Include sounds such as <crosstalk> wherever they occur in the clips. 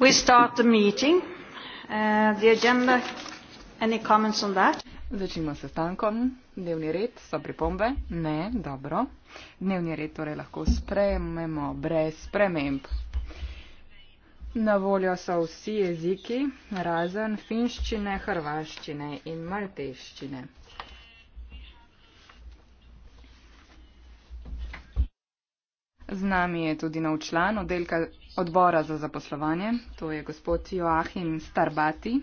we start the meeting uh, the agenda any comments on that začnimo s stankom dnevni red so pripombe ne dobro dnevni red torej lahko sprememo brez sprememb Na voljo so vsi jeziki, razen finščine, hrvaščine in malteščine. Z nami je tudi nov član oddelka odbora za zaposlovanje, to je gospod Joachim Starbati,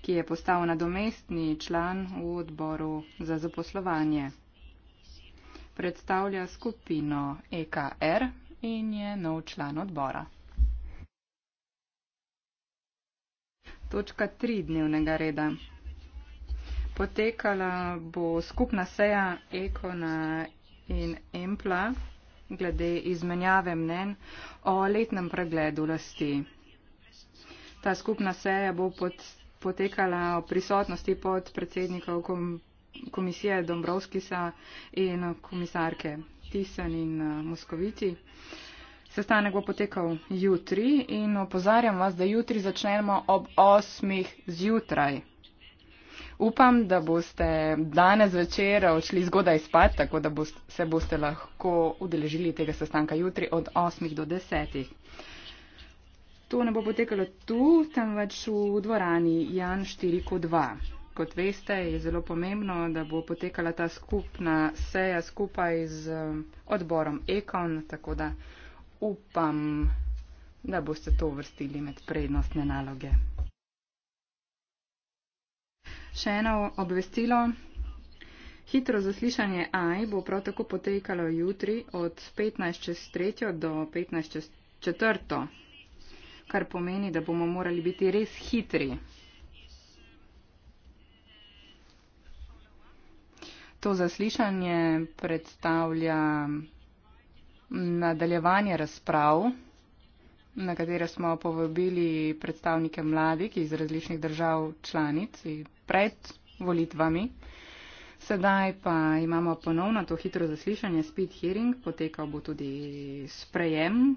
ki je postal nadomestni član v odboru za zaposlovanje. Predstavlja skupino EKR in je nov član odbora. Točka 3 dnevnega reda. Potekala bo skupna seja Ekona in Empla glede izmenjave mnen o letnem pregledu rasti. Ta skupna seja bo pot, potekala v prisotnosti pod predsednikov kom, komisije Dombrovskisa in komisarke Tisen in eh, Moskoviti. Sestanek bo potekal jutri in opozarjam vas, da jutri začnemo ob osmih zjutraj. Upam, da boste danes večer odšli zgodaj spat, tako da boste, se boste lahko udeležili tega sestanka jutri od 8 do 10. To ne bo potekalo tu, temveč v dvorani Jan 4 kot 2. Kot veste, je zelo pomembno, da bo potekala ta skupna seja skupaj z um, odborom Ekon, tako da upam, da boste to vrstili med prednostne naloge. Še eno obvestilo. Hitro zaslišanje AI bo prav tako potekalo jutri od 15.03. do 15.04. Kar pomeni, da bomo morali biti res hitri. To zaslišanje predstavlja nadaljevanje razprav na katere smo povabili predstavnike mladih iz različnih držav članic pred volitvami. Sedaj pa imamo ponovno to hitro zaslišanje, speed hearing, potekal bo tudi sprejem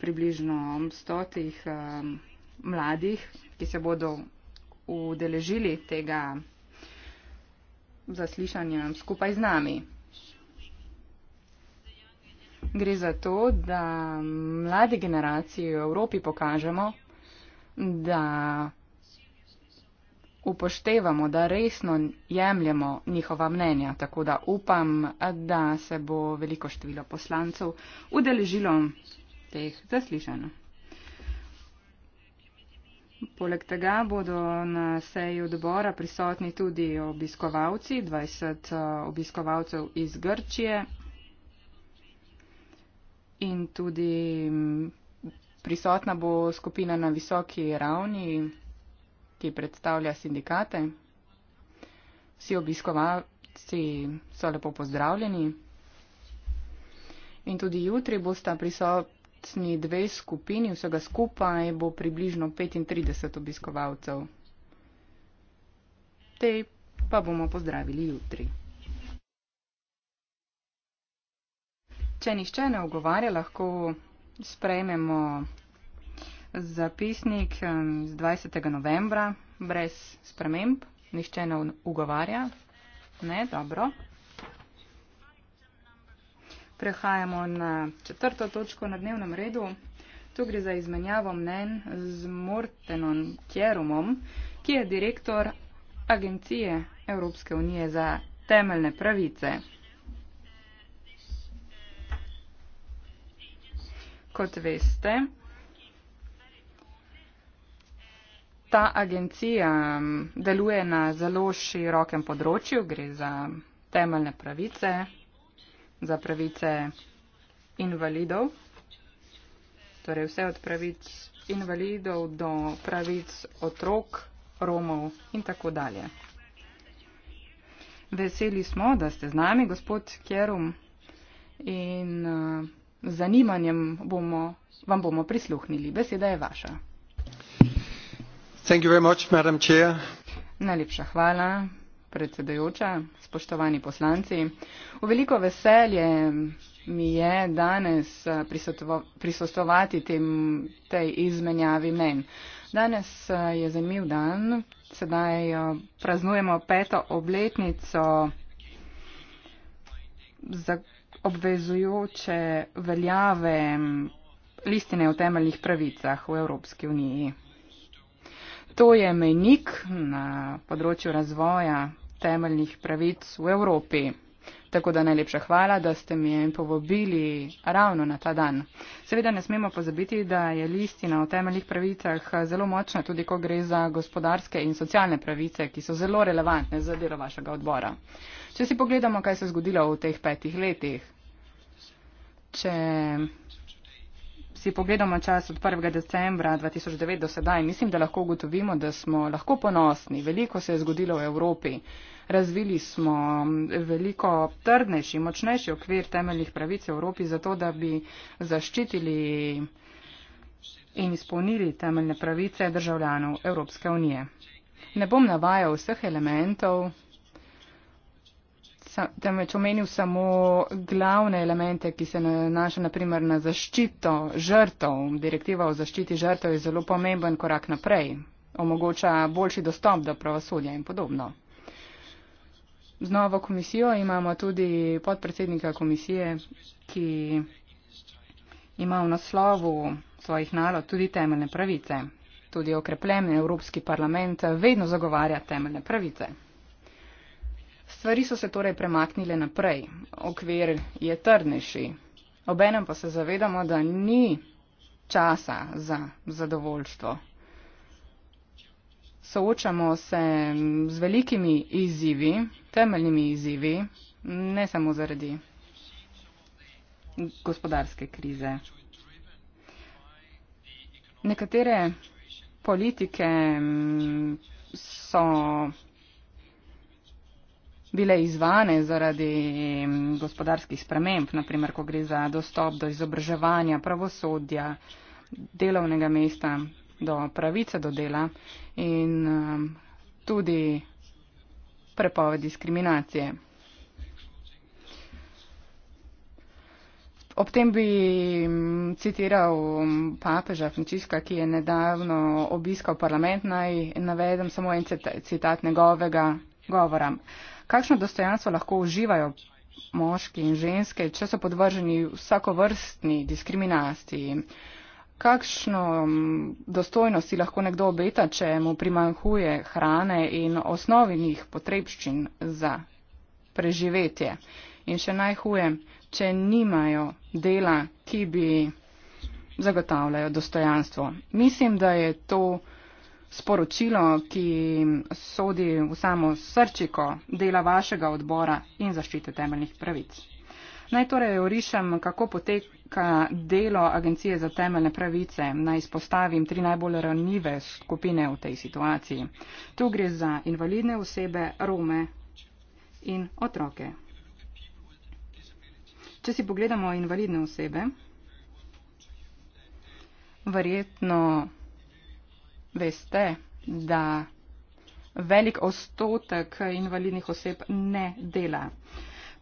približno stotih um, mladih, ki se bodo udeležili tega zaslišanja skupaj z nami. Gre za to, da mladi generaciji v Evropi pokažemo, da upoštevamo, da resno jemljemo njihova mnenja. Tako da upam, da se bo veliko število poslancev udeležilo teh zaslišanj. Poleg tega bodo na seji odbora prisotni tudi obiskovalci, 20 eh, obiskovalcev iz Grčije in tudi mm, prisotna bo skupina na visoki ravni, ki predstavlja sindikate. Vsi obiskovalci so lepo pozdravljeni. In tudi jutri bosta prisotni dve skupini, vsega skupaj bo približno 35 obiskovalcev. Te pa bomo pozdravili jutri. Če nišče ne ogovarja, lahko sprejmemo zapisnik z 20. novembra brez sprememb. Nišče ne ogovarja. Ne, dobro. Prehajamo na četrto točko na dnevnem redu. Tu gre za izmenjavo mnen z Mortenom Kjerumom, ki je direktor Agencije Evropske unije za temeljne pravice. kot veste, ta agencija deluje na zelo širokem področju, gre za temeljne pravice, za pravice invalidov, torej vse od pravic invalidov do pravic otrok, romov in tako dalje. Veseli smo, da ste z nami, gospod Kjerum, in uh, z zanimanjem bomo, vam bomo prisluhnili. Beseda je vaša. Thank you very much, Madam Chair. Najlepša hvala, predsedajoča, spoštovani poslanci. V veliko veselje mi je danes eh, prisostovati tem, tej izmenjavi men. Danes eh, je zanimiv dan, sedaj eh, praznujemo peto obletnico za obvezujoče veljave listine o temeljnih pravicah v Evropski uniji. To je menik na področju razvoja temeljnih pravic v Evropi. Tako da najlepša hvala, da ste mi povabili ravno na ta dan. Seveda ne smemo pozabiti, da je listina o temeljih pravicah zelo močna, tudi ko gre za gospodarske in socialne pravice, ki so zelo relevantne za delo vašega odbora. Če si pogledamo, kaj se je zgodilo v teh petih letih. Če si pogledamo čas od 1. decembra 2009 do sedaj, mislim, da lahko ugotovimo, da smo lahko ponosni. Veliko se je zgodilo v Evropi. Razvili smo veliko trdnejši, močnejši okvir temeljnih pravic v Evropi, zato da bi zaščitili in izpolnili temeljne pravice državljanov Evropske unije. Ne bom navajal vseh elementov, temveč omenil samo glavne elemente, ki se nanašajo naprimer na zaščito žrtov. Direktiva o zaščiti žrtov je zelo pomemben korak naprej. Omogoča boljši dostop do pravosodja in podobno. Z novo komisijo imamo tudi podpredsednika komisije, ki ima v naslovu svojih nalog tudi temeljne pravice. Tudi okrepljen Evropski parlament vedno zagovarja temeljne pravice. Stvari so se torej premaknile naprej, okvir je trdnejši. Obenem pa se zavedamo, da ni časa za zadovoljstvo. Soočamo se z velikimi izzivi, temeljnimi izzivi, ne samo zaradi gospodarske krize. Nekatere politike mm, so bile izvane zaradi mm, gospodarskih sprememb, naprimer, ko gre za dostop do izobraževanja, pravosodja, delovnega mesta, do pravice do dela in mm, tudi prepoved diskriminacije. Ob tem bi mm, citiral papeža Frančiska, ki je nedavno obiskal parlament, naj navedem samo en citat njegovega govora kakšno dostojanstvo lahko uživajo moški in ženske, če so podvrženi vsakovrstni diskriminaciji. Kakšno mm, dostojnost si lahko nekdo obeta, če mu primanjkuje hrane in osnovnih potrebščin za preživetje. In še najhuje, če nimajo dela, ki bi zagotavljajo dostojanstvo. Mislim, da je to sporočilo, ki sodi v samo srčiko dela vašega odbora in zaščite temeljnih pravic. Naj torej orišem, kako poteka delo Agencije za temeljne pravice. Naj izpostavim tri najbolj ranjive skupine v tej situaciji. Tu gre za invalidne osebe, rume in otroke. Če si pogledamo invalidne osebe, verjetno veste, da velik ostotek invalidnih oseb ne dela.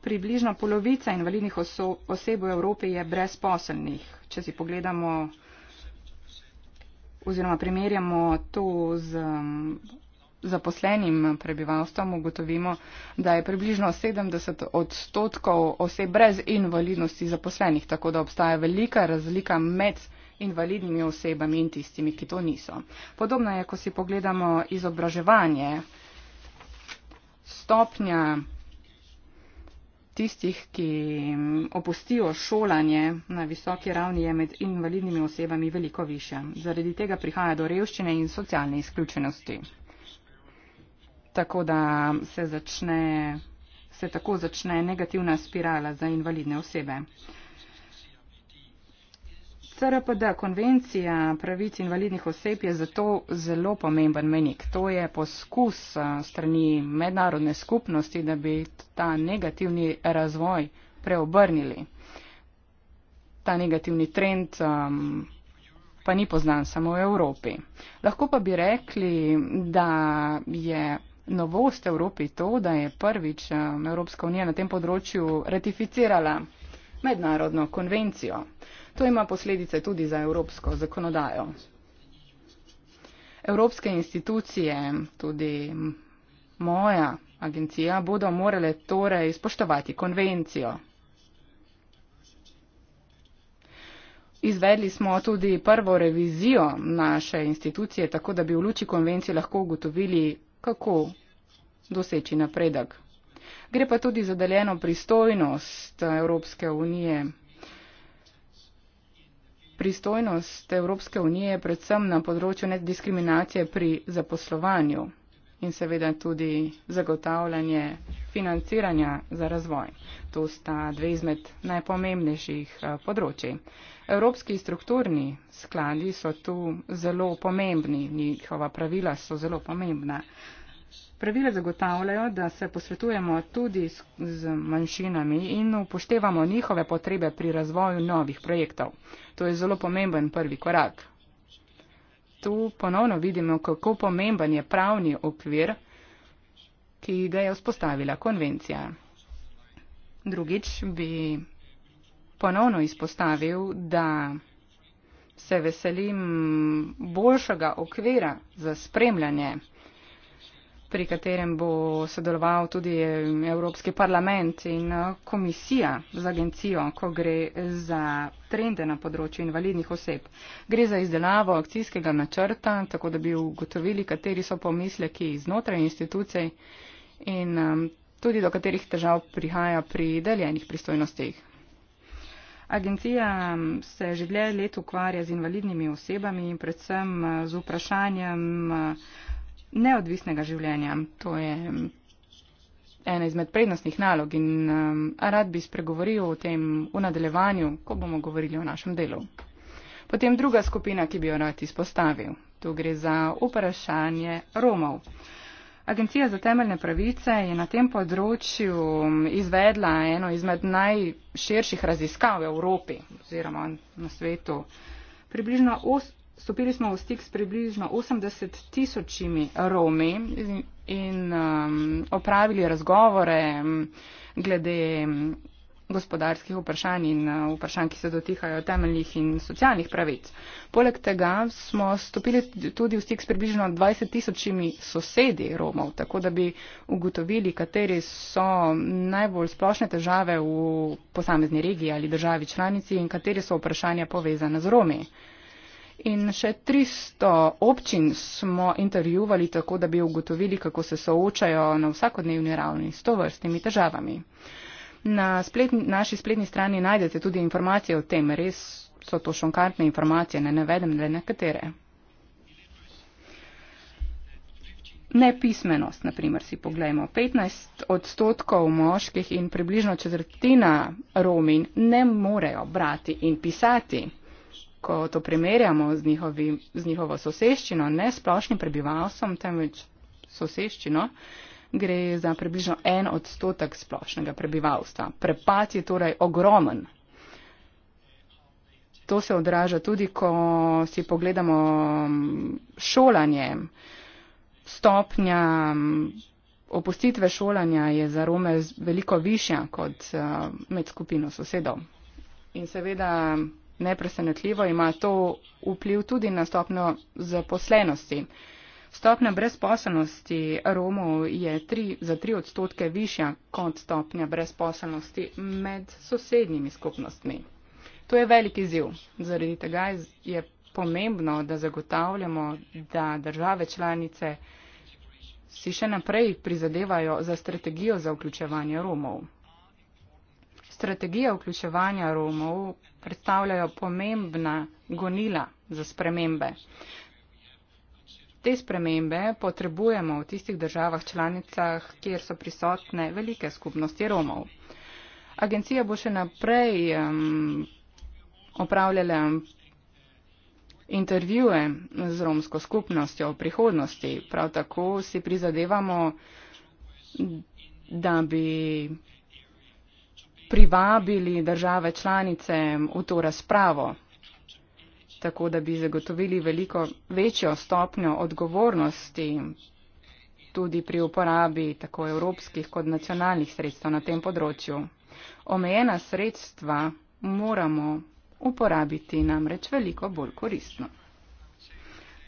Približno polovica invalidnih oseb v Evropi je brezposelnih. Če si pogledamo oziroma primerjamo to z zaposlenim prebivalstvom, ugotovimo, da je približno 70 odstotkov oseb brez invalidnosti zaposlenih, tako da obstaja velika razlika med invalidnimi osebami in tistimi, ki to niso. Podobno je, ko si pogledamo izobraževanje, stopnja tistih, ki mm, opustijo šolanje na visoki ravni, je med invalidnimi osebami veliko više. Zaradi tega prihaja do revščine in socialne izključenosti. Tako da se, začne, se tako začne negativna spirala za invalidne osebe. CRPD, konvencija pravic invalidnih oseb je zato zelo pomemben menik. To je poskus eh, strani mednarodne skupnosti, da bi ta negativni razvoj preobrnili. Ta negativni trend um, pa ni poznan samo v Evropi. Lahko pa bi rekli, da je novost Evropi to, da je prvič ehm, Evropska unija na tem področju ratificirala mednarodno konvencijo. To ima posledice tudi za evropsko zakonodajo. Evropske institucije, tudi moja agencija, bodo morale torej spoštovati konvencijo. Izvedli smo tudi prvo revizijo naše institucije, tako da bi v luči konvencije lahko ugotovili, kako doseči napredek gre pa tudi za deljeno pristojnost Evropske unije. Pristojnost Evropske unije je predvsem na področju nediskriminacije pri zaposlovanju in seveda tudi zagotavljanje financiranja za razvoj. To sta dve izmed najpomembnejših eh, področji. Evropski strukturni skladi so tu zelo pomembni, njihova pravila so zelo pomembna. Pravila zagotavljajo, da se posvetujemo tudi z, z manjšinami in upoštevamo njihove potrebe pri razvoju novih projektov. To je zelo pomemben prvi korak. Tu ponovno vidimo, kako pomemben je pravni okvir, ki ga je vzpostavila konvencija. Drugič bi ponovno izpostavil, da se veselim boljšega okvira za spremljanje pri katerem bo sodeloval tudi eh, Evropski parlament in eh, komisija z agencijo, ko gre za trende na področju invalidnih oseb. Gre za izdelavo akcijskega načrta, tako da bi ugotovili, kateri so pomisleki znotraj institucij in eh, tudi do katerih težav prihaja pri deljenih pristojnostih. Agencija mm, se že dlje let ukvarja z invalidnimi osebami in predvsem z vprašanjem neodvisnega življenja. To je mm, ena izmed prednostnih nalog in um, rad bi spregovoril o tem v nadaljevanju, ko bomo govorili o našem delu. Potem druga skupina, ki bi jo rad izpostavil. Tu gre za vprašanje Romov. Agencija za temeljne pravice je na tem področju mm, izvedla eno izmed najširših raziskav v Evropi oziroma na svetu. Približno stopili smo v stik s približno 80 tisočimi Romi in um, opravili razgovore um, glede um, gospodarskih vprašanj in uh, vprašanj, ki se dotikajo temeljnih in socialnih pravic. Poleg tega smo stopili tudi v stik s približno 20 tisočimi sosedi Romov, tako da bi ugotovili, kateri so najbolj splošne težave v posamezni regiji ali državi članici in kateri so vprašanja povezane z Romi. In še 300 občin smo intervjuvali tako, da bi ugotovili, kako se soočajo na vsakodnevni ravni s to vrstnimi težavami. Na spletni, naši spletni strani najdete tudi informacije o tem. Res so to šonkartne informacije, ne navedem le nekatere. Nepismenost, naprimer, si pogledamo. 15 odstotkov moških in približno četrtina Romin ne morejo brati in pisati ko to primerjamo z, njihovi, z njihovo soseščino, ne splošnim prebivalstvom, temveč soseščino, gre za približno en odstotek splošnega prebivalstva. Prepad je torej ogromen. To se odraža tudi, ko si pogledamo mm, šolanje. Stopnja mm, opustitve šolanja je za Rome veliko višja kot mm, med skupino sosedov. In seveda Nepresenetljivo ima to vpliv tudi na stopno zaposlenosti. Stopna brezposelnosti Romov je tri, za tri odstotke višja kot stopnja brezposelnosti med sosednjimi skupnostmi. To je velik izziv. Zaradi tega je pomembno, da zagotavljamo, da države članice si še naprej prizadevajo za strategijo za vključevanje Romov strategije vključevanja Romov predstavljajo pomembna gonila za spremembe. Te spremembe potrebujemo v tistih državah članicah, kjer so prisotne velike skupnosti Romov. Agencija bo še naprej um, opravljala intervjuje z romsko skupnostjo v prihodnosti. Prav tako si prizadevamo, da bi privabili države članice v to razpravo, tako da bi zagotovili veliko večjo stopnjo odgovornosti tudi pri uporabi tako evropskih kot nacionalnih sredstev na tem področju. Omejena sredstva moramo uporabiti namreč veliko bolj koristno.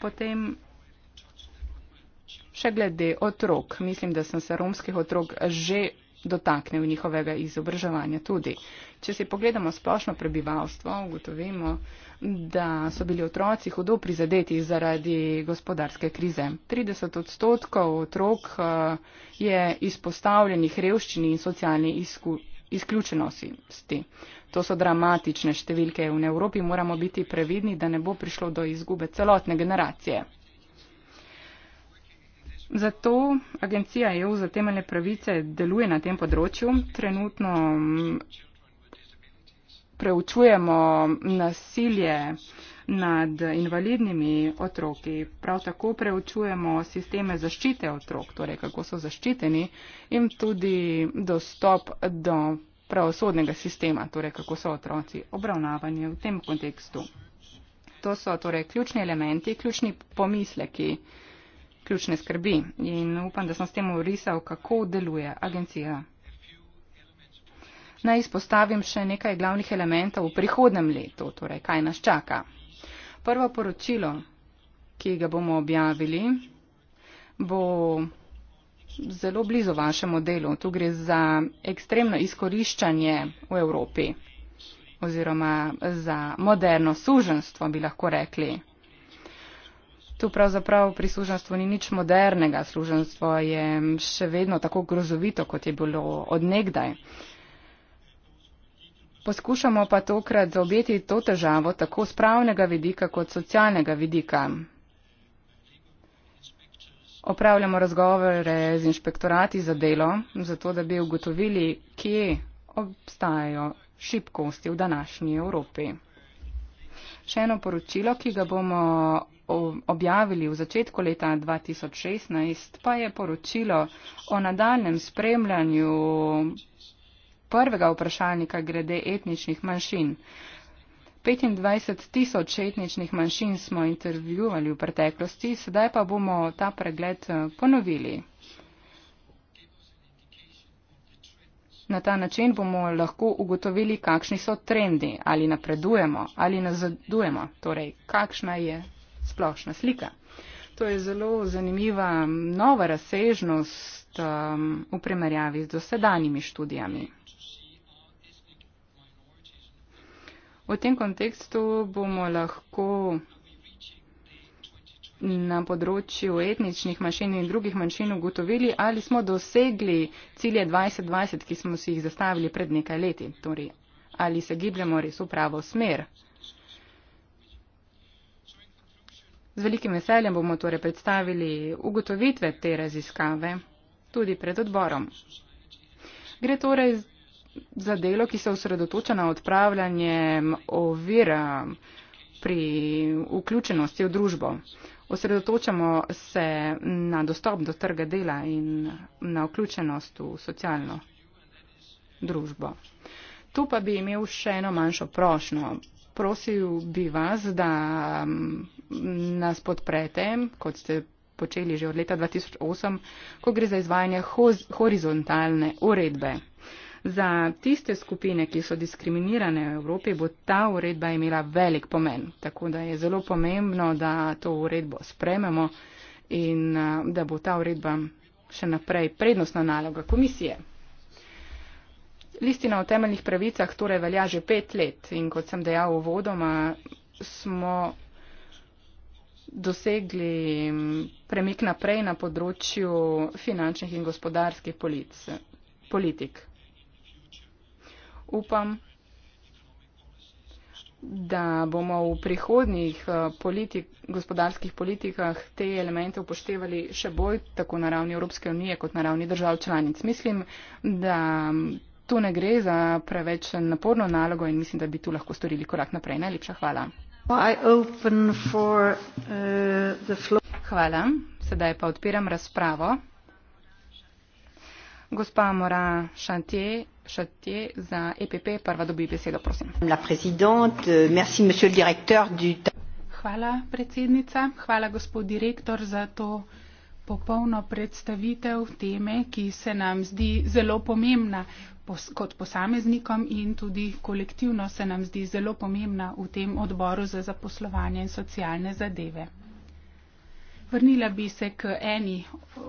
Potem še glede otrok. Mislim, da sem se romskih otrok že dotaknil njihovega izobraževanja tudi. Če si pogledamo splošno prebivalstvo, ugotovimo, da so bili otroci hudo prizadeti zaradi gospodarske krize. 30 odstotkov otrok eh, je izpostavljenih revščini in socialni izključenosti. To so dramatične številke. V Evropi moramo biti previdni, da ne bo prišlo do izgube celotne generacije. Zato agencija EU za temeljne pravice deluje na tem področju. Trenutno mm, preučujemo nasilje nad invalidnimi otroki, prav tako preučujemo sisteme zaščite otrok, torej kako so zaščiteni in tudi dostop do pravosodnega sistema, torej kako so otroci obravnavani v tem kontekstu. To so torej ključni elementi, ključni pomisleki ključne skrbi in upam, da sem s tem urisal, kako deluje agencija. Naj izpostavim še nekaj glavnih elementov v prihodnem letu, torej kaj nas čaka. Prvo poročilo, ki ga bomo objavili, bo zelo blizu vašemu delu. Tu gre za ekstremno izkoriščanje v Evropi oziroma za moderno suženstvo, bi lahko rekli tu pravzaprav pri služenstvu ni nič modernega. Služenstvo je še vedno tako grozovito, kot je bilo odnegdaj. Poskušamo pa tokrat zaobjeti to težavo tako z pravnega vidika kot socialnega vidika. Opravljamo razgovore z inšpektorati za delo, zato da bi ugotovili, kje obstajajo šibkosti v današnji Evropi še eno poročilo, ki ga bomo objavili v začetku leta 2016, pa je poročilo o nadaljem spremljanju prvega vprašalnika glede etničnih manjšin. 25 tisoč etničnih manjšin smo intervjuvali v preteklosti, sedaj pa bomo ta pregled eh, ponovili. Na ta način bomo lahko ugotovili, kakšni so trendi, ali napredujemo, ali nazadujemo, torej kakšna je splošna slika. To je zelo zanimiva nova razsežnost um, v primerjavi z dosedanjimi študijami. V tem kontekstu bomo lahko na področju etničnih manjšin in drugih manjšin ugotovili, ali smo dosegli cilje 2020, ki smo si jih zastavili pred nekaj leti. Torej, ali se gibljamo res v pravo smer. Z velikim veseljem bomo torej predstavili ugotovitve te raziskave tudi pred odborom. Gre torej za delo, ki se osredotoča na odpravljanje ovira pri vključenosti v družbo. Osredotočamo se na dostop do trga dela in na vključenost v socialno družbo. Tu pa bi imel še eno manjšo prošnjo. Prosil bi vas, da mm, nas podprete, kot ste počeli že od leta 2008, ko gre za izvajanje horizontalne uredbe. Za tiste skupine, ki so diskriminirane v Evropi, bo ta uredba imela velik pomen. Tako da je zelo pomembno, da to uredbo sprememo in da bo ta uredba še naprej prednostna naloga komisije. Listina o temeljnih pravicah torej velja že pet let in kot sem dejal uvodoma, smo dosegli premik naprej na področju finančnih in gospodarskih politik upam, da bomo v prihodnih eh, politik, gospodarskih politikah te elemente upoštevali še bolj tako na ravni Evropske unije kot na ravni držav članic. Mislim, da mm, tu ne gre za preveč naporno nalogo in mislim, da bi tu lahko storili korak naprej. Najlepša hvala. Eh, hvala. Sedaj pa odpiram razpravo. Gospa Mora Šantje Châtier za EPP. Prva dobi besedo, prosim. Euh, Hvala, predsednica. Hvala, gospod direktor, za to popolno predstavitev teme, ki se nam zdi zelo pomembna pos, kot posameznikom in tudi kolektivno se nam zdi zelo pomembna v tem odboru za zaposlovanje in socialne zadeve. Vrnila bi se k, eni,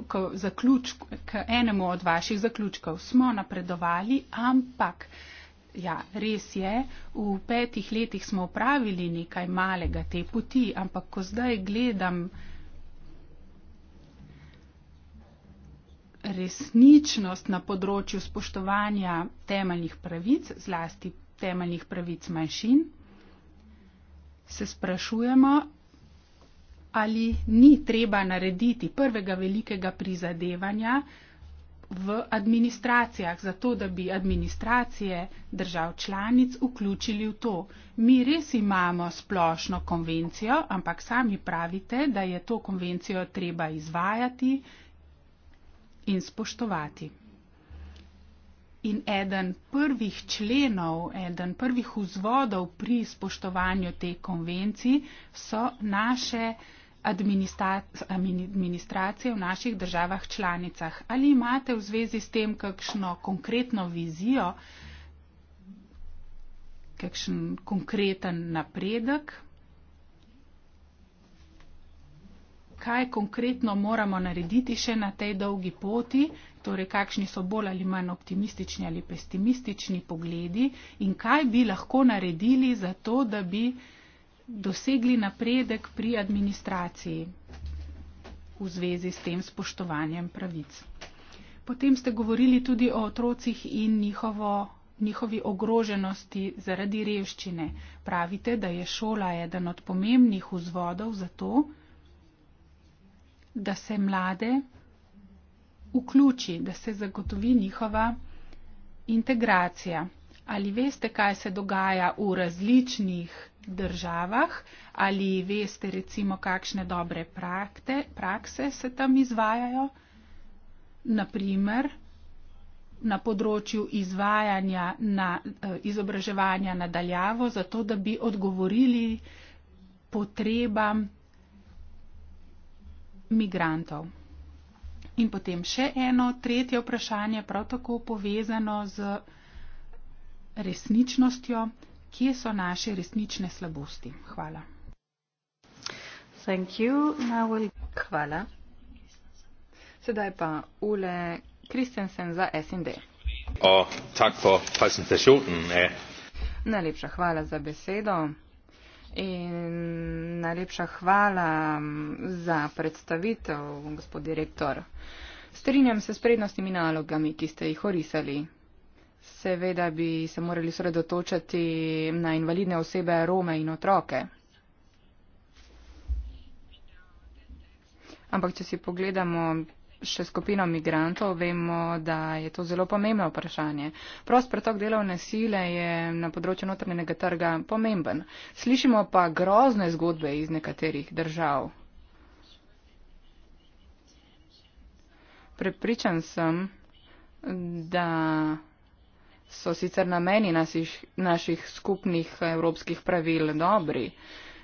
k, zaključku, k enemu od vaših zaključkov. Smo napredovali, ampak ja, res je, v petih letih smo upravili nekaj malega te poti, ampak ko zdaj gledam resničnost na področju spoštovanja temeljnih pravic, zlasti temeljnih pravic manjšin, se sprašujemo, ali ni treba narediti prvega velikega prizadevanja v administracijah, zato da bi administracije držav članic vključili v to. Mi res imamo splošno konvencijo, ampak sami pravite, da je to konvencijo treba izvajati in spoštovati. In eden prvih členov, eden prvih vzvodov pri spoštovanju te konvencije so naše administracije v naših državah članicah. Ali imate v zvezi s tem kakšno konkretno vizijo, kakšen konkreten napredek? Kaj konkretno moramo narediti še na tej dolgi poti, torej kakšni so bolj ali manj optimistični ali pesimistični pogledi in kaj bi lahko naredili za to, da bi dosegli napredek pri administraciji v zvezi s tem spoštovanjem pravic. Potem ste govorili tudi o otrocih in njihovo, njihovi ogroženosti zaradi revščine. Pravite, da je šola eden od pomembnih vzvodov za to, da se mlade vključi, da se zagotovi njihova integracija. Ali veste, kaj se dogaja v različnih državah, ali veste recimo, kakšne dobre prakte, prakse se tam izvajajo, naprimer na področju izvajanja na, eh, izobraževanja nadaljavo, zato da bi odgovorili potrebam migrantov. In potem še eno, tretje vprašanje, prav tako povezano z resničnostjo kje so naše resnične slabosti. Hvala. We'll... Hvala. Sedaj pa Ule Kristensen za SND. Oh, najlepša hvala za besedo in najlepša hvala mm, za predstavitev, gospod direktor. Strinjam se s prednostnimi nalogami, ki ste jih orisali. Seveda bi se morali sredotočati na invalidne osebe, Rome in otroke. Ampak, če si pogledamo še skupino migrantov, vemo, da je to zelo pomembno vprašanje. Prost pretok delovne sile je na področju notranjega trga pomemben. Slišimo pa grozne zgodbe iz nekaterih držav. Prepričan sem, da so sicer nameni nasih, naših skupnih evropskih pravil dobri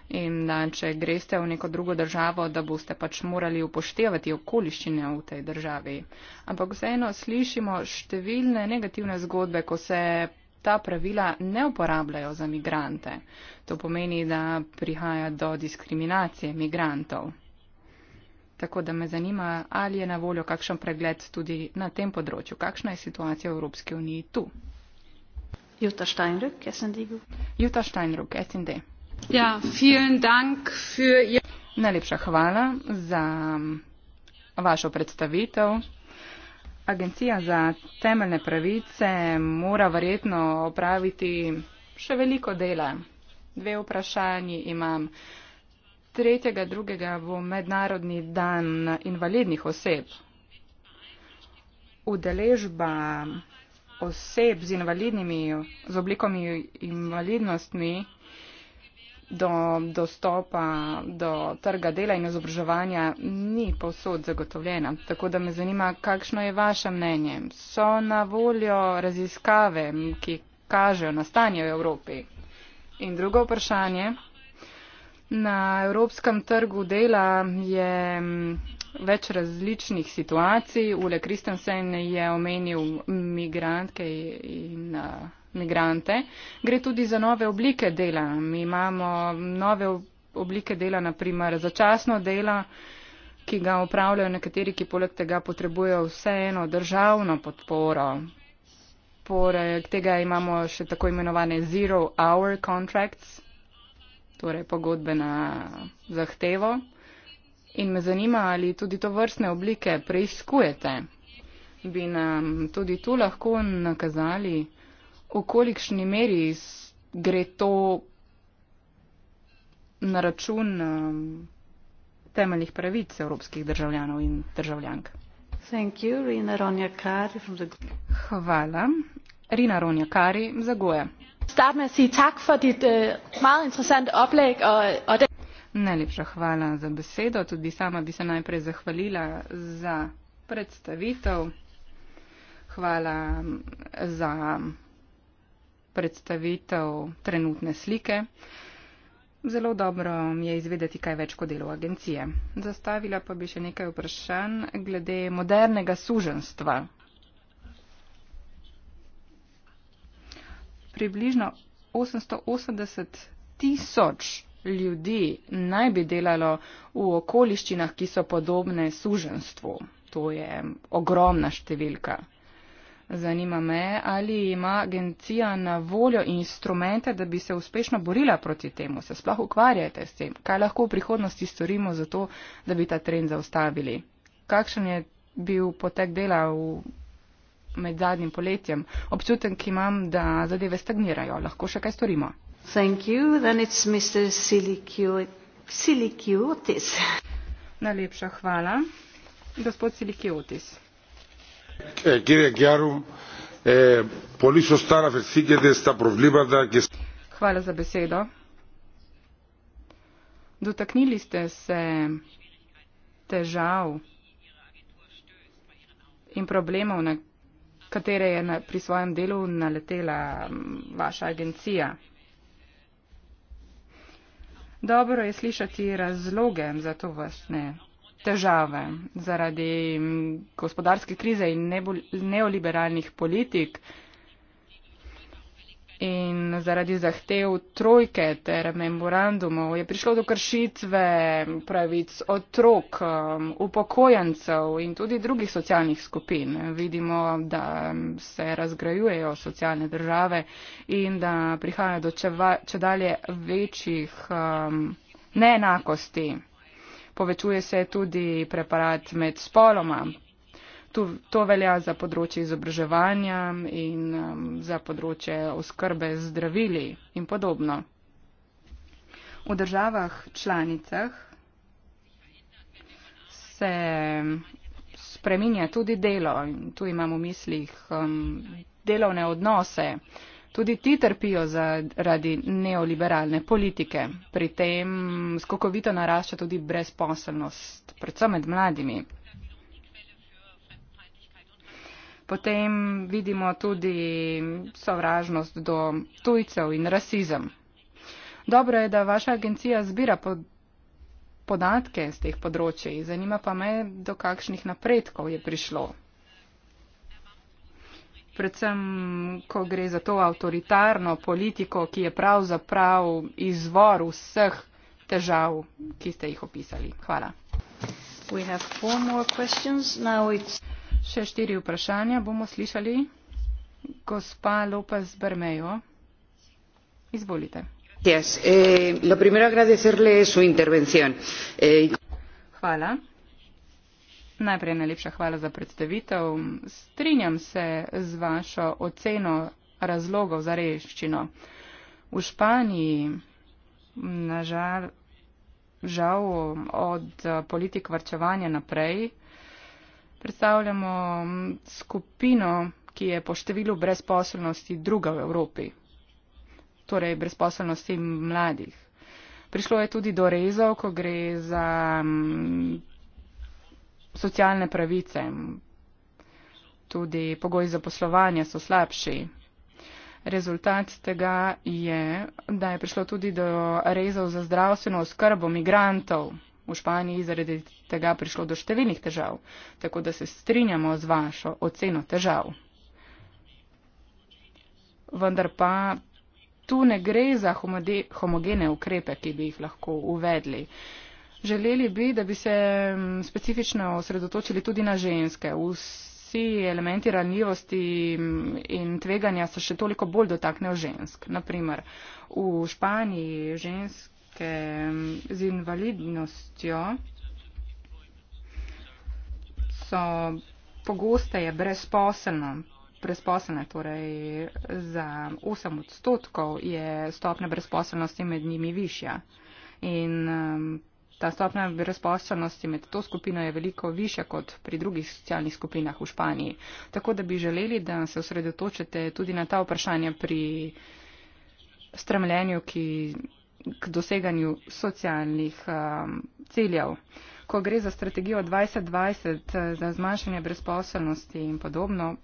in da če greste v neko drugo državo, da boste pač morali upoštevati okoliščine v tej državi. Ampak vseeno slišimo številne negativne zgodbe, ko se ta pravila ne uporabljajo za migrante. To pomeni, da prihaja do diskriminacije migrantov. Tako da me zanima, ali je na voljo kakšen pregled tudi na tem področju, kakšna je situacija v Evropski uniji tu. Jutta Steinrück, SND. Jutta Steinrück, SND. Ja, vielen Dank für Ihr. Najlepša hvala za vašo predstavitev. Agencija za temeljne pravice mora verjetno opraviti še veliko dela. Dve vprašanji imam. 3.2. bo mednarodni dan invalidnih oseb. Udeležba oseb z invalidnimi, z oblikami invalidnostmi do dostopa do trga dela in izobraževanja ni povsod zagotovljena. Tako da me zanima, kakšno je vaše mnenje. So na voljo raziskave, ki kažejo nastanje v Evropi. In drugo vprašanje. Na evropskem trgu dela je več različnih situacij. Ule Kristensen je omenil migrantke in uh, migrante. Gre tudi za nove oblike dela. Mi imamo nove oblike dela, naprimer začasno dela, ki ga upravljajo nekateri, ki poleg tega potrebujejo vseeno državno podporo. Poleg tega imamo še tako imenovane zero hour contracts, torej pogodbe na zahtevo. In me zanima, ali tudi to vrstne oblike preiskujete. Bi nam tudi tu lahko nakazali, v kolikšni meri gre to na račun um, temeljnih pravic evropskih državljanov in državljank. You, Rina the... Hvala. Rina Ronja Kari, Zagoje. Starme si tak for dit uh, øh, malo interesant oplek. Og, og den... Najlepša hvala za besedo. Tudi sama bi se najprej zahvalila za predstavitev. Hvala mm, za predstavitev trenutne slike. Zelo dobro mi je izvedeti kaj več kot delo agencije. Zastavila pa bi še nekaj vprašanj glede modernega suženstva. Približno 880 tisoč ljudi naj bi delalo v okoliščinah, ki so podobne suženstvu. To je ogromna številka. Zanima me, ali ima agencija na voljo instrumente, da bi se uspešno borila proti temu. Se sploh ukvarjate s tem? Kaj lahko v prihodnosti storimo za to, da bi ta trend zaustavili? Kakšen je bil potek dela v, med zadnjim poletjem? Občutek imam, da zadeve stagnirajo. Lahko še kaj storimo? Thank you. Then it's Mr. Silikiotis. Najlepša hvala. Gospod Silikiotis. Eh, hvala za besedo. Dotaknili ste se težav in problemov, na katere je pri svojem delu naletela vaša agencija dobro je slišati razloge za to vrstne težave zaradi gospodarske krize in neoliberalnih politik in zaradi zahtev trojke ter memorandumov je prišlo do kršitve pravic otrok, um, upokojencev in tudi drugih socialnih skupin. Vidimo, da se razgrajujejo socialne države in da prihaja do čedalje večjih um, neenakosti. Povečuje se tudi preparat med spoloma, to, to velja za področje izobraževanja in um, za področje oskrbe z zdravili in podobno. V državah članicah se um, spreminja tudi delo in tu imamo v mislih um, delovne odnose. Tudi ti trpijo zaradi neoliberalne politike. Pri tem skokovito narašča tudi brezposelnost, predvsem med mladimi. potem vidimo tudi sovražnost do tujcev in rasizem. Dobro je, da vaša agencija zbira pod podatke z teh področji. Zanima pa me, do kakšnih napredkov je prišlo. Predvsem, ko gre za to avtoritarno politiko, ki je pravzaprav izvor vseh težav, ki ste jih opisali. Hvala. We have four more questions. Now it's... Še štiri vprašanja bomo slišali. Gospa Lopez Bermejo, izvolite. Eh, eh, hvala. Najprej najlepša hvala za predstavitev. Strinjam se z vašo oceno razlogov za reščino. V Španiji, nažal, žal od politik varčevanja naprej, predstavljamo mm, skupino, ki je po številu brezposelnosti druga v Evropi, torej brezposelnosti mladih. Prišlo je tudi do rezov, ko gre za mm, socialne pravice. Tudi pogoji za poslovanje so slabši. Rezultat tega je, da je prišlo tudi do rezov za zdravstveno oskrbo migrantov v Španiji zaradi tega prišlo do številnih težav, tako da se strinjamo z vašo oceno težav. Vendar pa tu ne gre za homogene ukrepe, ki bi jih lahko uvedli. Želeli bi, da bi se mm, specifično osredotočili tudi na ženske. Vsi elementi ranljivosti mm, in tveganja se še toliko bolj dotaknejo žensk. Naprimer, v Španiji žensk osebe z invalidnostjo so pogosteje brezposelno. Brezposelne, torej za 8 odstotkov je stopna brezposelnosti med njimi višja. In ta stopna brezposelnosti med to skupino je veliko više kot pri drugih socialnih skupinah v Španiji. Tako da bi želeli, da se osredotočite tudi na ta vprašanja pri stremljenju, ki k doseganju socialnih um, ciljev. Ko gre za strategijo 2020 eh, za zmanjšanje brezposelnosti in podobno,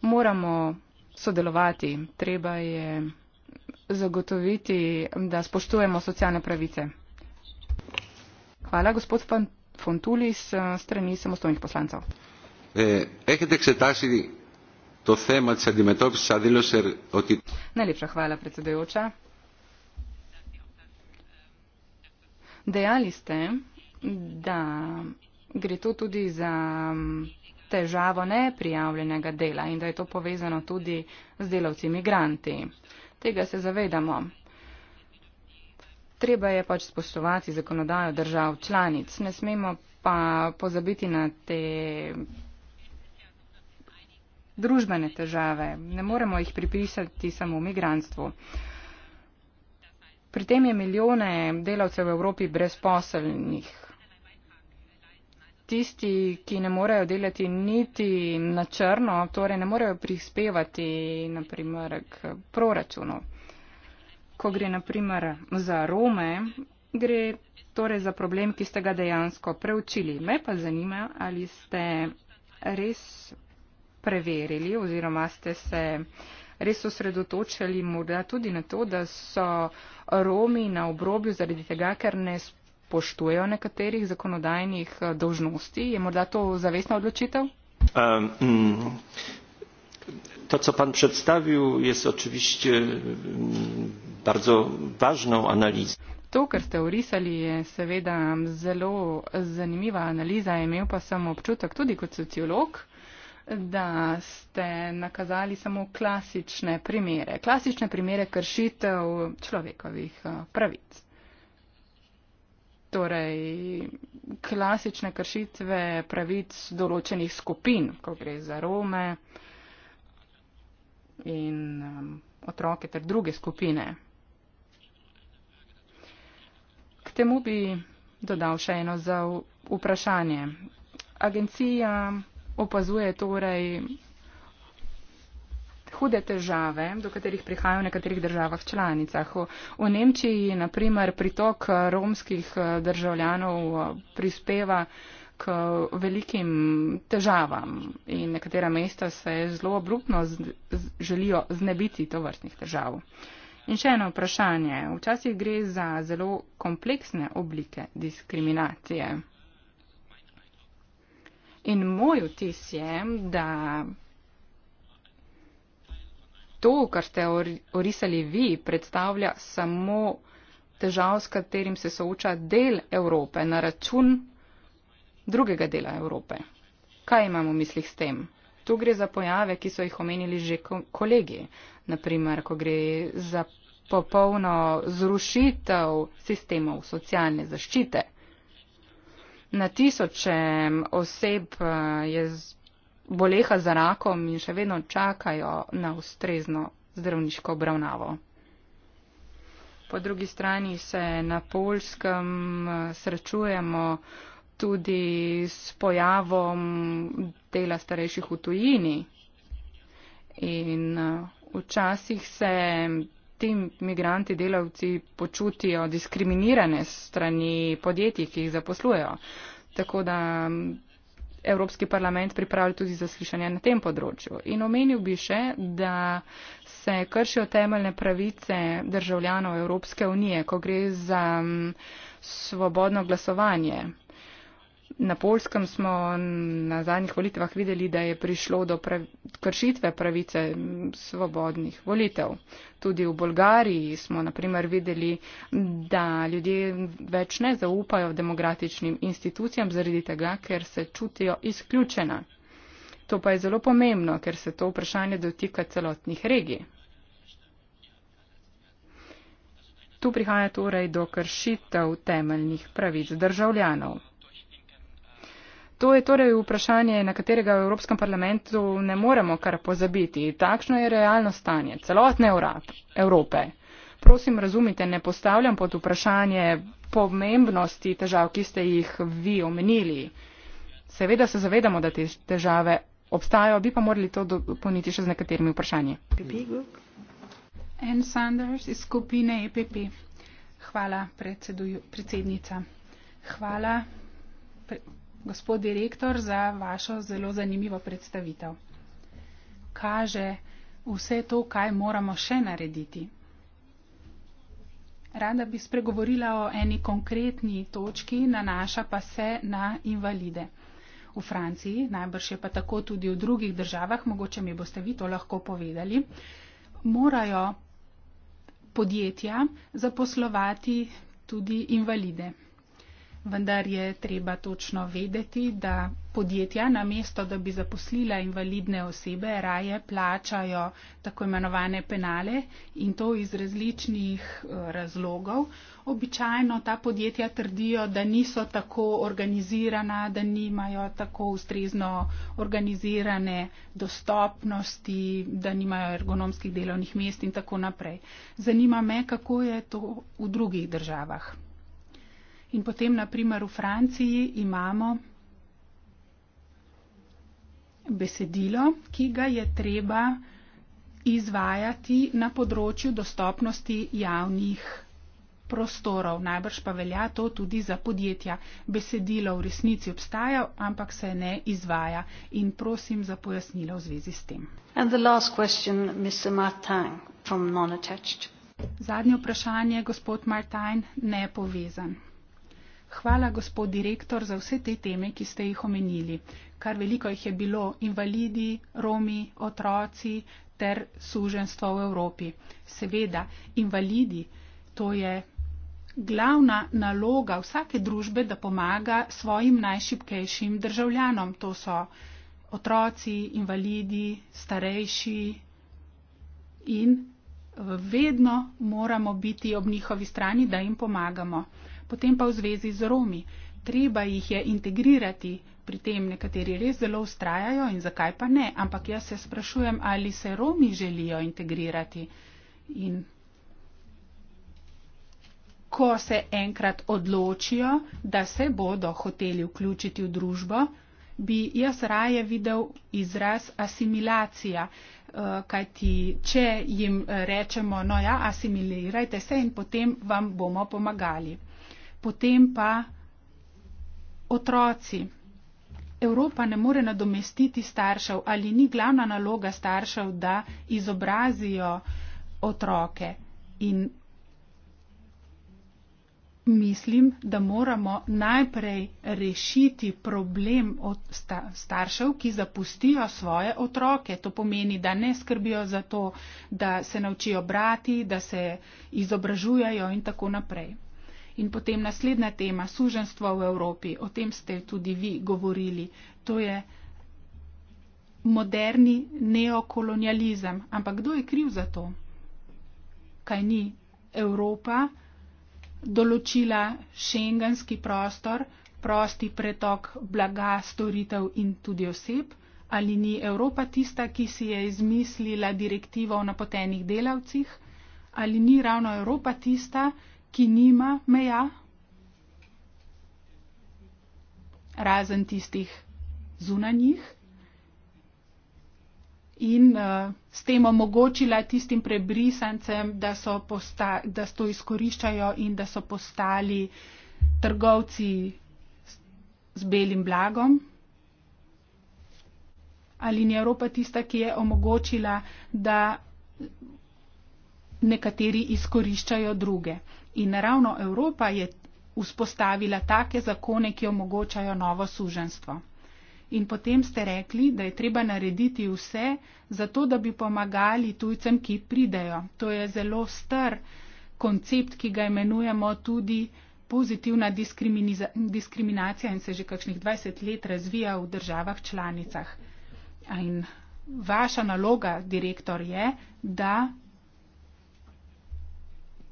moramo sodelovati. Treba je zagotoviti, da spoštujemo socialne pravice. Hvala, gospod Fontulis, eh, strani samostojnih poslancev. Eh, Najlepša hvala, predsedujoča. Dejali ste, da gre to tudi za mm, težavo neprijavljenega dela in da je to povezano tudi z delavci imigranti. Tega se zavedamo. Treba je pač spoštovati zakonodajo držav članic. Ne smemo pa pozabiti na te družbene težave. Ne moremo jih pripisati samo imigrantstvu. Pri tem je milijone delavcev v Evropi brezposelnih. Tisti, ki ne morejo delati niti na črno, torej ne morejo prispevati naprimer k proračunu. Ko gre naprimer za Rome, gre torej za problem, ki ste ga dejansko preučili. Me pa zanima, ali ste res preverili oziroma ste se. Uh, res osredotočili morda tudi na to, da so Romi na obrobju zaradi tega, ker ne spoštujejo nekaterih zakonodajnih eh, dožnosti. Je morda to zavestna odločitev? Um, to, co pan predstavil, je očivišče mm, bardzo važno analizo. To, kar ste orisali, je seveda zelo zanimiva analiza, imel pa sem občutek tudi kot sociolog, da ste nakazali samo klasične primere, klasične primere kršitev človekovih eh, pravic. Torej, klasične kršitve pravic določenih skupin, ko gre za Rome in eh, otroke ter druge skupine. K temu bi dodal še eno za vprašanje. Agencija opazuje torej hude težave, do katerih prihajajo v nekaterih državah članicah. V Nemčiji, na primer, pritok eh, romskih eh, državljanov eh, prispeva k velikim težavam in nekatera mesta se zelo obrupno želijo znebiti to vrstnih težav. In še eno vprašanje. Včasih gre za zelo kompleksne oblike diskriminacije. In moj vtis je, da to, kar ste orisali vi, predstavlja samo težav, s katerim se sooča del Evrope na račun drugega dela Evrope. Kaj imamo v mislih s tem? Tu gre za pojave, ki so jih omenili že kolegi. Naprimer, ko gre za popolno zrušitev sistemov socialne zaščite na tisoče oseb eh, je boleha za rakom in še vedno čakajo na ustrezno zdravniško obravnavo. Po drugi strani se na polskem eh, srečujemo tudi s pojavom dela starejših v tujini. In eh, včasih se ti imigranti, delavci počutijo diskriminirane strani podjetij, ki jih zaposlujejo. Tako da Evropski parlament pripravlja tudi zaslišanje na tem področju. In omenil bi še, da se kršijo temeljne pravice državljanov Evropske unije, ko gre za svobodno glasovanje Na polskem smo na zadnjih volitvah videli, da je prišlo do prav, kršitve pravice svobodnih volitev. Tudi v Bolgariji smo naprimer videli, da ljudje več ne zaupajo demokratičnim institucijam zaradi tega, ker se čutijo izključena. To pa je zelo pomembno, ker se to vprašanje dotika celotnih regij. Tu prihaja torej do kršitev temeljnih pravic državljanov. To je torej vprašanje, na katerega v Evropskem parlamentu ne moremo kar pozabiti. Takšno je realno stanje celotne Evrope. Prosim, razumite, ne postavljam pod vprašanje pomembnosti težav, ki ste jih vi omenili. Seveda se zavedamo, da te težave obstajajo, bi pa morali to dopolniti še z nekaterimi vprašanji. Anne Sanders iz skupine EPP. Hvala, predsednica. Hvala. Pre gospod direktor, za vašo zelo zanimivo predstavitev. Kaže vse to, kaj moramo še narediti. Rada bi spregovorila o eni konkretni točki, nanaša pa se na invalide. V Franciji, najbrž je pa tako tudi v drugih državah, mogoče mi boste vi to lahko povedali, morajo podjetja zaposlovati tudi invalide vendar je treba točno vedeti, da podjetja na mesto, da bi zaposlila invalidne osebe, raje plačajo tako imenovane penale in to iz različnih eh, razlogov. Običajno ta podjetja trdijo, da niso tako organizirana, da nimajo tako ustrezno organizirane dostopnosti, da nimajo ergonomskih delovnih mest in tako naprej. Zanima me, kako je to v drugih državah. In potem, naprimer, v Franciji imamo besedilo, ki ga je treba izvajati na področju dostopnosti javnih prostorov. Najbrž pa velja to tudi za podjetja. Besedilo v resnici obstaja, ampak se ne izvaja. In prosim za pojasnilo v zvezi s tem. Question, Martin, Zadnje vprašanje, gospod Martin, ne povezan. Hvala, gospod direktor, za vse te teme, ki ste jih omenili. Kar veliko jih je bilo, invalidi, romi, otroci ter suženstvo v Evropi. Seveda, invalidi, to je glavna naloga vsake družbe, da pomaga svojim najšipkejšim državljanom. To so otroci, invalidi, starejši in vedno moramo biti ob njihovi strani, da jim pomagamo potem pa v zvezi z Romi. Treba jih je integrirati, pri tem nekateri res zelo ustrajajo in zakaj pa ne, ampak jaz se sprašujem, ali se Romi želijo integrirati. In ko se enkrat odločijo, da se bodo hoteli vključiti v družbo, bi jaz raje videl izraz asimilacija, eh, kajti če jim rečemo, no ja, asimilirajte se in potem vam bomo pomagali potem pa otroci. Evropa ne more nadomestiti staršev ali ni glavna naloga staršev, da izobrazijo otroke. In mislim, da moramo najprej rešiti problem od staršev, ki zapustijo svoje otroke. To pomeni, da ne skrbijo za to, da se naučijo brati, da se izobražujajo in tako naprej. In potem naslednja tema, suženstvo v Evropi, o tem ste tudi vi govorili. To je moderni neokolonializem. Ampak kdo je kriv za to? Kaj ni Evropa določila šengenski prostor, prosti pretok blaga, storitev in tudi oseb? Ali ni Evropa tista, ki si je izmislila direktivo o napotenih delavcih? Ali ni ravno Evropa tista, ki ki nima meja, razen tistih zunanjih, in uh, s tem omogočila tistim prebrisancem, da, da to izkoriščajo in da so postali trgovci s, s belim blagom. Ali ni Evropa tista, ki je omogočila, da nekateri izkoriščajo druge. In ravno Evropa je vzpostavila take zakone, ki omogočajo novo suženstvo. In potem ste rekli, da je treba narediti vse za to, da bi pomagali tujcem, ki pridejo. To je zelo star koncept, ki ga imenujemo tudi pozitivna diskriminacija in se že kakšnih 20 let razvija v državah članicah. In vaša naloga, direktor, je, da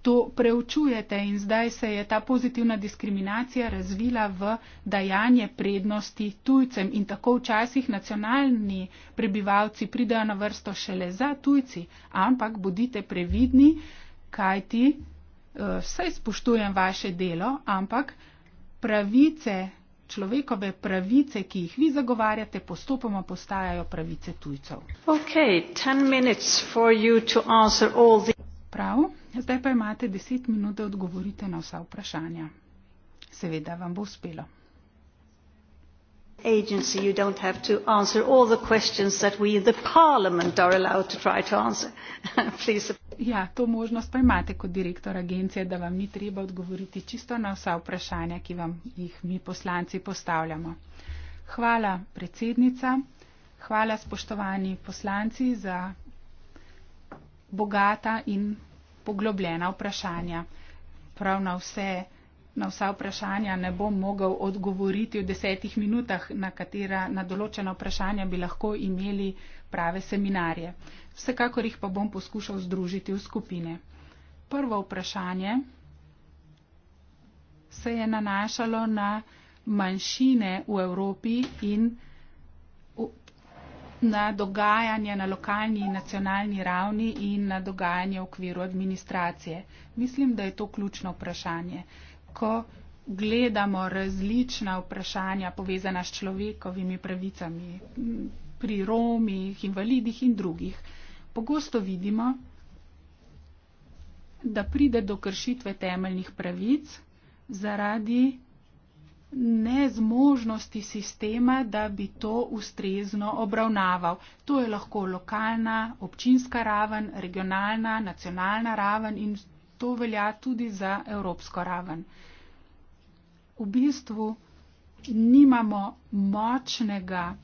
to preučujete in zdaj se je ta pozitivna diskriminacija razvila v dajanje prednosti tujcem in tako včasih nacionalni prebivalci pridejo na vrsto šele za tujci, ampak bodite previdni, kajti vse eh, spoštujem vaše delo, ampak pravice, človekove pravice, ki jih vi zagovarjate, postopoma postajajo pravice tujcev. Okay, Prav. Zdaj pa imate 10 minut, da odgovorite na vsa vprašanja. Seveda vam bo uspelo. Agency, you don't have to answer all the questions that we in the parliament are allowed to try to answer. <laughs> Please. Ja, to možnost pa imate kot direktor agencije, da vam ni treba odgovoriti čisto na vsa vprašanja, ki vam jih mi poslanci postavljamo. Hvala, predsednica. Hvala, spoštovani poslanci, za bogata in poglobljena vprašanja. Prav na vse, na vsa vprašanja ne bom mogel odgovoriti v desetih minutah, na katera, na določena vprašanja bi lahko imeli prave seminarje. Vsekakor jih pa bom poskušal združiti v skupine. Prvo vprašanje se je nanašalo na manjšine v Evropi in na dogajanje na lokalni in nacionalni ravni in na dogajanje v okviru administracije? Mislim, da je to ključno vprašanje. Ko gledamo različna vprašanja povezana s človekovimi pravicami pri romih, invalidih in drugih, pogosto vidimo, da pride do kršitve temeljnih pravic zaradi nezmožnosti sistema, da bi to ustrezno obravnaval. To je lahko lokalna, občinska raven, regionalna, nacionalna raven in to velja tudi za evropsko raven. V bistvu nimamo močnega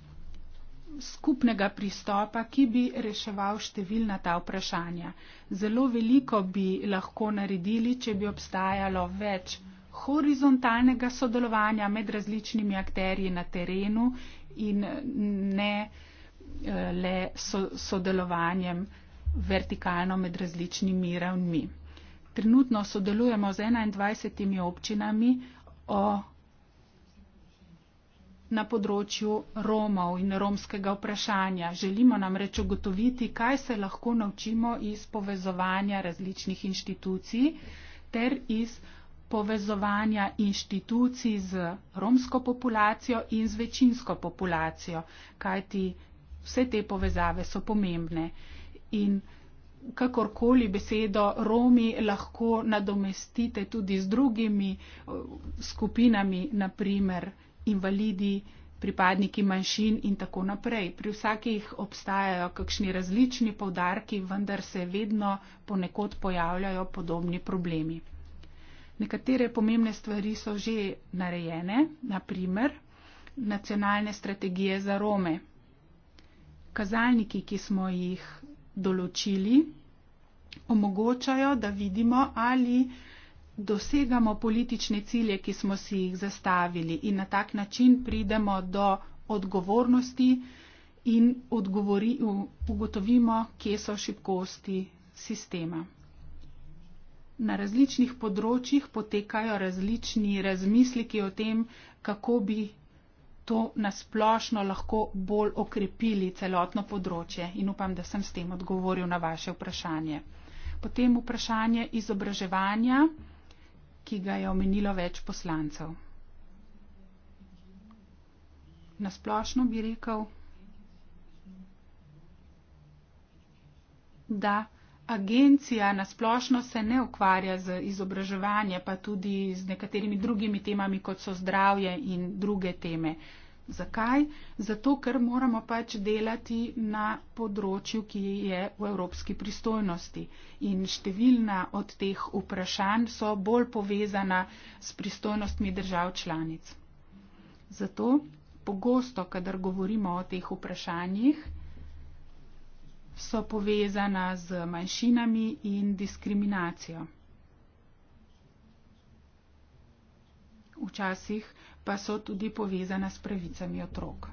skupnega pristopa, ki bi reševal številna ta vprašanja. Zelo veliko bi lahko naredili, če bi obstajalo več horizontalnega sodelovanja med različnimi akterji na terenu in ne eh, le sodelovanjem vertikalno med različnimi ravnmi. Trenutno sodelujemo z 21 občinami o, na področju Romov in romskega vprašanja. Želimo nam reč ugotoviti, kaj se lahko naučimo iz povezovanja različnih inštitucij ter iz povezovanja inštitucij z romsko populacijo in z večinsko populacijo, kajti vse te povezave so pomembne. In kakorkoli besedo Romi lahko nadomestite tudi z drugimi eh, skupinami, naprimer invalidi, pripadniki manjšin in tako naprej. Pri vsakih obstajajo kakšni različni povdarki, vendar se vedno ponekod pojavljajo podobni problemi. Nekatere pomembne stvari so že narejene, naprimer nacionalne strategije za Rome. Kazalniki, ki smo jih določili, omogočajo, da vidimo, ali dosegamo politične cilje, ki smo si jih zastavili in na tak način pridemo do odgovornosti in ugotovimo, kje so šibkosti sistema na različnih področjih potekajo različni razmisliki o tem, kako bi to nasplošno lahko bolj okrepili celotno področje. In upam, da sem s tem odgovoril na vaše vprašanje. Potem vprašanje izobraževanja, ki ga je omenilo več poslancev. Nasplošno bi rekel, da agencija nasplošno se ne ukvarja z izobraževanjem, pa tudi z nekaterimi drugimi temami, kot so zdravje in druge teme. Zakaj? Zato, ker moramo pač delati na področju, ki je v evropski pristojnosti. In številna od teh vprašanj so bolj povezana s pristojnostmi držav članic. Zato pogosto, kadar govorimo o teh vprašanjih, so povezana z manjšinami in diskriminacijo. Včasih pa so tudi povezana s pravicami otrok.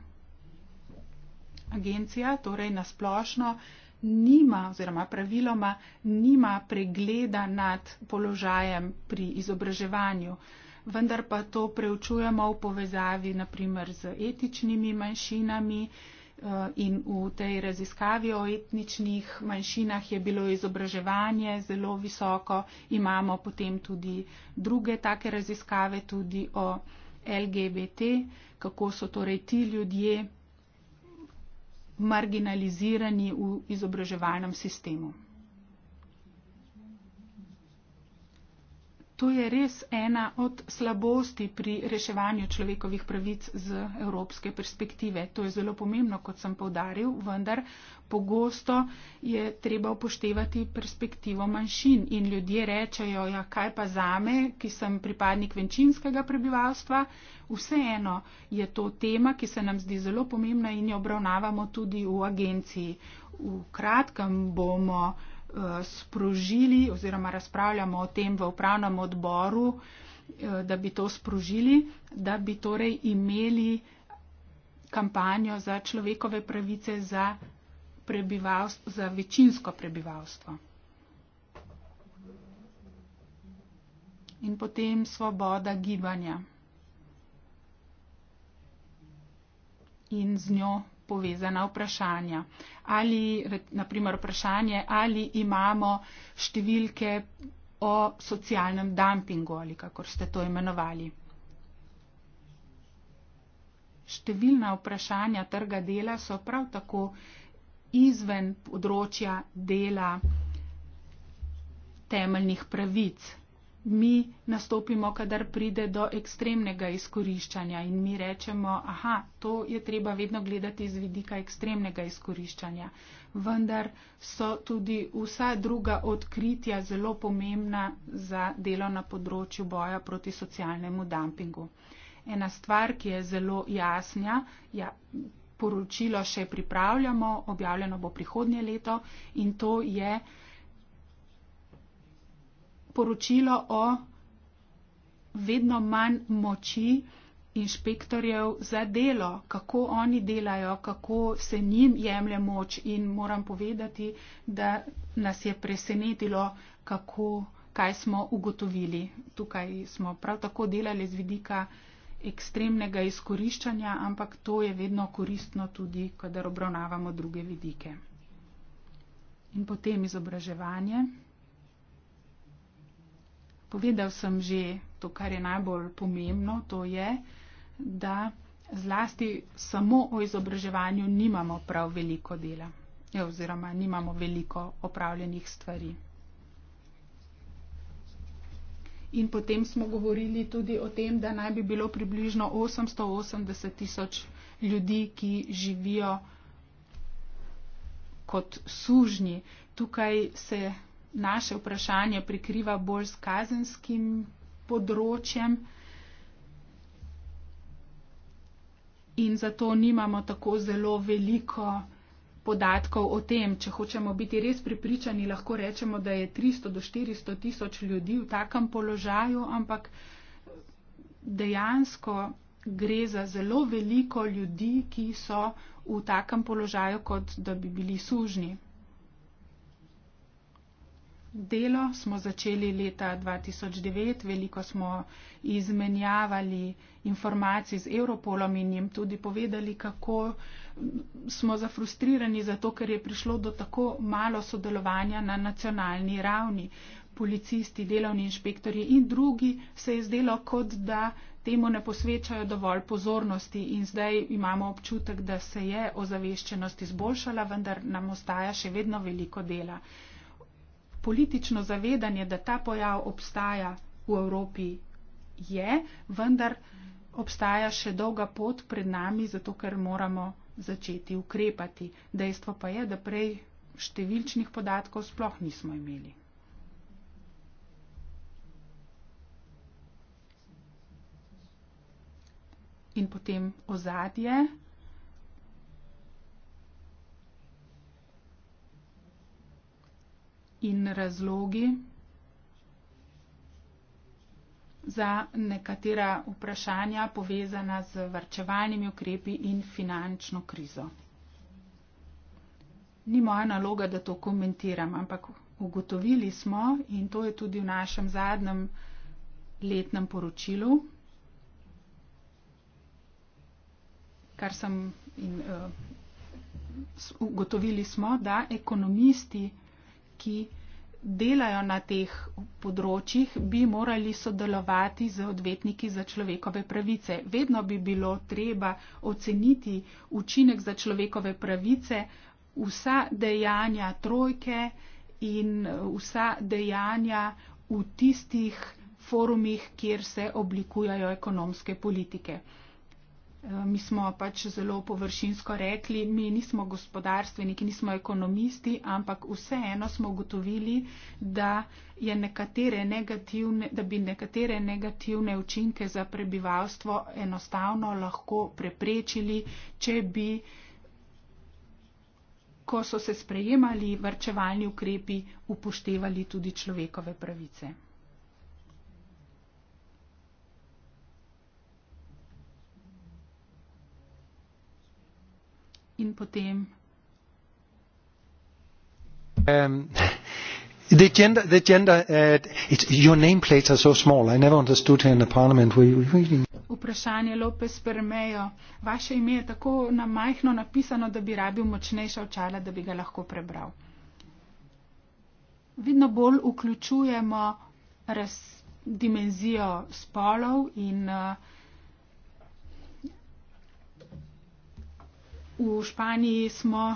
Agencija torej nasplošno nima oziroma praviloma nima pregleda nad položajem pri izobraževanju, vendar pa to preučujemo v povezavi naprimer z etičnimi manjšinami, Eh, in v tej raziskavi o etničnih manjšinah je bilo izobraževanje zelo visoko. Imamo potem tudi druge take raziskave tudi o LGBT, kako so torej ti ljudje marginalizirani v izobraževalnem sistemu. to je res ena od slabosti pri reševanju človekovih pravic z evropske perspektive. To je zelo pomembno, kot sem povdaril, vendar pogosto je treba upoštevati perspektivo manjšin in ljudje rečejo, ja kaj pa zame, ki sem pripadnik venčinskega prebivalstva, vseeno je to tema, ki se nam zdi zelo pomembna in jo obravnavamo tudi v agenciji. V kratkem bomo Eh, sprožili oziroma razpravljamo o tem v upravnem odboru, eh, da bi to sprožili, da bi torej imeli kampanjo za človekove pravice za, za večinsko prebivalstvo. In potem svoboda gibanja. In z njo povezana vprašanja. Ali, naprimer, vprašanje, ali imamo številke o socialnem dumpingu ali kako ste to imenovali. Številna vprašanja trga dela so prav tako izven področja dela temeljnih pravic mi nastopimo, kadar pride do ekstremnega izkoriščanja in mi rečemo, aha, to je treba vedno gledati z vidika ekstremnega izkoriščanja. Vendar so tudi vsa druga odkritja zelo pomembna za delo na področju boja proti socialnemu dampingu. Ena stvar, ki je zelo jasna, ja, poročilo še pripravljamo, objavljeno bo prihodnje leto in to je, poročilo o vedno manj moči inšpektorjev za delo, kako oni delajo, kako se njim jemlje moč in moram povedati, da nas je presenetilo, kako, kaj smo ugotovili. Tukaj smo prav tako delali z vidika ekstremnega izkoriščanja, ampak to je vedno koristno tudi, kadar obravnavamo druge vidike. In potem izobraževanje. Povedal sem že to, kar je najbolj pomembno, to je, da zlasti samo o izobraževanju nimamo prav veliko dela e, oziroma nimamo veliko opravljenih stvari. In potem smo govorili tudi o tem, da naj bi bilo približno 880 tisoč ljudi, ki živijo kot sužnji. Tukaj se naše vprašanje prikriva bolj s kazenskim področjem in zato nimamo tako zelo veliko podatkov o tem. Če hočemo biti res pripričani, lahko rečemo, da je 300 do 400 tisoč ljudi v takem položaju, ampak dejansko gre za zelo veliko ljudi, ki so v takem položaju, kot da bi bili sužni delo smo začeli leta 2009, veliko smo izmenjavali informacij z Europolom in jim tudi povedali, kako smo zafrustrirani, zato ker je prišlo do tako malo sodelovanja na nacionalni ravni. Policisti, delovni inšpektori in drugi se je zdelo, kot da temu ne posvečajo dovolj pozornosti in zdaj imamo občutek, da se je ozaveščenost izboljšala, vendar nam ostaja še vedno veliko dela politično zavedanje, da ta pojav obstaja v Evropi, je, vendar obstaja še dolga pot pred nami, zato ker moramo začeti ukrepati. Dejstvo pa je, da prej številčnih podatkov sploh nismo imeli. In potem ozadje. in razlogi za nekatera vprašanja povezana z varčevalnimi ukrepi in finančno krizo. Ni moja naloga, da to komentiram, ampak ugotovili smo in to je tudi v našem zadnjem letnem poročilu, kar sem in uh, ugotovili smo, da ekonomisti ki delajo na teh področjih, bi morali sodelovati z odvetniki za človekove pravice. Vedno bi bilo treba oceniti učinek za človekove pravice, vsa dejanja trojke in uh, vsa dejanja v tistih forumih, kjer se oblikujajo ekonomske politike. Eh, mi smo pač zelo površinsko rekli, mi nismo gospodarstveniki, nismo ekonomisti, ampak vseeno smo ugotovili, da, da bi nekatere negativne učinke za prebivalstvo enostavno lahko preprečili, če bi, ko so se sprejemali vrčevalni ukrepi, upoštevali tudi človekove pravice. in potem. Um. The gender, the gender uh, it's, your nameplates are so small. I never understood here in the parliament. We, we, we... Vprašanje Lopez Permejo. Vaše ime je tako na majhno napisano, da bi rabil močnejša očala, da bi ga lahko prebral. Vidno bolj vključujemo raz, dimenzijo spolov in uh, V Španiji smo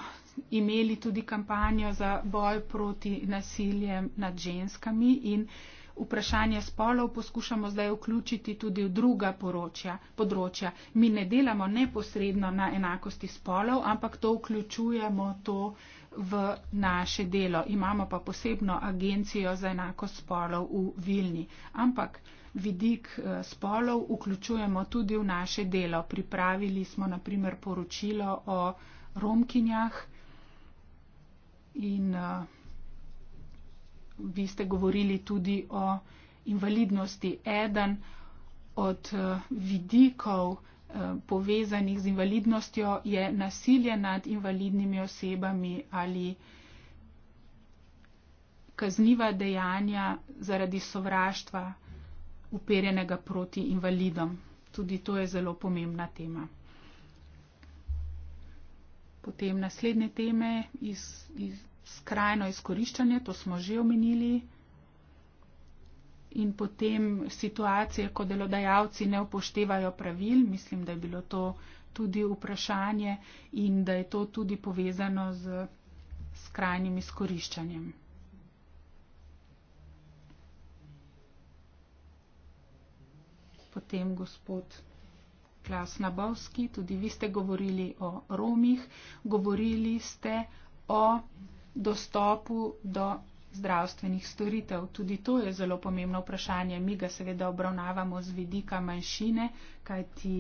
imeli tudi kampanjo za boj proti nasiljem nad ženskami in vprašanje spolov poskušamo zdaj vključiti tudi v druga poročja, področja. Mi ne delamo neposredno na enakosti spolov, ampak to vključujemo to v naše delo. Imamo pa posebno agencijo za enakost spolov v Vilni. Ampak vidik eh, spolov vključujemo tudi v naše delo. Pripravili smo naprimer poročilo o romkinjah in eh, vi ste govorili tudi o invalidnosti. Eden od eh, vidikov povezanih z invalidnostjo je nasilje nad invalidnimi osebami ali kazniva dejanja zaradi sovraštva uperjenega proti invalidom. Tudi to je zelo pomembna tema. Potem naslednje teme, iz, iz, skrajno izkoriščanje, to smo že omenili. In potem situacije, ko delodajalci ne upoštevajo pravil, mislim, da je bilo to tudi vprašanje in da je to tudi povezano z skrajnim izkoriščanjem. potem gospod Klas Nabovski, tudi vi ste govorili o Romih, govorili ste o dostopu do zdravstvenih storitev. Tudi to je zelo pomembno vprašanje. Mi ga seveda obravnavamo z vidika manjšine, kajti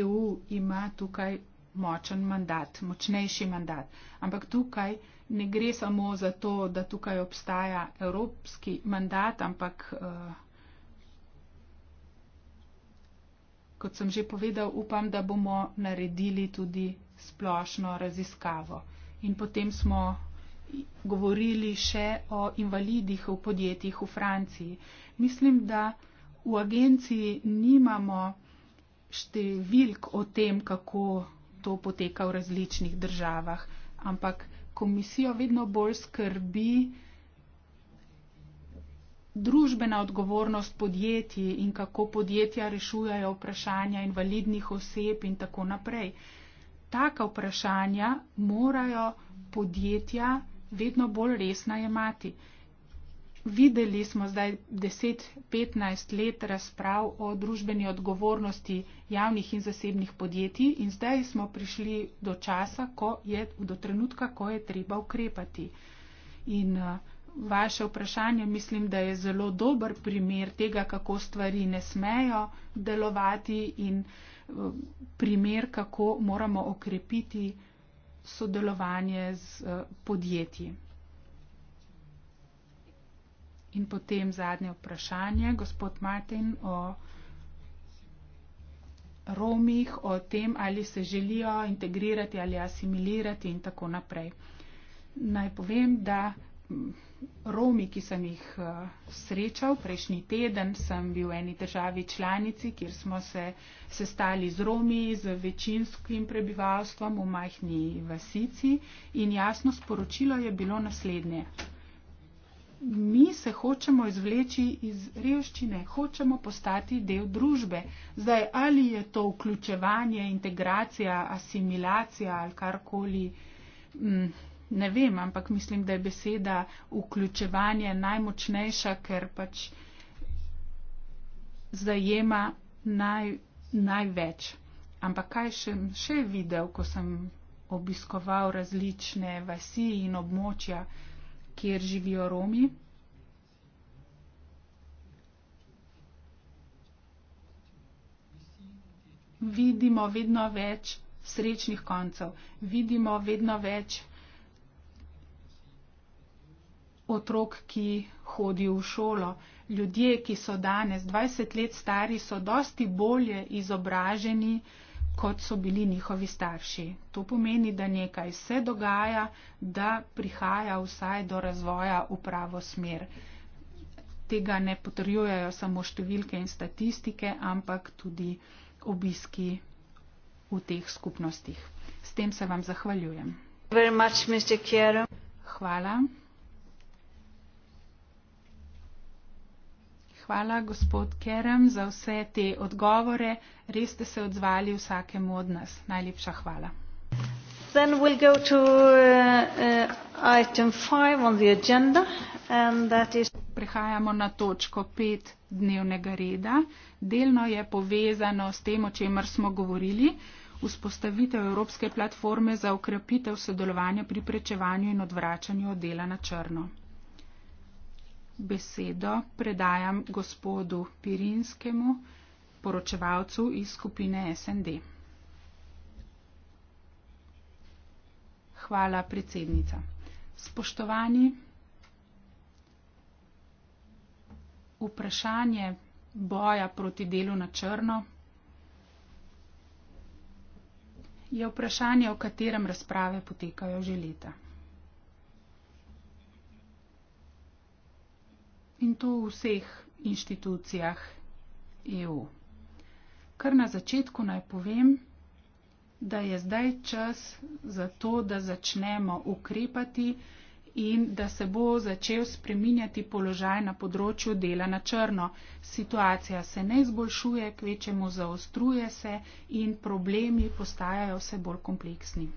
EU ima tukaj močen mandat, močnejši mandat. Ampak tukaj ne gre samo za to, da tukaj obstaja evropski mandat, ampak. Uh, kot sem že povedal, upam, da bomo naredili tudi splošno raziskavo. In potem smo govorili še o invalidih v podjetjih v Franciji. Mislim, da v agenciji nimamo številk o tem, kako to poteka v različnih državah, ampak komisijo vedno bolj skrbi, družbena odgovornost podjetij in kako podjetja rešujajo vprašanja invalidnih oseb in tako naprej. Taka vprašanja morajo podjetja vedno bolj resna jemati. Videli smo zdaj 10-15 let razprav o družbeni odgovornosti javnih in zasebnih podjetij in zdaj smo prišli do časa, ko je, do trenutka, ko je treba ukrepati. In uh, vaše vprašanje mislim, da je zelo dober primer tega, kako stvari ne smejo delovati in eh, primer, kako moramo okrepiti sodelovanje z eh, podjetji. In potem zadnje vprašanje, gospod Martin, o Romih, o tem, ali se želijo integrirati ali asimilirati in tako naprej. Naj povem, da mm, Romi, ki sem jih uh, srečal, prejšnji teden sem bil v eni državi članici, kjer smo se sestali z Romi, z večinskim prebivalstvom v majhni vasici in jasno sporočilo je bilo naslednje. Mi se hočemo izvleči iz revščine, hočemo postati del družbe. Zdaj, ali je to vključevanje, integracija, asimilacija ali karkoli. Mm, ne vem, ampak mislim, da je beseda vključevanje najmočnejša, ker pač zajema naj, največ. Ampak kaj sem še videl, ko sem obiskoval različne vasi in območja, kjer živijo Romi? Vidimo vedno več srečnih koncev, vidimo vedno več otrok, ki hodijo v šolo. Ljudje, ki so danes 20 let stari, so dosti bolje izobraženi, kot so bili njihovi starši. To pomeni, da nekaj se dogaja, da prihaja vsaj do razvoja v pravo smer. Tega ne potrjujejo samo številke in statistike, ampak tudi obiski v teh skupnostih. S tem se vam zahvaljujem. Much, Hvala. hvala, gospod Kerem, za vse te odgovore. Res ste se odzvali vsakemu od nas. Najlepša hvala. Then we'll go to uh, uh, item 5 on the agenda, and that is. Prehajamo na točko 5 dnevnega reda. Delno je povezano s tem, o čemer smo govorili, vzpostavitev Evropske platforme za ukrepitev sodelovanja pri prečevanju in odvračanju od dela na črno besedo predajam gospodu Pirinskemu, poročevalcu iz skupine SND. Hvala, predsednica. Spoštovani, vprašanje boja proti delu na črno je vprašanje, o katerem razprave potekajo že leta. in to v vseh inštitucijah EU. Kar na začetku naj povem, da je zdaj čas za to, da začnemo ukrepati in da se bo začel spreminjati položaj na področju dela na črno. Situacija se ne izboljšuje, kvečemu zaostruje se in problemi postajajo vse bolj kompleksni.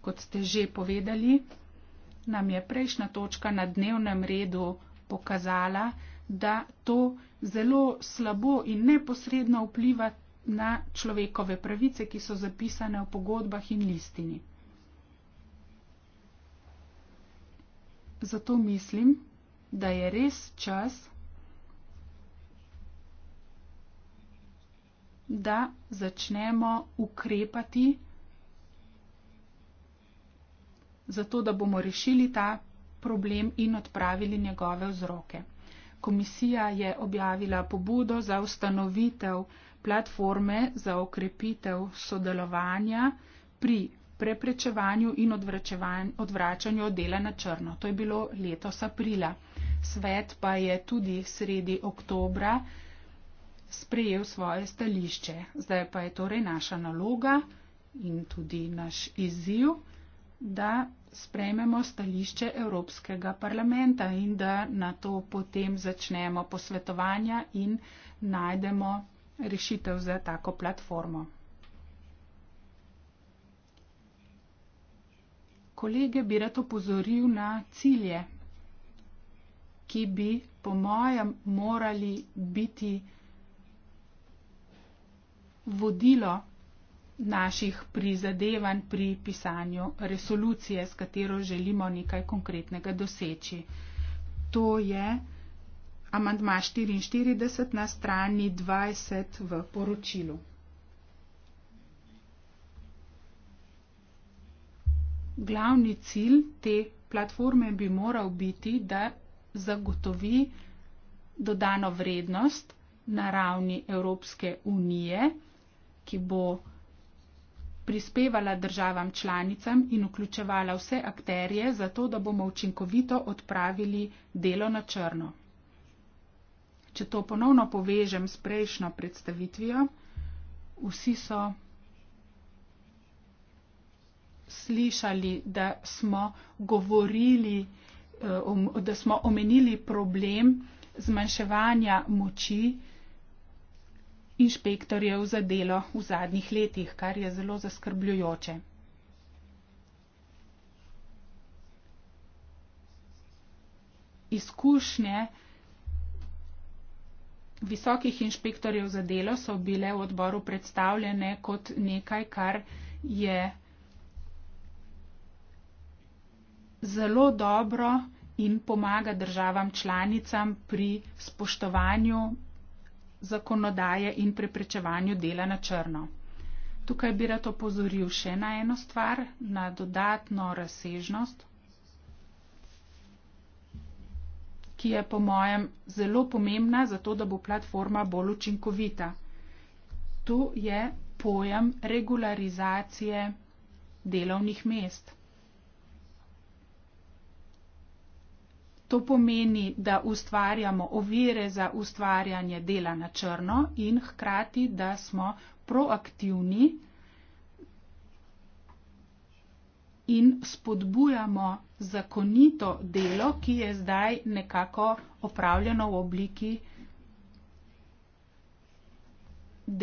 Kot ste že povedali, nam je prejšnja točka na dnevnem redu pokazala, da to zelo slabo in neposredno vpliva na človekove pravice, ki so zapisane v pogodbah in listini. Zato mislim, da je res čas, da začnemo ukrepati, zato da bomo rešili ta problem in odpravili njegove vzroke. Komisija je objavila pobudo za ustanovitev platforme za okrepitev sodelovanja pri preprečevanju in odvračanju dela na črno. To je bilo letos aprila. Svet pa je tudi sredi oktobra sprejel svoje stališče. Zdaj pa je torej naša naloga in tudi naš izziv da sprejmemo stališče Evropskega parlamenta in da na to potem začnemo posvetovanja in najdemo rešitev za tako platformo. Kolege bi rad opozoril na cilje, ki bi po mojem morali biti vodilo naših prizadevanj pri pisanju resolucije, s katero želimo nekaj konkretnega doseči. To je amantma 44 na strani 20 v poročilu. Glavni cilj te platforme bi moral biti, da zagotovi dodano vrednost na ravni Evropske unije, ki bo prispevala državam članicam in vključevala vse akterje, zato da bomo učinkovito odpravili delo na črno. Če to ponovno povežem s prejšnjo predstavitvijo, vsi so slišali, da smo govorili, eh, da smo omenili problem zmanjševanja moči inšpektorjev za delo v zadnjih letih, kar je zelo zaskrbljujoče. Izkušnje visokih inšpektorjev za delo so bile v odboru predstavljene kot nekaj, kar je zelo dobro in pomaga državam članicam pri spoštovanju zakonodaje in preprečevanju dela na črno. Tukaj bi rad opozoril še na eno stvar, na dodatno razsežnost, ki je po mojem zelo pomembna za to, da bo platforma bolj učinkovita. To je pojem regularizacije delovnih mest. To pomeni, da ustvarjamo ovire za ustvarjanje dela na črno in hkrati, da smo proaktivni in spodbujamo zakonito delo, ki je zdaj nekako opravljeno v obliki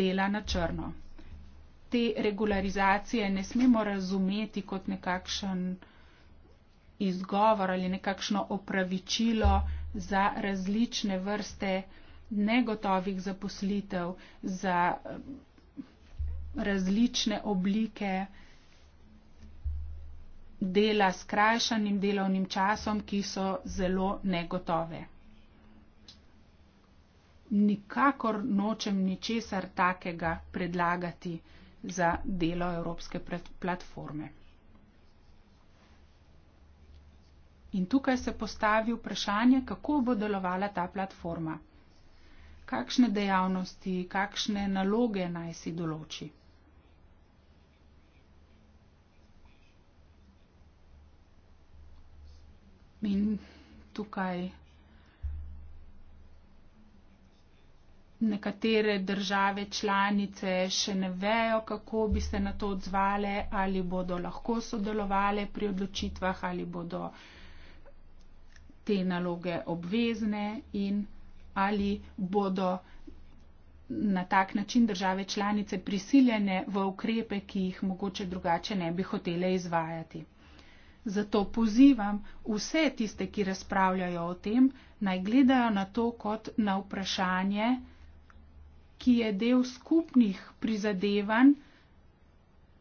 dela na črno. Te regularizacije ne smemo razumeti kot nekakšen izgovor ali nekakšno opravičilo za različne vrste negotovih zaposlitev, za eh, različne oblike dela s krajšanim delovnim časom, ki so zelo negotove. Nikakor nočem ničesar takega predlagati za delo Evropske platforme. In tukaj se postavi vprašanje, kako bo delovala ta platforma. Kakšne dejavnosti, kakšne naloge naj si določi? In tukaj nekatere države članice še ne vejo, kako bi se na to odzvale, ali bodo lahko sodelovali pri odločitvah, ali bodo uh, te naloge obvezne in ali bodo na tak način države članice prisiljene v ukrepe, ki jih mogoče drugače ne bi hotele izvajati. Zato pozivam vse tiste, ki razpravljajo o tem, naj gledajo na to kot na vprašanje, ki je del skupnih prizadevanj,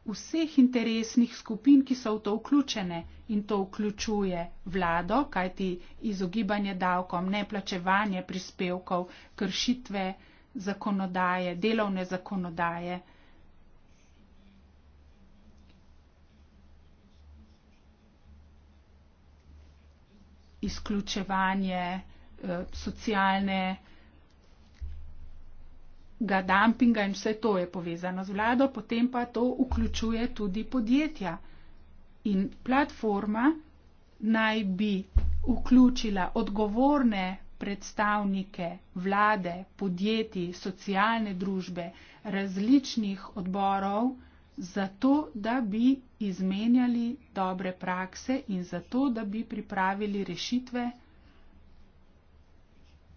vseh interesnih skupin, ki so v to vključene in to vključuje vlado, kajti izogibanje davkom, neplačevanje prispevkov, kršitve zakonodaje, delovne zakonodaje. Izključevanje eh, socialne ga dumpinga in vse to je povezano z vlado, potem pa to vključuje tudi podjetja. In platforma naj bi vključila odgovorne predstavnike vlade, podjetij, socialne družbe, različnih odborov, zato da bi izmenjali dobre prakse in zato da bi pripravili rešitve,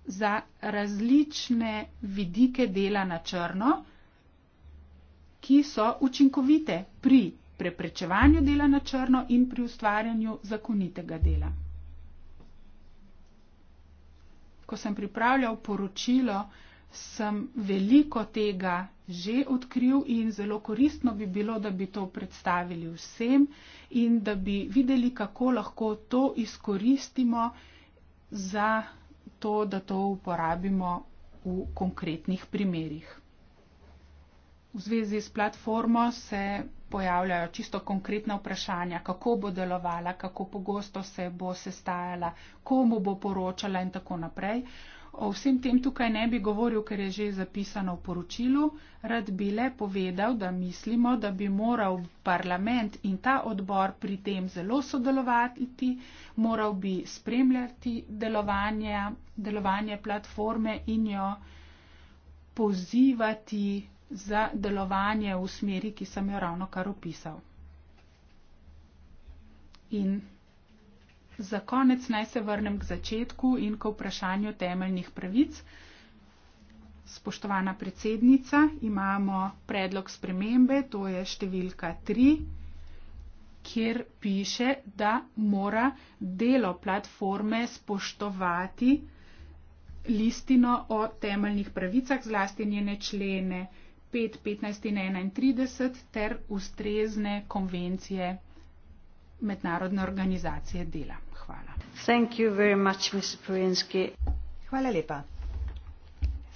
za različne vidike dela na črno, ki so učinkovite pri preprečevanju dela na črno in pri ustvarjanju zakonitega dela. Ko sem pripravljal poročilo, sem veliko tega že odkril in zelo koristno bi bilo, da bi to predstavili vsem in da bi videli, kako lahko to izkoristimo za to, da to uporabimo v konkretnih primerjih. V zvezi s platformo se pojavljajo čisto konkretna vprašanja, kako bo delovala, kako pogosto se bo sestajala, komu bo poročala in tako naprej. O vsem tem tukaj ne bi govoril, ker je že zapisano v poročilu. Rad bi le povedal, da mislimo, da bi moral parlament in ta odbor pri tem zelo sodelovati, moral bi spremljati delovanje, delovanje platforme in jo pozivati za delovanje v smeri, ki sem jo ravno kar opisal. In Za konec naj se vrnem k začetku in k vprašanju temeljnih pravic. Spoštovana predsednica, imamo predlog spremembe, to je številka 3, kjer piše, da mora delo platforme spoštovati listino o temeljnih pravicah, zlasti njene člene 5, 15 in 31 ter ustrezne konvencije mednarodne organizacije dela. Hvala lepa.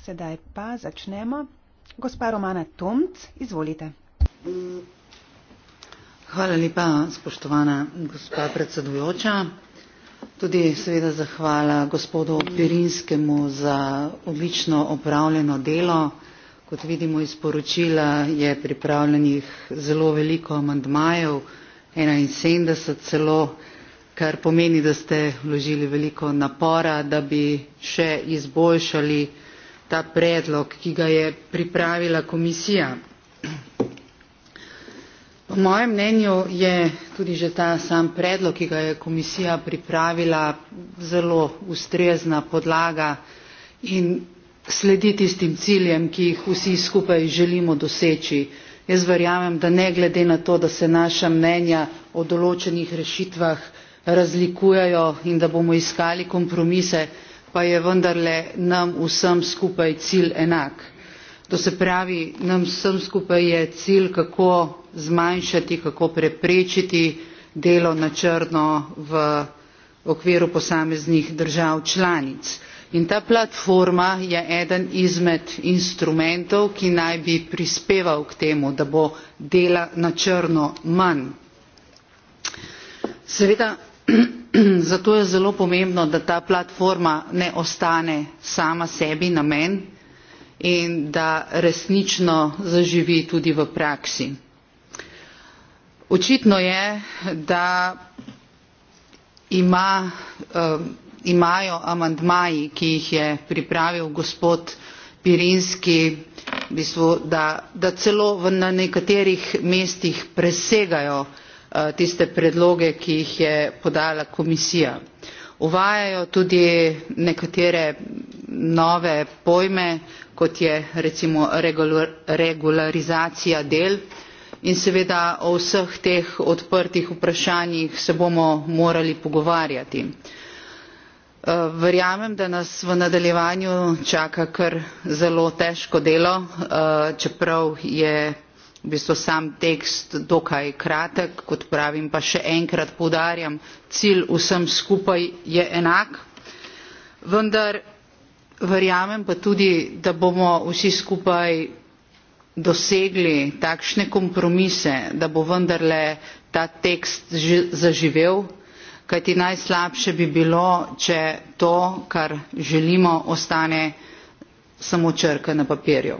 Sedaj pa začnemo. Gospa Romana Tomc, izvolite. Hvala lepa, spoštovana gospa predsedujoča. Tudi seveda zahvala gospodu Pirinskemu za odlično opravljeno delo. Kot vidimo iz poročila je pripravljenih zelo veliko amandmajev, 71 celo kar pomeni da ste vložili veliko napora da bi še izboljšali ta predlog ki ga je pripravila komisija. po mojem mnenju je tudi že ta sam predlog ki ga je komisija pripravila zelo ustrezna podlaga in sledi tistim ciljem ki jih vsi skupaj želimo doseči. jaz verjamem da ne glede na to da se naša mnenja o določenih rešitvah razlikujejo in da bomo iskali kompromise pa je vendarle nam vsem skupaj cilj enak to se pravi nam vsem skupaj je cilj kako zmanjšati kako preprečiti delo na črno v okviru posameznih držav članic in ta platforma je eden izmed instrumentov ki naj bi prispeval k temu da bo dela na črno manj. seveda <clears throat> zato je zelo pomembno da ta platforma ne ostane sama sebi namen in da resnično zaživi tudi v praksi. očitno je da ima, eh, imajo amandmaji ki jih je pripravil gospod pirinski v bistvu da da celo v na nekaterih mestih presegajo Eh, tiste predloge ki jih je podala komisija. uvajajo tudi nekatere nove pojme kot je recimo regularizacija del in seveda o vseh teh odprtih vprašanjih se bomo morali pogovarjati. Eh, verjamem da nas v nadaljevanju čaka kar zelo težko delo eh, čeprav je v bistvu sam tekst dokaj kratek, kot pravim pa še enkrat poudarjam, cilj vsem skupaj je enak, vendar verjamem pa tudi, da bomo vsi skupaj dosegli takšne kompromise, da bo vendarle ta tekst zaživel, kajti najslabše bi bilo, če to, kar želimo, ostane samo črka na papirju.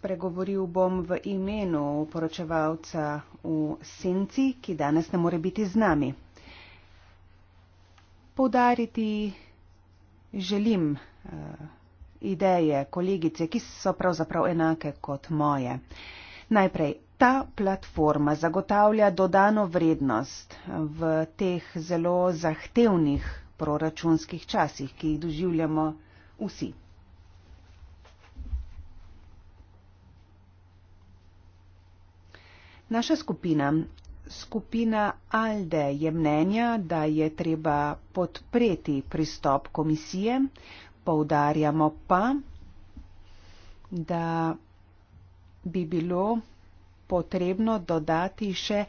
spregovoril bom v imenu poročevalca v Senci, ki danes ne more biti z nami. Povdariti želim eh, ideje kolegice, ki so pravzaprav enake kot moje. Najprej, ta platforma zagotavlja dodano vrednost v teh zelo zahtevnih proračunskih časih, ki jih doživljamo vsi. Naša skupina, skupina Alde, je mnenja, da je treba podpreti pristop komisije, poudarjamo pa, da bi bilo potrebno dodati še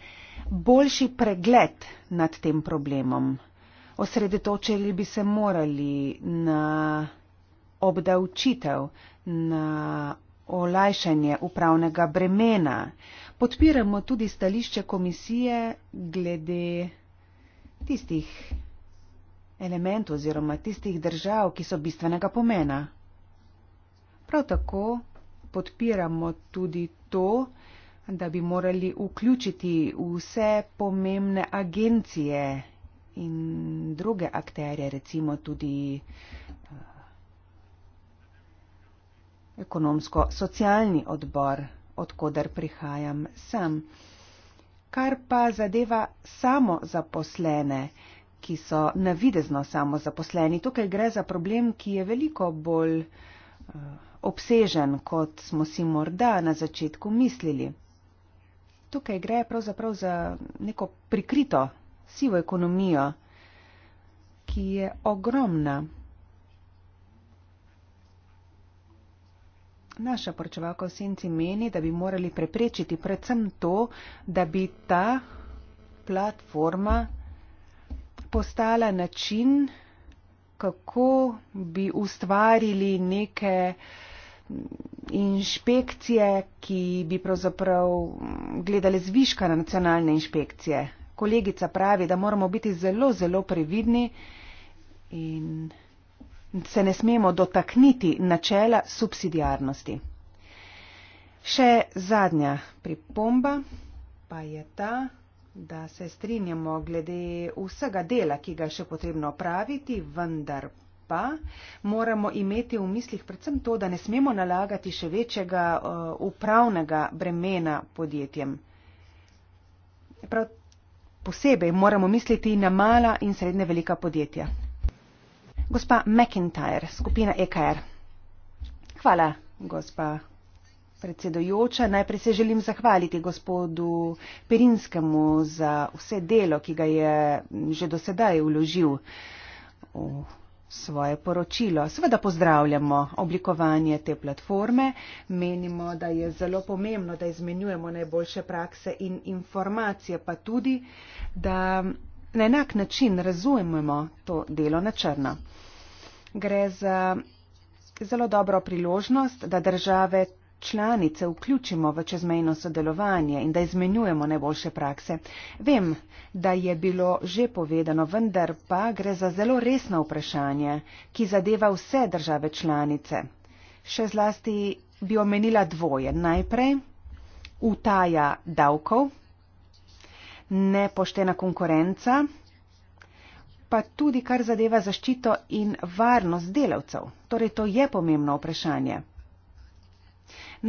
boljši pregled nad tem problemom. Osredotočili bi se morali na obdavčitev, na olajšanje upravnega bremena, Podpiramo tudi stališče komisije glede tistih elementov oziroma tistih držav, ki so bistvenega pomena. Prav tako podpiramo tudi to, da bi morali vključiti vse pomembne agencije in druge akterje, recimo tudi eh, ekonomsko-socialni odbor odkudar prihajam sem. Kar pa zadeva samo zaposlene, ki so navidezno samo zaposleni, tukaj gre za problem, ki je veliko bolj eh, obsežen, kot smo si morda na začetku mislili. Tukaj gre pravzaprav za neko prikrito sivo ekonomijo, ki je ogromna. Naša poročevalka v senci meni, da bi morali preprečiti predvsem to, da bi ta platforma postala način, kako bi ustvarili neke inšpekcije, ki bi pravzaprav gledali zviška na nacionalne inšpekcije. Kolegica pravi, da moramo biti zelo, zelo previdni in se ne smemo dotakniti načela subsidijarnosti. Še zadnja pripomba pa je ta, da se strinjamo glede vsega dela, ki ga je še potrebno opraviti, vendar pa moramo imeti v mislih predvsem to, da ne smemo nalagati še večjega uh, upravnega bremena podjetjem. Prav posebej moramo misliti na mala in srednje velika podjetja. Gospa McIntyre, skupina EKR. Hvala, gospa predsedojoča. Najprej se želim zahvaliti gospodu Perinskemu za vse delo, ki ga je že dosedaj uložil v svoje poročilo. Seveda pozdravljamo oblikovanje te platforme. Menimo, da je zelo pomembno, da izmenjujemo najboljše prakse in informacije, pa tudi, da na enak način razumemo to delo na črno gre za zelo dobro priložnost, da države članice vključimo v čezmejno sodelovanje in da izmenjujemo najboljše prakse. Vem, da je bilo že povedano, vendar pa gre za zelo resno vprašanje, ki zadeva vse države članice. Še zlasti bi omenila dvoje. Najprej utaja davkov, nepoštena konkurenca, pa tudi kar zadeva zaščito in varnost delavcev. Torej, to je pomembno vprašanje.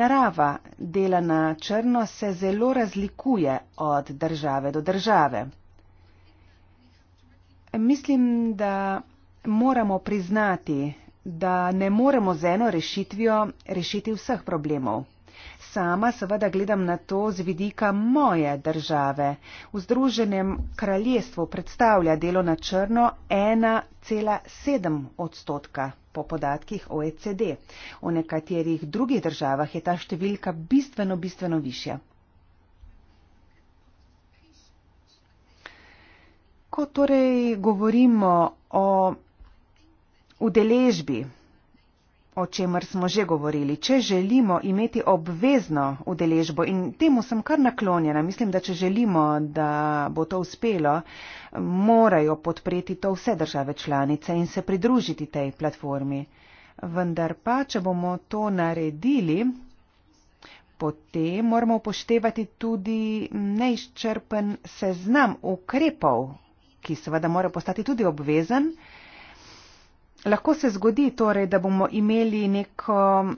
Narava dela na črno se zelo razlikuje od države do države. Mislim, da moramo priznati, da ne moremo z eno rešitvijo rešiti vseh problemov sama seveda gledam na to z vidika moje države. V Združenem kraljestvu predstavlja delo na črno 1,7 odstotka po podatkih OECD. V nekaterih drugih državah je ta številka bistveno, bistveno višja. Ko torej govorimo o udeležbi, o čemer smo že govorili, če želimo imeti obvezno udeležbo in temu sem kar naklonjena, mislim, da če želimo, da bo to uspelo, morajo podpreti to vse države članice in se pridružiti tej platformi. Vendar pa, če bomo to naredili, potem moramo upoštevati tudi neizčrpen seznam ukrepov, ki seveda mora postati tudi obvezen, lahko se zgodi torej, da bomo imeli neko,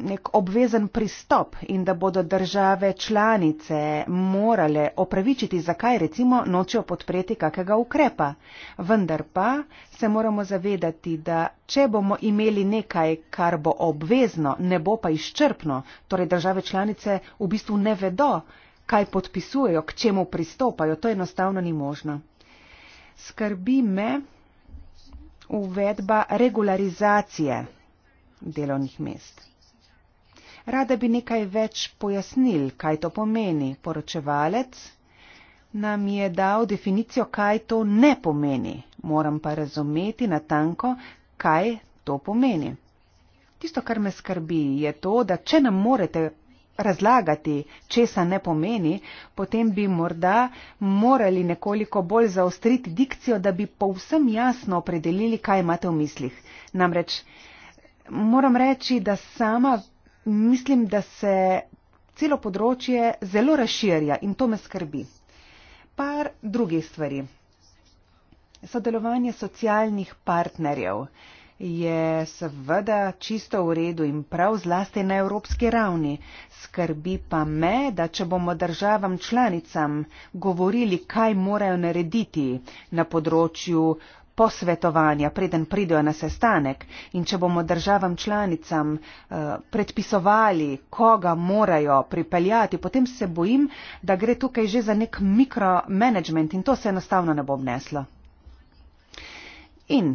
nek obvezen pristop in da bodo države članice morale opravičiti, zakaj recimo nočejo podpreti kakega ukrepa. Vendar pa se moramo zavedati, da če bomo imeli nekaj, kar bo obvezno, ne bo pa izčrpno, torej države članice v bistvu ne vedo, kaj podpisujejo, k čemu pristopajo, to enostavno ni možno. Skrbi me, uvedba regularizacije delovnih mest. Rada bi nekaj več pojasnil, kaj to pomeni. Poročevalec nam je dal definicijo, kaj to ne pomeni. Moram pa razumeti natanko, kaj to pomeni. Tisto, kar me skrbi, je to, da če nam morete razlagati, česa ne pomeni, potem bi morda morali nekoliko bolj zaostriti dikcijo, da bi povsem jasno opredelili, kaj imate v mislih. Namreč moram reči, da sama mislim, da se celo področje zelo razširja in to me skrbi. Par drugih stvari. Sodelovanje socialnih partnerjev je seveda čisto v redu in prav zlasti na evropski ravni. Skrbi pa me, da če bomo državam članicam govorili, kaj morajo narediti na področju posvetovanja, preden pridejo na sestanek in če bomo državam članicam uh, predpisovali, koga morajo pripeljati, potem se bojim, da gre tukaj že za nek mikromanagement in to se enostavno ne bo obneslo. In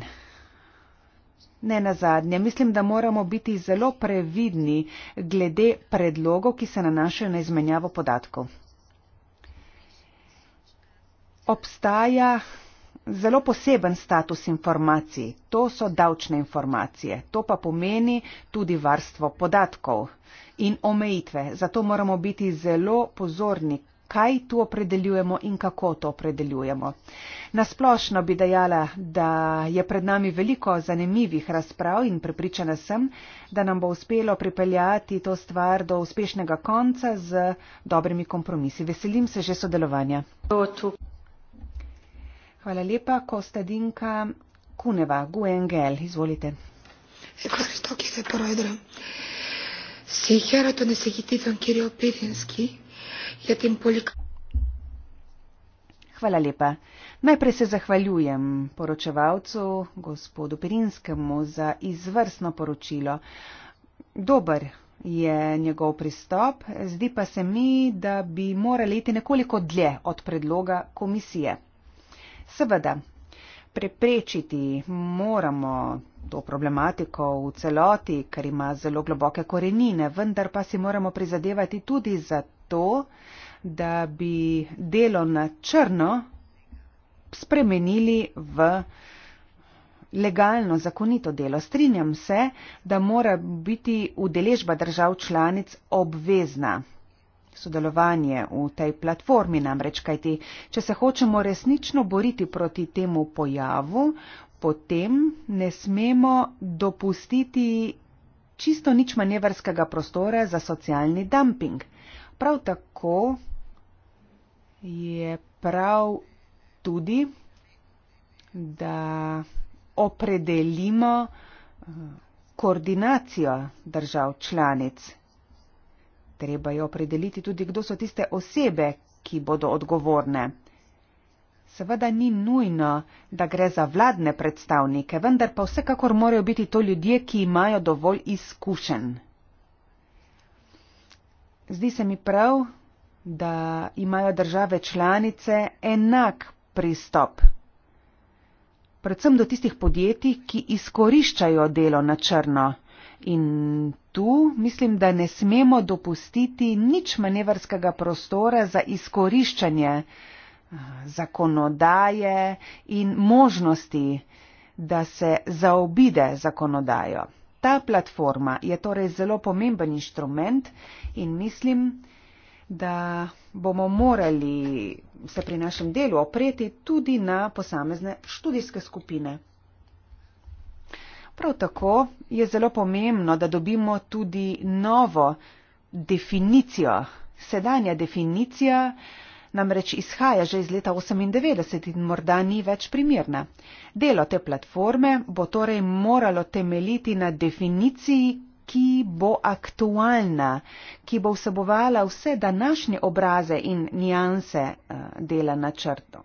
ne na zadnje, mislim, da moramo biti zelo previdni glede predlogov, ki se nanašajo na izmenjavo podatkov. Obstaja zelo poseben status informacij, to so davčne informacije, to pa pomeni tudi varstvo podatkov in omejitve. Zato moramo biti zelo pozorni, kaj tu opredeljujemo in kako to opredeljujemo. Nasplošno bi dejala, da je pred nami veliko zanimivih razprav in prepričana sem, da nam bo uspelo pripeljati to stvar do uspešnega konca z dobrimi kompromisi. Veselim se že sodelovanja. Hvala lepa, Kostadinka Kuneva, Guengel, izvolite. Sicher, to ne se hiti, ker je opetinski je tem polik. Hvala lepa. Najprej se zahvaljujem poročevalcu, gospodu Pirinskemu, za izvrstno poročilo. Dober je njegov pristop, zdi pa se mi, da bi morali iti nekoliko dlje od predloga komisije. Seveda, preprečiti moramo to problematiko v celoti, ker ima zelo globoke korenine, vendar pa si moramo prizadevati tudi za to, da bi delo na črno spremenili v legalno, zakonito delo. Strinjam se, da mora biti udeležba držav članic obvezna. Sodelovanje v tej platformi namreč kajti, če se hočemo resnično boriti proti temu pojavu, potem ne smemo dopustiti čisto nič manevrskega prostora za socialni dumping. Prav tako je prav tudi, da opredelimo eh, koordinacijo držav članic. Treba je opredeliti tudi, kdo so tiste osebe, ki bodo odgovorne. Seveda ni nujno, da gre za vladne predstavnike, vendar pa vsekakor morajo biti to ljudje, ki imajo dovolj izkušenj. Zdi se mi prav, da imajo države članice enak pristop. Predvsem do tistih podjetij, ki izkoriščajo delo na črno. In tu mislim, da ne smemo dopustiti nič manevrskega prostora za izkoriščanje eh, zakonodaje in možnosti, da se zaobide zakonodajo ta platforma je torej zelo pomemben inštrument in mislim, da bomo morali se pri našem delu opreti tudi na posamezne študijske skupine. Prav tako je zelo pomembno, da dobimo tudi novo definicijo. Sedanja definicija uh, namreč izhaja že iz leta 1998 in morda ni več primirna. Delo te platforme bo torej moralo temeljiti na definiciji, ki bo aktualna, ki bo vsebovala vse današnje obraze in nijanse eh, dela na črto.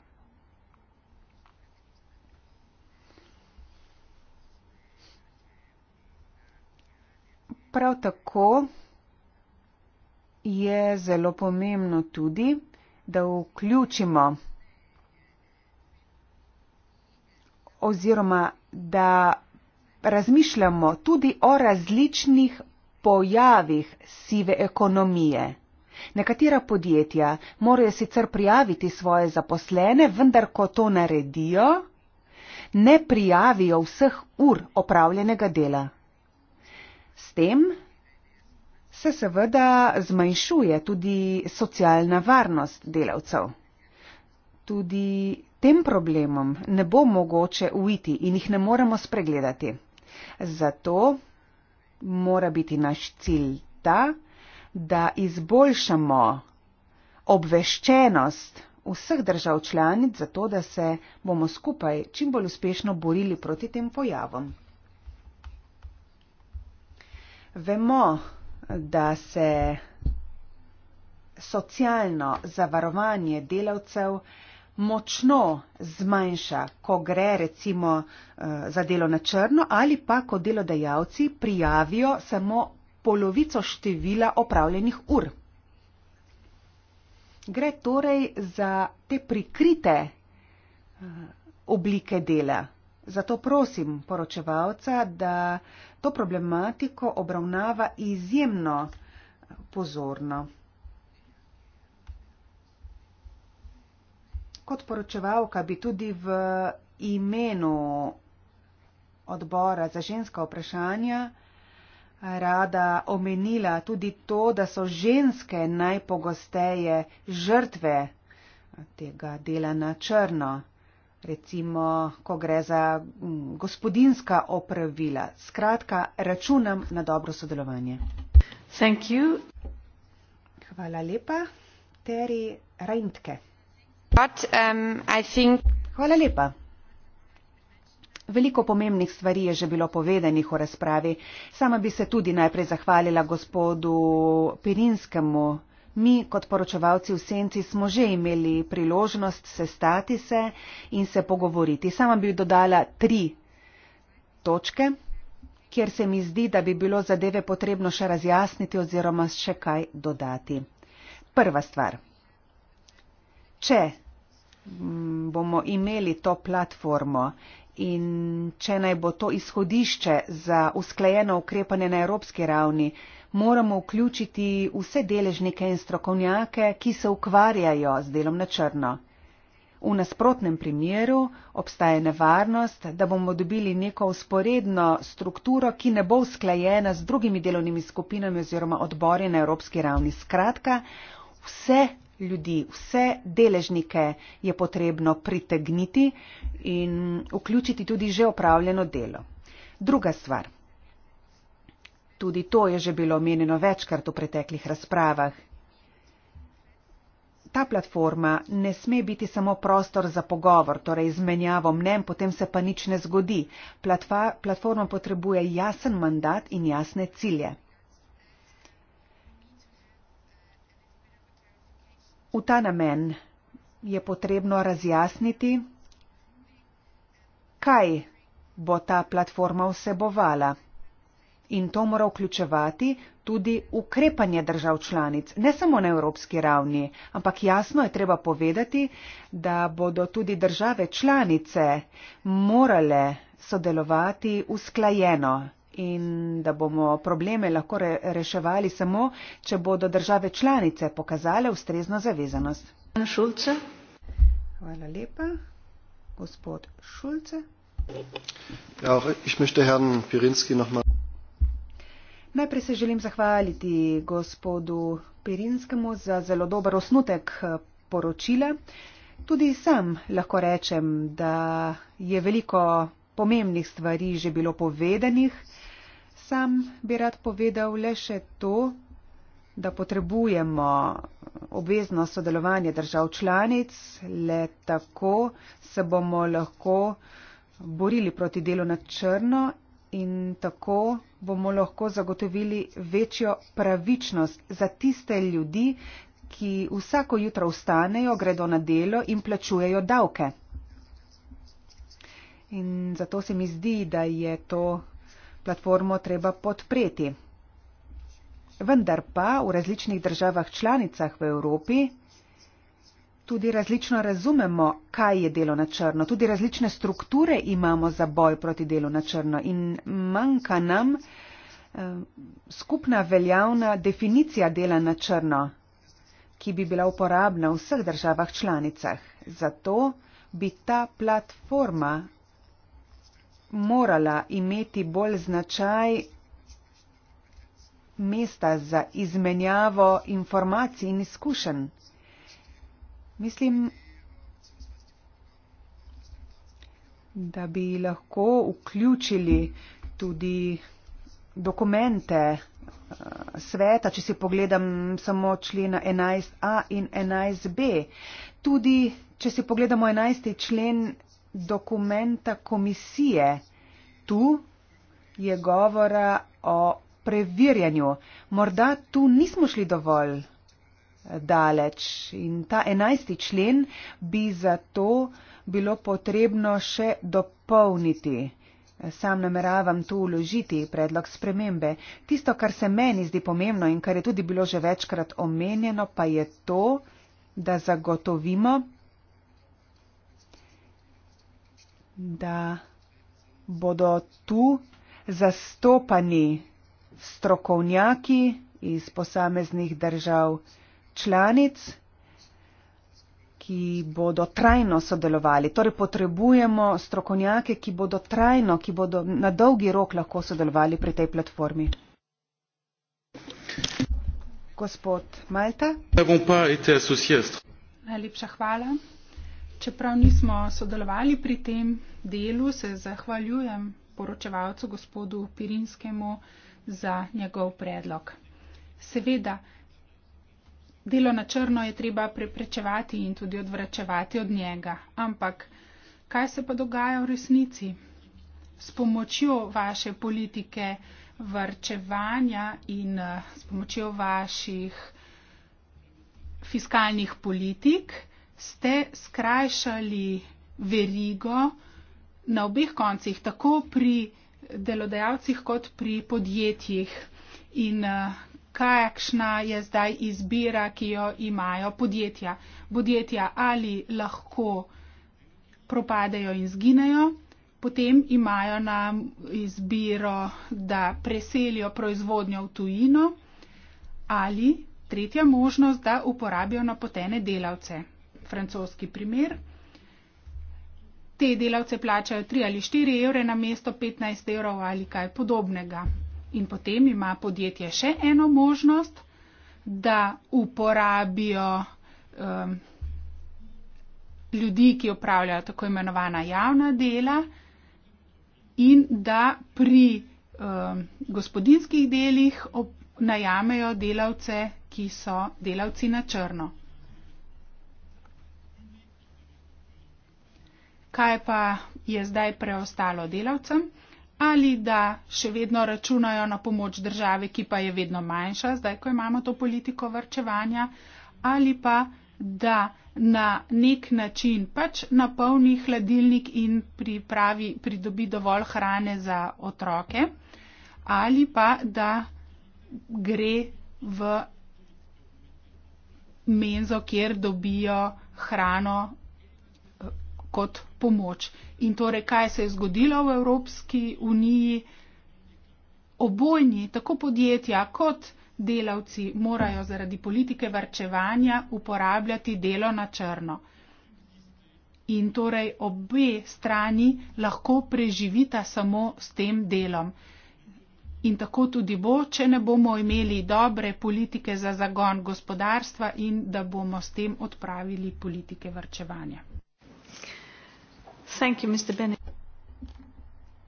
Prav tako je zelo pomembno tudi, da vključimo oziroma da razmišljamo tudi o različnih pojavih sive ekonomije. Nekatera podjetja morajo sicer prijaviti svoje zaposlene, vendar ko to naredijo, ne prijavijo vseh ur opravljenega dela. S tem se seveda zmanjšuje tudi socialna varnost delavcev. Tudi tem problemom ne bo mogoče uiti in jih ne moremo spregledati. Zato mora biti naš cilj ta, da izboljšamo obveščenost vseh držav članic, zato da se bomo skupaj čim bolj uspešno borili proti tem pojavom. Vemo, da se socialno zavarovanje delavcev močno zmanjša, ko gre recimo eh, za delo na črno ali pa, ko delodajalci prijavijo samo polovico števila opravljenih ur. Gre torej za te prikrite eh, oblike dela. Zato prosim poročevalca, da to problematiko obravnava izjemno pozorno. Kot poročevalka bi tudi v imenu odbora za ženska vprašanja rada omenila tudi to, da so ženske najpogosteje žrtve tega dela na črno recimo, ko gre za mm, gospodinska opravila. Skratka, računam na dobro sodelovanje. Thank you. Hvala lepa, Teri Reintke. But, um, I think... Hvala lepa. Veliko pomembnih stvari je že bilo povedanih v razpravi. Sama bi se tudi najprej zahvalila gospodu Pirinskemu Mi, kot poročevalci v senci, smo že imeli priložnost sestati se in se pogovoriti. Sama bi dodala tri točke, kjer se mi zdi, da bi bilo zadeve potrebno še razjasniti oziroma še kaj dodati. Prva stvar. Če mm, bomo imeli to platformo in če naj bo to izhodišče za usklajeno ukrepanje na evropski ravni, moramo vključiti vse deležnike in strokovnjake, ki se ukvarjajo z delom na črno. V nasprotnem primeru obstaja nevarnost, da bomo dobili neko usporedno strukturo, ki ne bo usklajena z drugimi delovnimi skupinami oziroma odbori na evropski ravni. Skratka, vse ljudi, vse deležnike je potrebno pritegniti in vključiti tudi že opravljeno delo. Druga stvar. Tudi to je že bilo omenjeno večkrat v preteklih razpravah. Ta platforma ne sme biti samo prostor za pogovor, torej izmenjavo mnen, potem se pa nič ne zgodi. Platva, platforma potrebuje jasen mandat in jasne cilje. V ta namen je potrebno razjasniti, kaj bo ta platforma vsebovala in to mora vključevati tudi ukrepanje držav članic, ne samo na evropski ravni, ampak jasno je treba povedati, da bodo tudi države članice morale sodelovati usklajeno in da bomo probleme lahko re reševali samo, če bodo države članice pokazale ustrezno zavezanost. Šulce. Hvala lepa. Gospod Šulce. Ja, ich möchte Herrn Pirinski nochmal. Najprej se želim zahvaliti gospodu Pirinskemu za zelo dober osnutek eh, poročila. Tudi sam lahko rečem, da je veliko pomembnih stvari že bilo povedanih. Sam bi rad povedal le še to, da potrebujemo obvezno sodelovanje držav članic, le tako se bomo lahko borili proti delu na črno in tako bomo lahko zagotovili večjo pravičnost za tiste ljudi, ki vsako jutro vstanejo, gredo na delo in plačujejo davke. In zato se mi zdi, da je to platformo treba podpreti. Vendar pa v različnih državah članicah v Evropi tudi različno razumemo, kaj je delo na črno. Tudi različne strukture imamo za boj proti delu na črno in manjka nam eh, skupna veljavna definicija dela na črno, ki bi bila uporabna v vseh državah članicah. Zato bi ta platforma morala imeti bolj značaj mesta za izmenjavo informacij in izkušenj. Mislim, da bi lahko vključili tudi dokumente eh, sveta, če si pogledam samo člena 11a in 11b. Tudi, če si pogledamo 11. člen dokumenta komisije, tu je govora o preverjanju. Morda tu nismo šli dovolj daleč. In ta enajsti člen bi zato bilo potrebno še dopolniti. Sam nameravam tu uložiti predlog spremembe. Tisto, kar se meni zdi pomembno in kar je tudi bilo že večkrat omenjeno, pa je to, da zagotovimo, da bodo tu zastopani strokovnjaki iz posameznih držav članic, ki bodo trajno sodelovali. Torej potrebujemo strokovnjake, ki bodo trajno, ki bodo na dolgi rok lahko sodelovali pri tej platformi. Gospod Malta. Najlepša hvala. Čeprav nismo sodelovali pri tem delu, se zahvaljujem poročevalcu gospodu Pirinskemu za njegov predlog. Seveda, delo na črno je treba preprečevati in tudi odvračevati od njega. Ampak kaj se pa dogaja v resnici? S pomočjo vaše politike vrčevanja in eh, s pomočjo vaših fiskalnih politik ste skrajšali verigo na obeh koncih, tako pri delodajalcih kot pri podjetjih. In eh, kakšna je zdaj izbira, ki jo imajo podjetja. Podjetja ali lahko propadejo in zginejo, potem imajo na izbiro, da preselijo proizvodnjo v tujino ali tretja možnost, da uporabijo napotene delavce. Francoski primer. Te delavce plačajo 3 ali 4 evre na mesto 15 evrov ali kaj podobnega. In potem ima podjetje še eno možnost, da uporabijo um, ljudi, ki opravljajo tako imenovana javna dela in da pri um, gospodinskih delih op, najamejo delavce, ki so delavci na črno. Kaj pa je zdaj preostalo delavcem? ali da še vedno računajo na pomoč države, ki pa je vedno manjša, zdaj, ko imamo to politiko vrčevanja, ali pa da na nek način pač napolni hladilnik in pripravi, pridobi dovolj hrane za otroke, ali pa da gre v menzo, kjer dobijo hrano eh, kot pomoč. In torej, kaj se je zgodilo v Evropski uniji? Obojni, tako podjetja kot delavci, morajo zaradi politike varčevanja uporabljati delo na črno. In torej obe strani lahko preživita samo s tem delom. In tako tudi bo, če ne bomo imeli dobre politike za zagon gospodarstva in da bomo s tem odpravili politike varčevanja. Thank you, Mr.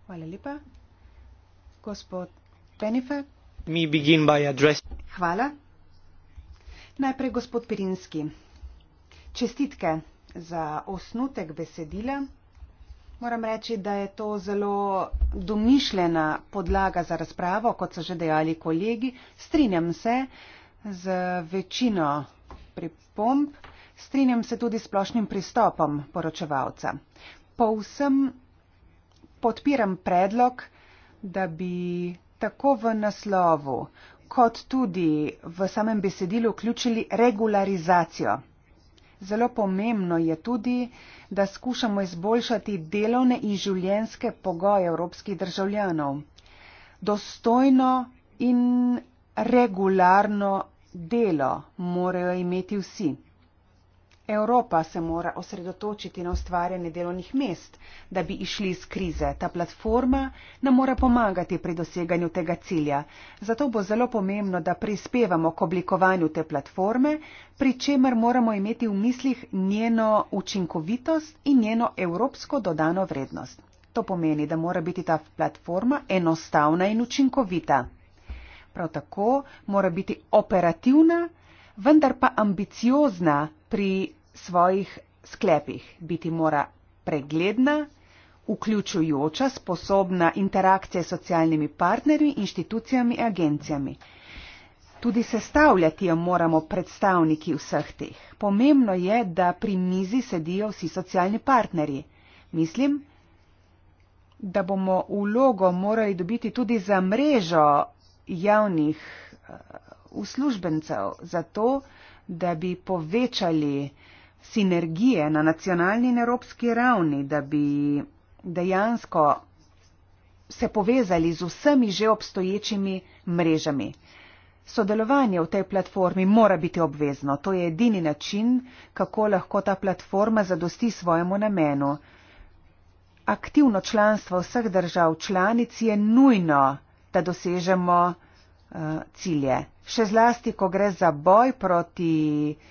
Hvala lepa. Gospod Benefe. Hvala. Najprej gospod Pirinski. Čestitke za osnutek besedila. Moram reči, da je to zelo domišljena podlaga za razpravo, kot so že dejali kolegi. Strinjam se z večino pripomb. Strinjam se tudi s splošnim pristopom poročevalca povsem podpiram predlog, da bi tako v naslovu kot tudi v samem besedilu vključili regularizacijo. Zelo pomembno je tudi, da skušamo izboljšati delovne in življenske pogoje evropskih državljanov. Dostojno in regularno delo morajo imeti vsi. Evropa se mora osredotočiti na ustvarjanje delovnih mest, da bi išli iz krize. Ta platforma nam mora pomagati pri doseganju tega cilja. Zato bo zelo pomembno, da prispevamo k oblikovanju te platforme, pri čemer moramo imeti v mislih njeno učinkovitost in njeno evropsko dodano vrednost. To pomeni, da mora biti ta platforma enostavna in učinkovita. Prav tako mora biti operativna, vendar pa ambiciozna pri svojih sklepih. Biti mora pregledna, vključujoča, sposobna interakcije s socialnimi partnerji, inštitucijami, agencijami. Tudi sestavljati jo moramo predstavniki vseh teh. Pomembno je, da pri mizi sedijo vsi socialni partnerji. Mislim, da bomo vlogo morali dobiti tudi za mrežo javnih eh, uslužbencev, zato da bi povečali uh, sinergije na nacionalni in evropski ravni, da bi dejansko se povezali z vsemi že obstoječimi mrežami. Sodelovanje v tej platformi mora biti obvezno. To je edini način, kako lahko ta platforma zadosti svojemu namenu. Aktivno članstvo vseh držav članic je nujno, da dosežemo uh, cilje. Še zlasti, ko gre za boj proti uh,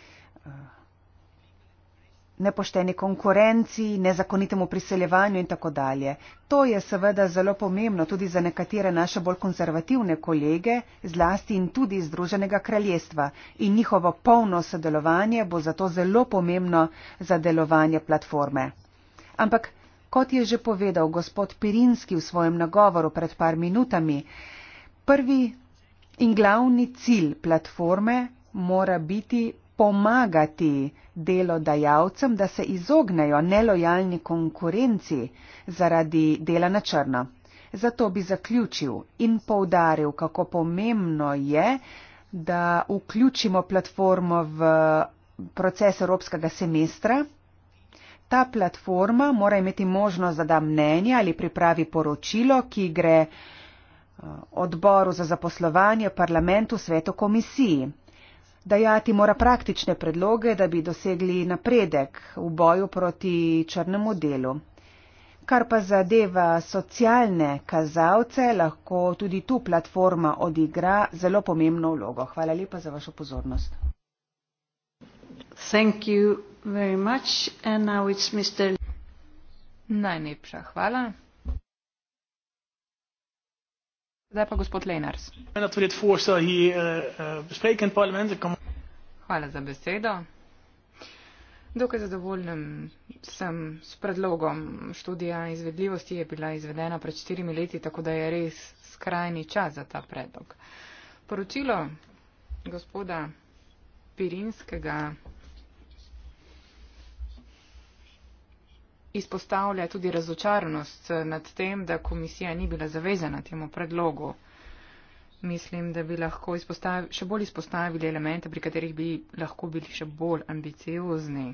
nepošteni konkurenci, nezakonitemu priseljevanju in tako dalje. To je seveda zelo pomembno tudi za nekatere naše bolj konzervativne kolege, zlasti in tudi iz Združenega kraljestva. In njihovo polno sodelovanje bo zato zelo pomembno za delovanje platforme. Ampak, kot je že povedal gospod Pirinski v svojem nagovoru pred par minutami, prvi in glavni cilj platforme mora biti pomagati delodajalcem, da se izognejo nelojalni konkurenci zaradi dela na črno. Zato bi zaključil in poudaril, kako pomembno je, da vključimo platformo v proces Evropskega semestra. Ta platforma mora imeti možnost, da da mnenje ali pripravi poročilo, ki gre eh, odboru za zaposlovanje, parlamentu, svetu, komisiji. Dajati mora praktične predloge, da bi dosegli napredek v boju proti črnemu delu. Kar pa zadeva socialne kazalce, lahko tudi tu platforma odigra zelo pomembno vlogo. Hvala lepa za vašo pozornost. Najlepša hvala. Zdaj pa gospod Lenars. Eh, eh, Hvala za besedo. Dokaj zadovoljnem sem s predlogom. Študija izvedljivosti je bila izvedena pred štirimi leti, tako da je res skrajni čas za ta predlog. Poročilo gospoda Pirinskega izpostavlja tudi razočaranost nad tem, da komisija ni bila zavezana temu predlogu. Mislim, da bi lahko še bolj izpostavili elemente, pri katerih bi lahko bili še bolj ambiciozni.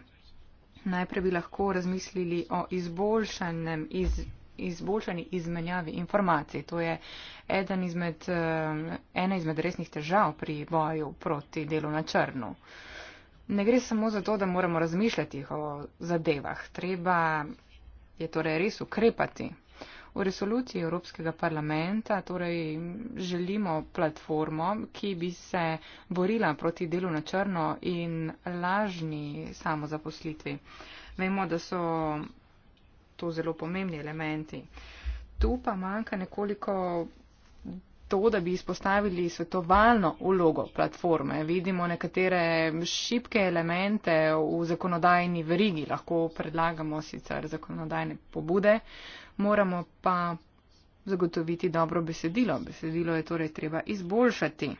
Najprej bi lahko razmislili o izboljšanem iz izboljšani izmenjavi informacij. To je eden izmed, eh, ena izmed resnih težav pri boju proti delu na črnu ne gre samo za to, da moramo razmišljati o zadevah. Treba je torej res ukrepati. V resoluciji Evropskega parlamenta torej želimo platformo, ki bi se borila proti delu na črno in lažni samozaposlitvi. Vemo, da so to zelo pomembni elementi. Tu pa manjka nekoliko to, da bi izpostavili svetovalno ulogo platforme. Vidimo nekatere šibke elemente v zakonodajni verigi, lahko predlagamo sicer zakonodajne pobude, moramo pa zagotoviti dobro besedilo. Besedilo je torej treba izboljšati.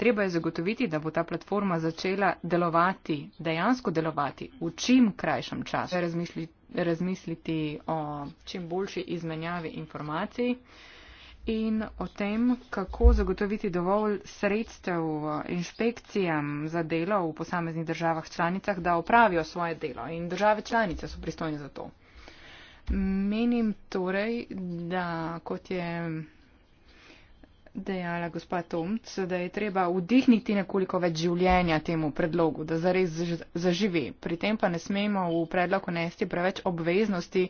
Treba je zagotoviti, da bo ta platforma začela delovati, dejansko delovati v čim krajšem času. Razmisliti, razmisliti o čim boljši izmenjavi informacij in o tem, kako zagotoviti dovolj sredstev inšpekcijam za delo v posameznih državah članicah, da opravijo svoje delo. In države članice so pristojne za to. Menim torej, da kot je dejala gospa Tomc, da je treba vdihniti nekoliko več življenja temu predlogu, da zares zaživi. Pri tem pa ne smemo v predlog unesti preveč obveznosti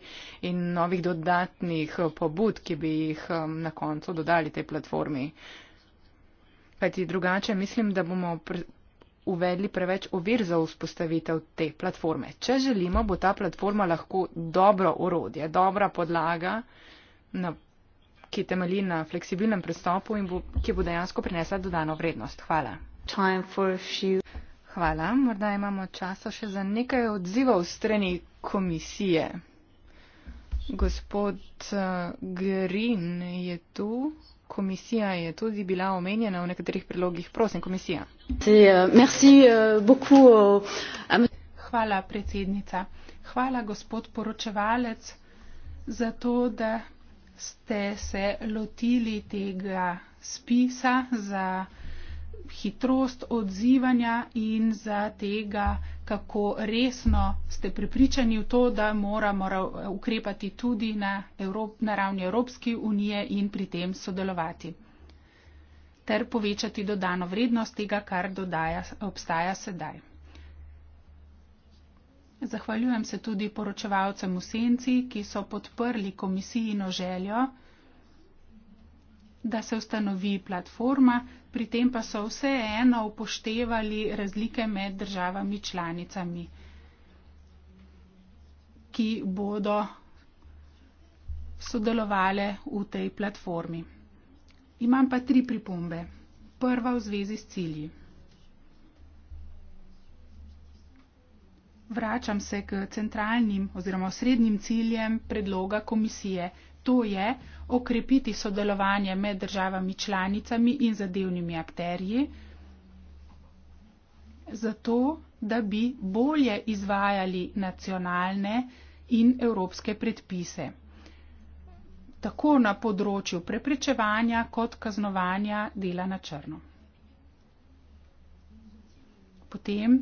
in novih dodatnih eh, pobud, ki bi jih eh, na koncu dodali tej platformi. Kajti drugače mislim, da bomo uvedli preveč ovir za vzpostavitev te platforme. Če želimo, bo ta platforma lahko dobro urodje, dobra podlaga, na ki temelji na fleksibilnem pristopu in bo, ki bo dejansko prinesla dodano vrednost. Hvala. Hvala. Morda imamo časa še za nekaj odzivov strani komisije. Gospod eh, Green je tu. Komisija je tudi bila omenjena v nekaterih prilogih. Prosim, komisija. Eh, eh, Hvala, predsednica. Hvala, gospod poročevalec, za to, da ste se lotili tega spisa za hitrost odzivanja in za tega, kako resno ste pripričani v to, da moramo ukrepati tudi na, Evrop, na ravni Evropske unije in pri tem sodelovati ter povečati dodano vrednost tega, kar dodaja, obstaja sedaj. Zahvaljujem se tudi poročevalcem v senci, ki so podprli komisijino željo, da se ustanovi platforma, pri tem pa so vseeno upoštevali razlike med državami članicami, ki bodo sodelovale v tej platformi. Imam pa tri pripombe. Prva v zvezi s cilji. vračam se k centralnim oziroma srednjim ciljem predloga komisije. To je okrepiti sodelovanje med državami članicami in zadevnimi akterji, zato da bi bolje izvajali nacionalne in evropske predpise, tako na področju preprečevanja kot kaznovanja dela na črno. Potem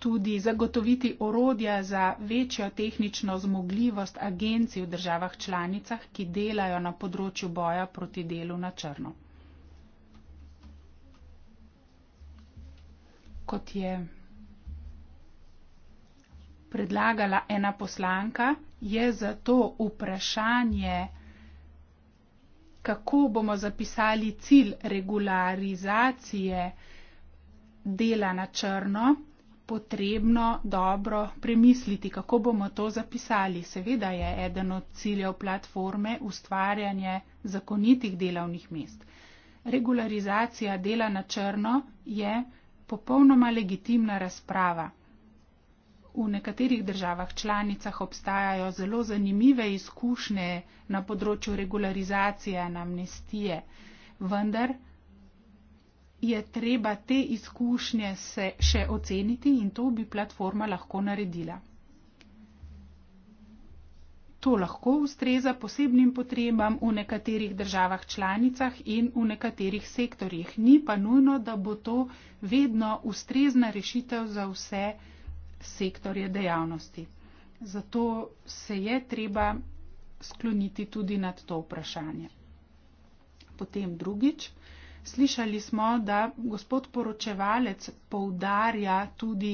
tudi zagotoviti orodja za večjo tehnično zmogljivost agencij v državah članicah, ki delajo na področju boja proti delu na črno. Kot je predlagala ena poslanka, je zato vprašanje, kako bomo zapisali cilj regularizacije dela na črno, potrebno dobro premisliti, kako bomo to zapisali. Seveda je eden od ciljev platforme ustvarjanje zakonitih delovnih mest. Regularizacija dela na črno je popolnoma legitimna razprava. V nekaterih državah članicah obstajajo zelo zanimive izkušnje na področju regularizacije in amnestije, vendar je treba te izkušnje se še oceniti in to bi platforma lahko naredila. To lahko ustreza posebnim potrebam v nekaterih državah članicah in v nekaterih sektorjih. Ni pa nujno, da bo to vedno ustrezna rešitev za vse sektorje dejavnosti. Zato se je treba skloniti tudi nad to vprašanje. Potem drugič. Slišali smo, da gospod poročevalec poudarja tudi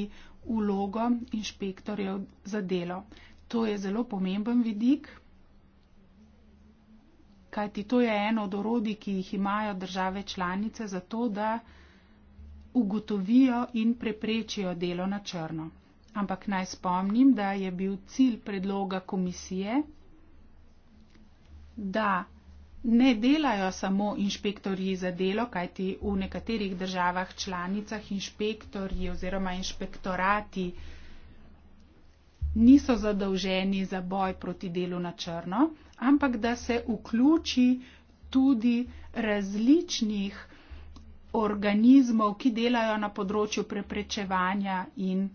ulogo inšpektorjev za delo. To je zelo pomemben vidik, kajti to je eno od orodi, ki jih imajo države članice za to, da ugotovijo in preprečijo delo na črno. Ampak naj spomnim, da je bil cilj predloga komisije, da ne delajo samo inšpektorji za delo, kajti v nekaterih državah članicah inšpektorji oziroma inšpektorati niso zadolženi za boj proti delu na črno, ampak da se vključi tudi različnih organizmov, ki delajo na področju preprečevanja in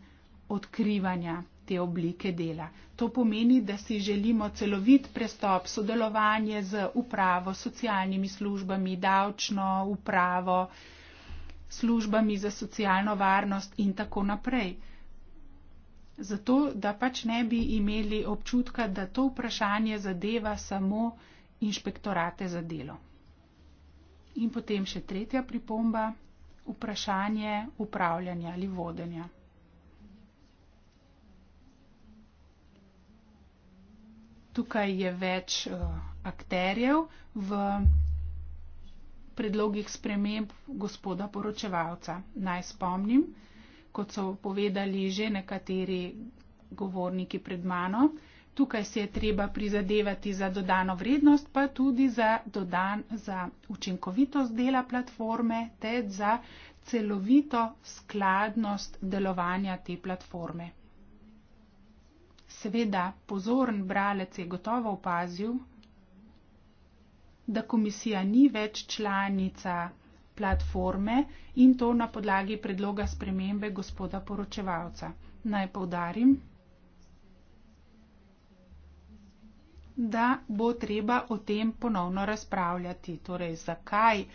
odkrivanja te oblike dela. To pomeni, da si želimo celovit prestop, sodelovanje z upravo, socialnimi službami, davčno upravo, službami za socialno varnost in tako naprej. Zato, da pač ne bi imeli občutka, da to vprašanje zadeva samo inšpektorate za delo. In potem še tretja pripomba, vprašanje upravljanja ali vodenja. tukaj je več uh, akterjev v predlogih sprememb gospoda poročevalca. Naj spomnim, kot so povedali že nekateri govorniki pred mano, tukaj se je treba prizadevati za dodano vrednost, pa tudi za, dodan, za učinkovitost dela platforme, te za celovito skladnost delovanja te platforme. Seveda, pozoren bralec je gotovo opazil, da komisija ni več članica platforme in to na podlagi predloga spremembe gospoda poročevalca. Naj povdarim, da bo treba o tem ponovno razpravljati. Torej, zakaj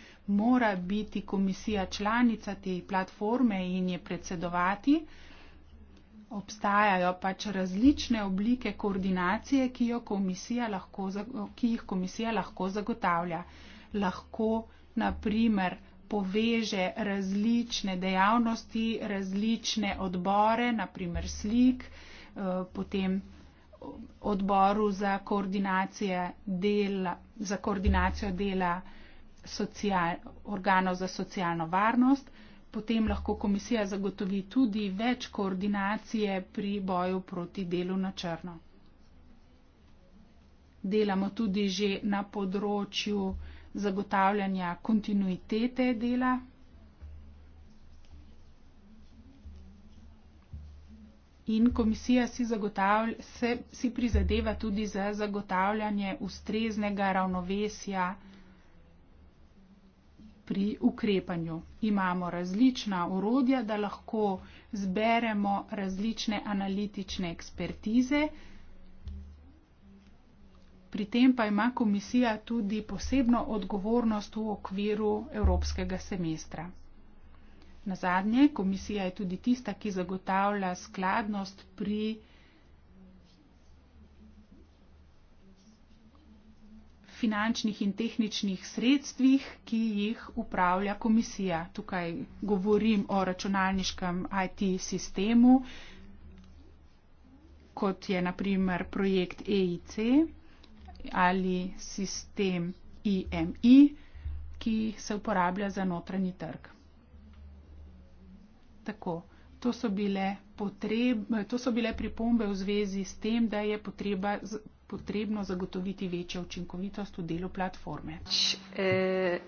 mora biti komisija članica te platforme in je predsedovati? obstajajo pač različne oblike koordinacije, ki, lahko, ki jih komisija lahko zagotavlja. Lahko naprimer poveže različne dejavnosti, različne odbore, naprimer slik, eh, potem odboru za, dela, za koordinacijo dela social, organov za socialno varnost, potem lahko komisija zagotovi tudi več koordinacije pri boju proti delu na črno. Delamo tudi že na področju zagotavljanja kontinuitete dela. In komisija si, se, si prizadeva tudi za zagotavljanje ustreznega ravnovesja pri ukrepanju. Imamo različna urodja, da lahko zberemo različne analitične ekspertize. Pri tem pa ima komisija tudi posebno odgovornost v okviru evropskega semestra. Na zadnje, komisija je tudi tista, ki zagotavlja skladnost pri finančnih in tehničnih sredstvih, ki jih upravlja komisija. Tukaj govorim o računalniškem IT sistemu, kot je naprimer projekt EIC ali sistem IMI, ki se uporablja za notranji trg. Tako. To so, bile potreb, to so bile pripombe v zvezi s tem, da je potreba potrebno zagotoviti večjo učinkovitost v delu platforme. Eh,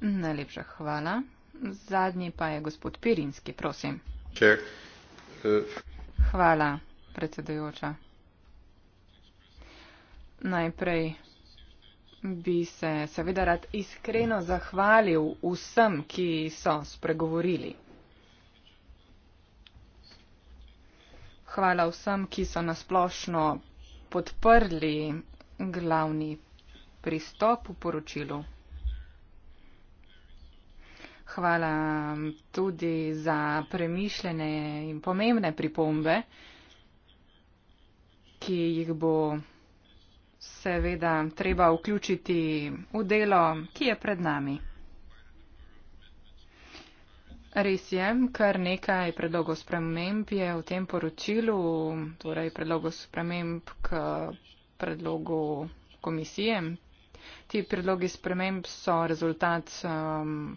Najlepša hvala. Zadnji pa je gospod Pirinski, prosim. Eh. Hvala, predsedojoča. Najprej bi se seveda rad iskreno zahvalil vsem, ki so spregovorili. hvala vsem, ki so nasplošno podprli glavni pristop v poročilu. Hvala tudi za premišljene in pomembne pripombe, ki jih bo seveda treba vključiti v delo, ki je pred nami. Res je, kar nekaj predlogov sprememb je v tem poročilu, torej predlogov sprememb k predlogu komisije. Ti predlogi sprememb so rezultat um,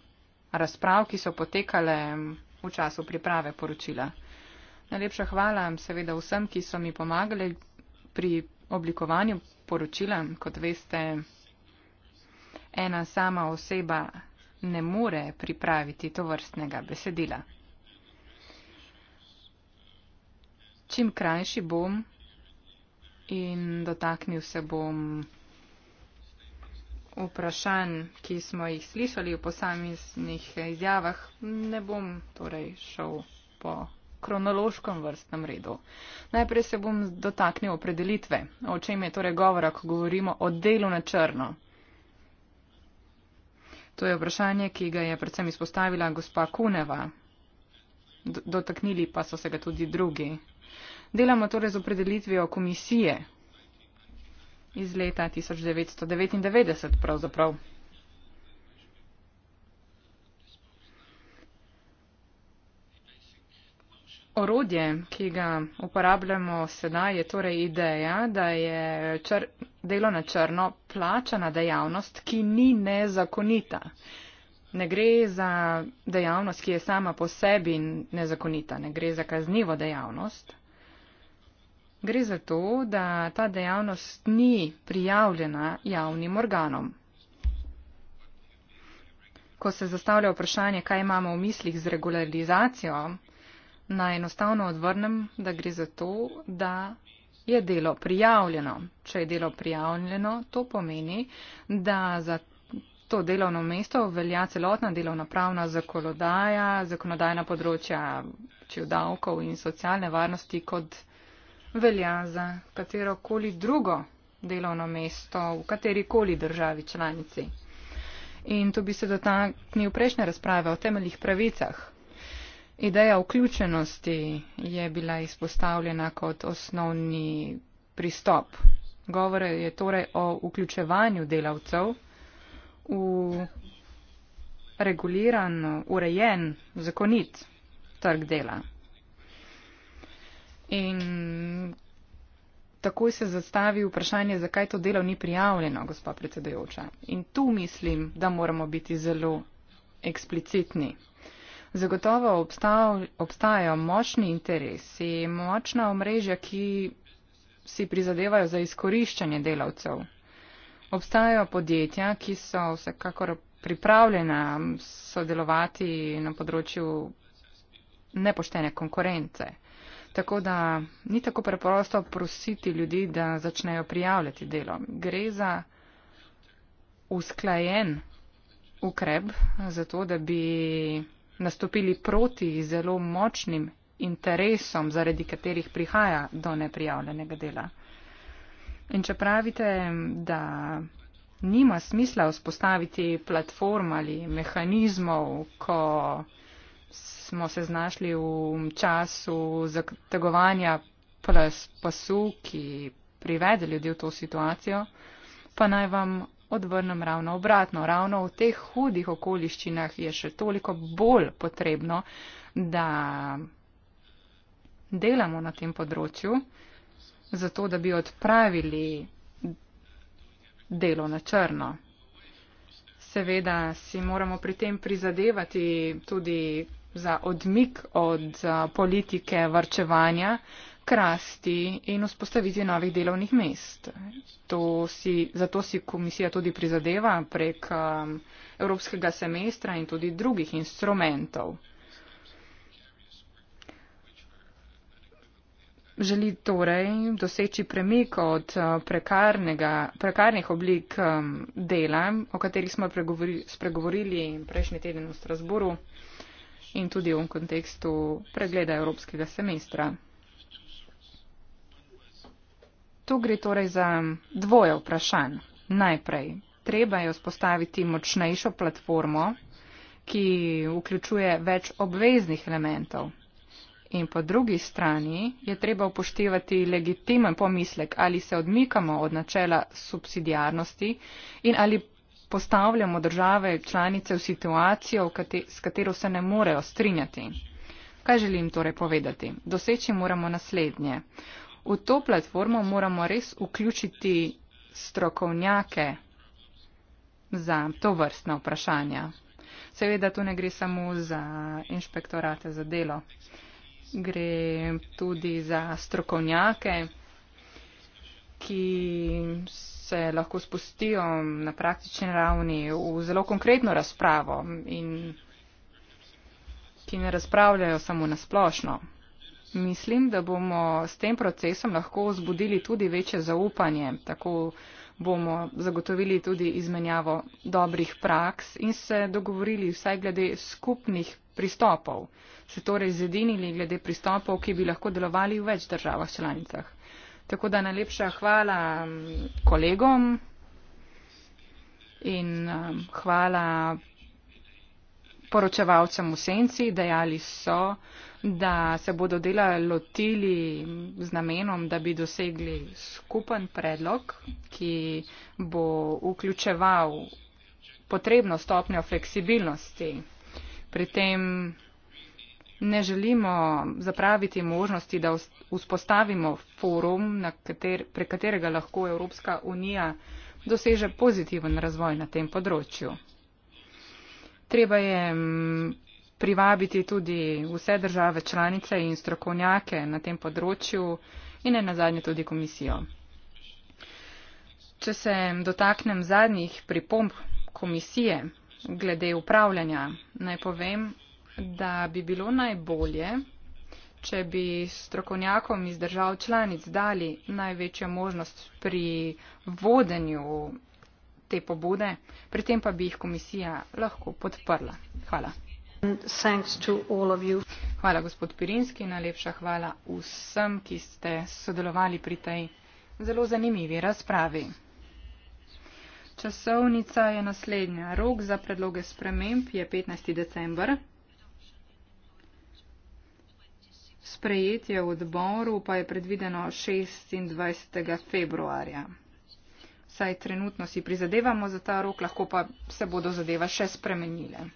razprav, ki so potekale v času priprave poročila. Najlepša hvala seveda vsem, ki so mi pomagali pri oblikovanju poročila. Kot veste, ena sama oseba ne more pripraviti to vrstnega besedila. Čim krajši bom in dotaknil se bom vprašanj, ki smo jih slišali v posameznih izjavah, ne bom torej šel po kronološkem vrstnem redu. Najprej se bom dotaknil opredelitve, o čem je torej govora, ko govorimo o delu na črno. To je vprašanje, ki ga je predvsem izpostavila gospa Kuneva. Dotaknili pa so se ga tudi drugi. Delamo torej z opredelitvijo komisije iz leta 1999 pravzaprav. Orodje, ki ga uporabljamo sedaj, je torej ideja, da je čr delo na črno plačana dejavnost, ki ni nezakonita. Ne gre za dejavnost, ki je sama po sebi nezakonita, ne gre za kaznivo dejavnost. Gre za to, da ta dejavnost ni prijavljena javnim organom. Ko se zastavlja vprašanje, kaj imamo v mislih z regularizacijo Naj enostavno odvrnem, da gre za to, da je delo prijavljeno. Če je delo prijavljeno, to pomeni, da za to delovno mesto velja celotna delovna pravna zakonodaja, zakonodajna področja davkov in socialne varnosti, kot velja za katerokoli drugo delovno mesto v katerikoli državi članici. In tu bi se dotaknil prejšnje razprave o temeljih pravicah. Ideja vključenosti je bila izpostavljena kot osnovni pristop. Govore je torej o vključevanju delavcev v reguliran, urejen, zakonit trg dela. In takoj se zastavi vprašanje, zakaj to delo ni prijavljeno, gospa predsedajoča. In tu mislim, da moramo biti zelo eksplicitni. Zagotovo obstajajo močni interesi, močna omrežja, ki si prizadevajo za izkoriščanje delavcev. Obstajajo podjetja, ki so vsekakor pripravljena sodelovati na področju nepoštene konkurence. Tako da ni tako preprosto prositi ljudi, da začnejo prijavljati delo. Gre za usklajen ukrep, zato da bi nastopili proti zelo močnim interesom, zaradi katerih prihaja do neprijavljenega dela. In če pravite, da nima smisla vzpostaviti platform ali mehanizmov, ko smo se znašli v času zategovanja plus pasu, ki privede ljudi v to situacijo, pa naj vam odvrnem ravno obratno. Ravno v teh hudih okoliščinah je še toliko bolj potrebno, da delamo na tem področju, zato da bi odpravili delo na črno. Seveda si moramo pri tem prizadevati tudi za odmik od eh, politike varčevanja, krasti in vzpostaviti novih delovnih mest. Si, zato si komisija tudi prizadeva prek um, evropskega semestra in tudi drugih instrumentov. Želi torej doseči premik od uh, prekarnih oblik um, dela, o katerih smo spregovorili prejšnji teden v Strasburu in tudi v kontekstu pregleda evropskega semestra. Tu gre torej za dvoje vprašanj. Najprej, treba je vzpostaviti močnejšo platformo, ki vključuje več obveznih elementov. In po drugi strani je treba upoštevati legitimen pomislek, ali se odmikamo od načela subsidijarnosti in ali postavljamo države članice v situacijo, s katero se ne morejo strinjati. Kaj želim torej povedati? Doseči moramo naslednje v to platformo moramo res vključiti strokovnjake za to vrstna vprašanja. Seveda tu ne gre samo za inšpektorate za delo, gre tudi za strokovnjake, ki se lahko spustijo na praktični ravni v zelo konkretno razpravo in ki ne razpravljajo samo na splošno. Mislim, da bomo s tem procesom lahko vzbudili tudi večje zaupanje. Tako bomo zagotovili tudi izmenjavo dobrih praks in se dogovorili vsaj glede skupnih pristopov. Se torej zedinili glede pristopov, ki bi lahko delovali v več državah članicah. Tako da najlepša hvala um, kolegom in um, hvala poročevalcem v senci, dejali so, da se bodo dela lotili z namenom, da bi dosegli skupen predlog, ki bo vključeval potrebno stopnjo fleksibilnosti. Pri tem ne želimo zapraviti možnosti, da vzpostavimo forum, kater, pre katerega lahko Evropska unija doseže pozitiven razvoj na tem področju. Treba je mm, privabiti tudi vse države članice in strokovnjake na tem področju in ne nazadnje tudi komisijo. Če se dotaknem zadnjih pripomb komisije glede upravljanja, naj povem, da bi bilo najbolje, če bi strokovnjakom iz držav članic dali največjo možnost pri vodenju te pobude, pri tem pa bi jih komisija lahko podprla. Hvala. Hvala, gospod Pirinski, najlepša hvala vsem, ki ste sodelovali pri tej zelo zanimivi razpravi. Časovnica je naslednja. Rok za predloge sprememb je 15. december. Sprejetje v odboru pa je predvideno 26. februarja saj trenutno si prizadevamo za ta rok, lahko pa se bodo zadeva še spremenile.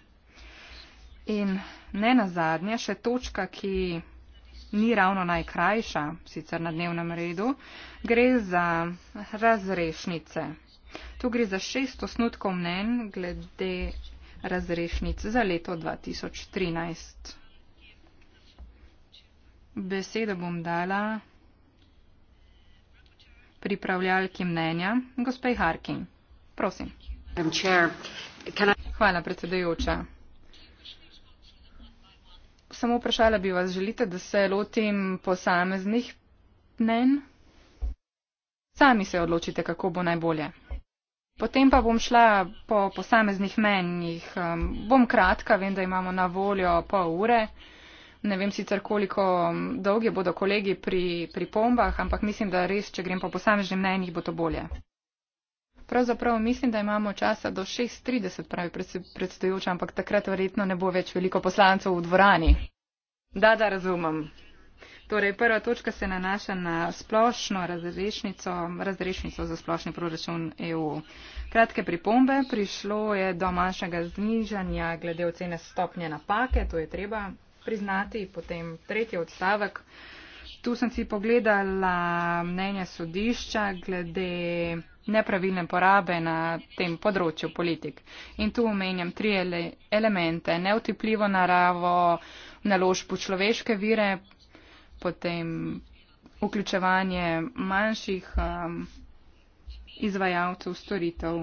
In ne nazadnje, še točka, ki ni ravno najkrajša, sicer na dnevnem redu, gre za razrešnice. Tu gre za šest osnutkov mnen glede razrešnic za leto 2013. Besedo bom dala pripravljalki mnenja, gospej Harkin. Prosim. Hvala, predsedujoča. Samo vprašala bi vas, želite, da se lotim posameznih mnen? Sami se odločite, kako bo najbolje. Potem pa bom šla po posameznih mnenjih. Um, bom kratka, vem, da imamo na voljo pol ure. Ne vem sicer, koliko mm, dolgi bodo kolegi pri pripombah, ampak mislim, da res, če grem po posameznih mnenjih, bo to bolje. Pravzaprav mislim, da imamo časa do 6.30, pravi predstojoča, ampak takrat verjetno ne bo več veliko poslancev v dvorani. Da, da razumem. Torej, prva točka se nanaša na splošno razrešnico, razrešnico za splošni proračun EU. Kratke pripombe, prišlo je do manjšega znižanja glede ocene stopnje napake, to je treba priznati. Potem tretji odstavek. Tu sem si pogledala mnenje sodišča glede nepravilne porabe na tem področju politik. In tu omenjam tri ele elemente. Neutipljivo naravo, naložbo človeške vire, potem vključevanje manjših um, izvajalcev storitev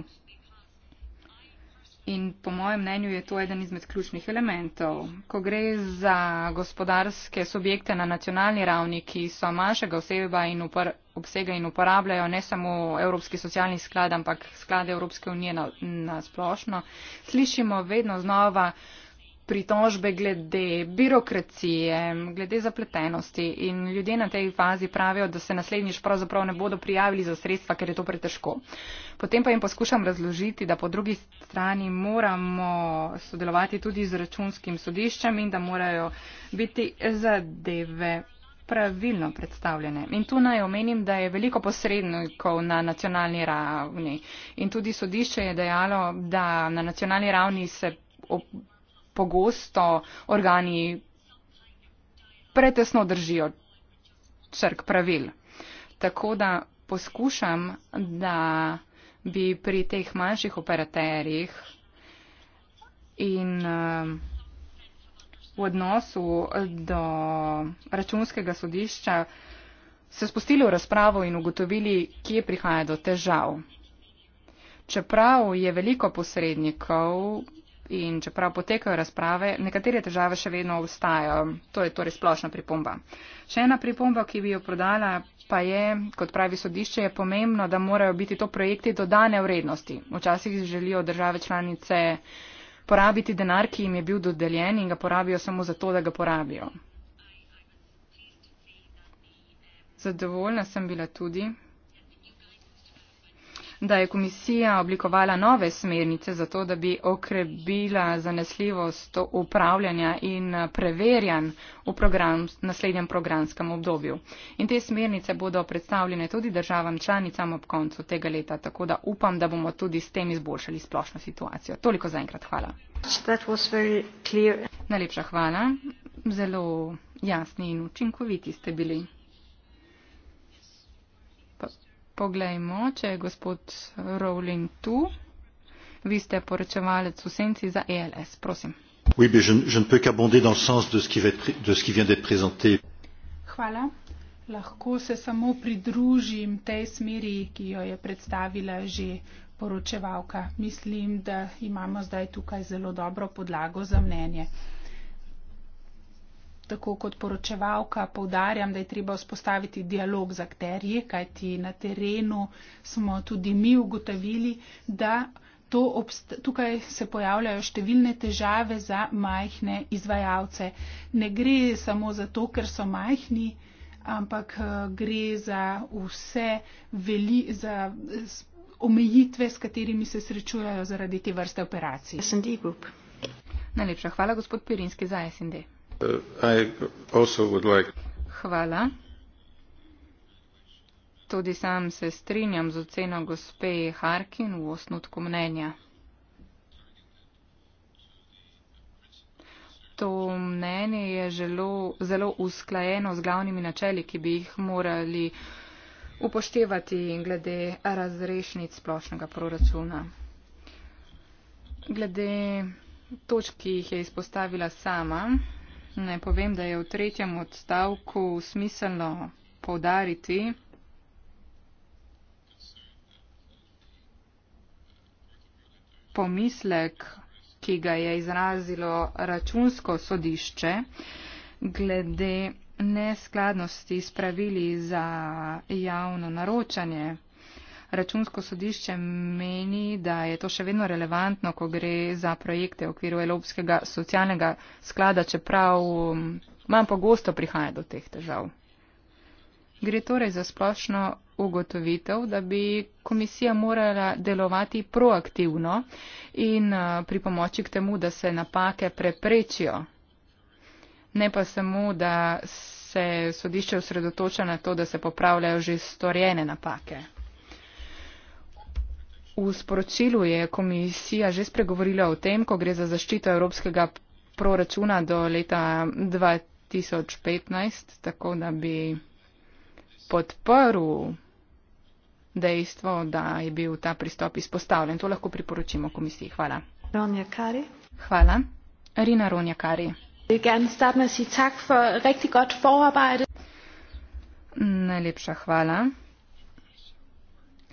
in po mojem mnenju je to eden izmed ključnih elementov. Ko gre za gospodarske subjekte na nacionalni ravni, ki so manjšega osebe in upr obsega in uporabljajo ne samo Evropski socialni sklad, ampak sklade Evropske unije na, na splošno, slišimo vedno znova pritožbe glede birokracije, glede zapletenosti in ljudje na tej fazi pravijo, da se naslednjič pravzaprav ne bodo prijavili za sredstva, ker je to pretežko. Potem pa jim poskušam razložiti, da po drugi strani moramo sodelovati tudi z računskim sodiščem in da morajo biti zadeve pravilno predstavljene. In tu naj omenim, da je veliko posrednikov na nacionalni ravni. In tudi sodišče je dejalo, da na nacionalni ravni se pogosto organi pretesno držijo črk pravil. Tako da poskušam, da bi pri teh manjših operaterjih in eh, v odnosu do računskega sodišča se spustili v razpravo in ugotovili, kje prihaja do težav. Čeprav je veliko posrednikov, in čeprav potekajo razprave, nekatere težave še vedno ostajajo. To je torej splošna pripomba. Še ena pripomba, ki bi jo prodala, pa je, kot pravi sodišče, je pomembno, da morajo biti to projekti dodane vrednosti. Včasih želijo države članice porabiti denar, ki jim je bil dodeljen in ga porabijo samo zato, da ga porabijo. Zadovoljna sem bila tudi da je komisija oblikovala nove smernice za to, da bi okrebila zanesljivost upravljanja in preverjan v program, naslednjem programskem obdobju. In te smernice bodo predstavljene tudi državam članicam ob koncu tega leta, tako da upam, da bomo tudi s tem izboljšali splošno situacijo. Toliko za enkrat. Hvala. Najlepša hvala. Zelo jasni in učinkoviti ste bili. Pa Poglejmo, če je gospod Rowling tu. Vi ste poročevalec v senci za ELS, prosim. Hvala. Lahko se samo pridružim tej smeri, ki jo je predstavila že poročevalka. Mislim, da imamo zdaj tukaj zelo dobro podlago za mnenje tako kot poročevalka povdarjam, da je treba vzpostaviti dialog z akterji, kajti na terenu smo tudi mi ugotovili, da tukaj se pojavljajo številne težave za majhne izvajalce. Ne gre samo zato, ker so majhni, ampak eh, gre za vse veli, za omejitve, s katerimi se srečujejo zaradi te vrste operacij. Najlepša hvala, gospod Pirinski, za SND. Uh, Hvala. Tudi sam se strinjam z oceno gospe Harkin v osnutku mnenja. To mnenje je želo, zelo usklajeno z glavnimi načeli, ki bi jih morali upoštevati glede razrešnic splošnega proračuna. Glede točk, ki jih je izpostavila sama, Ne povem, da je v tretjem odstavku smiselno povdariti, pomislek, ki ga je izrazilo računsko sodišče glede neskladnosti s pravili za javno naročanje. Računsko sodišče meni, da je to še vedno relevantno, ko gre za projekte v okviru Evropskega socialnega sklada, čeprav um, manj pogosto prihaja do teh težav. Gre torej za splošno ugotovitev, da bi komisija morala delovati proaktivno in uh, pri pomoči k temu, da se napake preprečijo. Ne pa samo, da se sodišče osredotoča na to, da se popravljajo že storjene napake. V sporočilu je komisija že spregovorila o tem, ko gre za zaščito evropskega proračuna do leta 2015, tako da bi podprl dejstvo, da je bil ta pristop izpostavljen. To lahko priporočimo komisiji. Hvala. Ronja Kari. Hvala. Rina Ronja Kari. Najlepša hvala.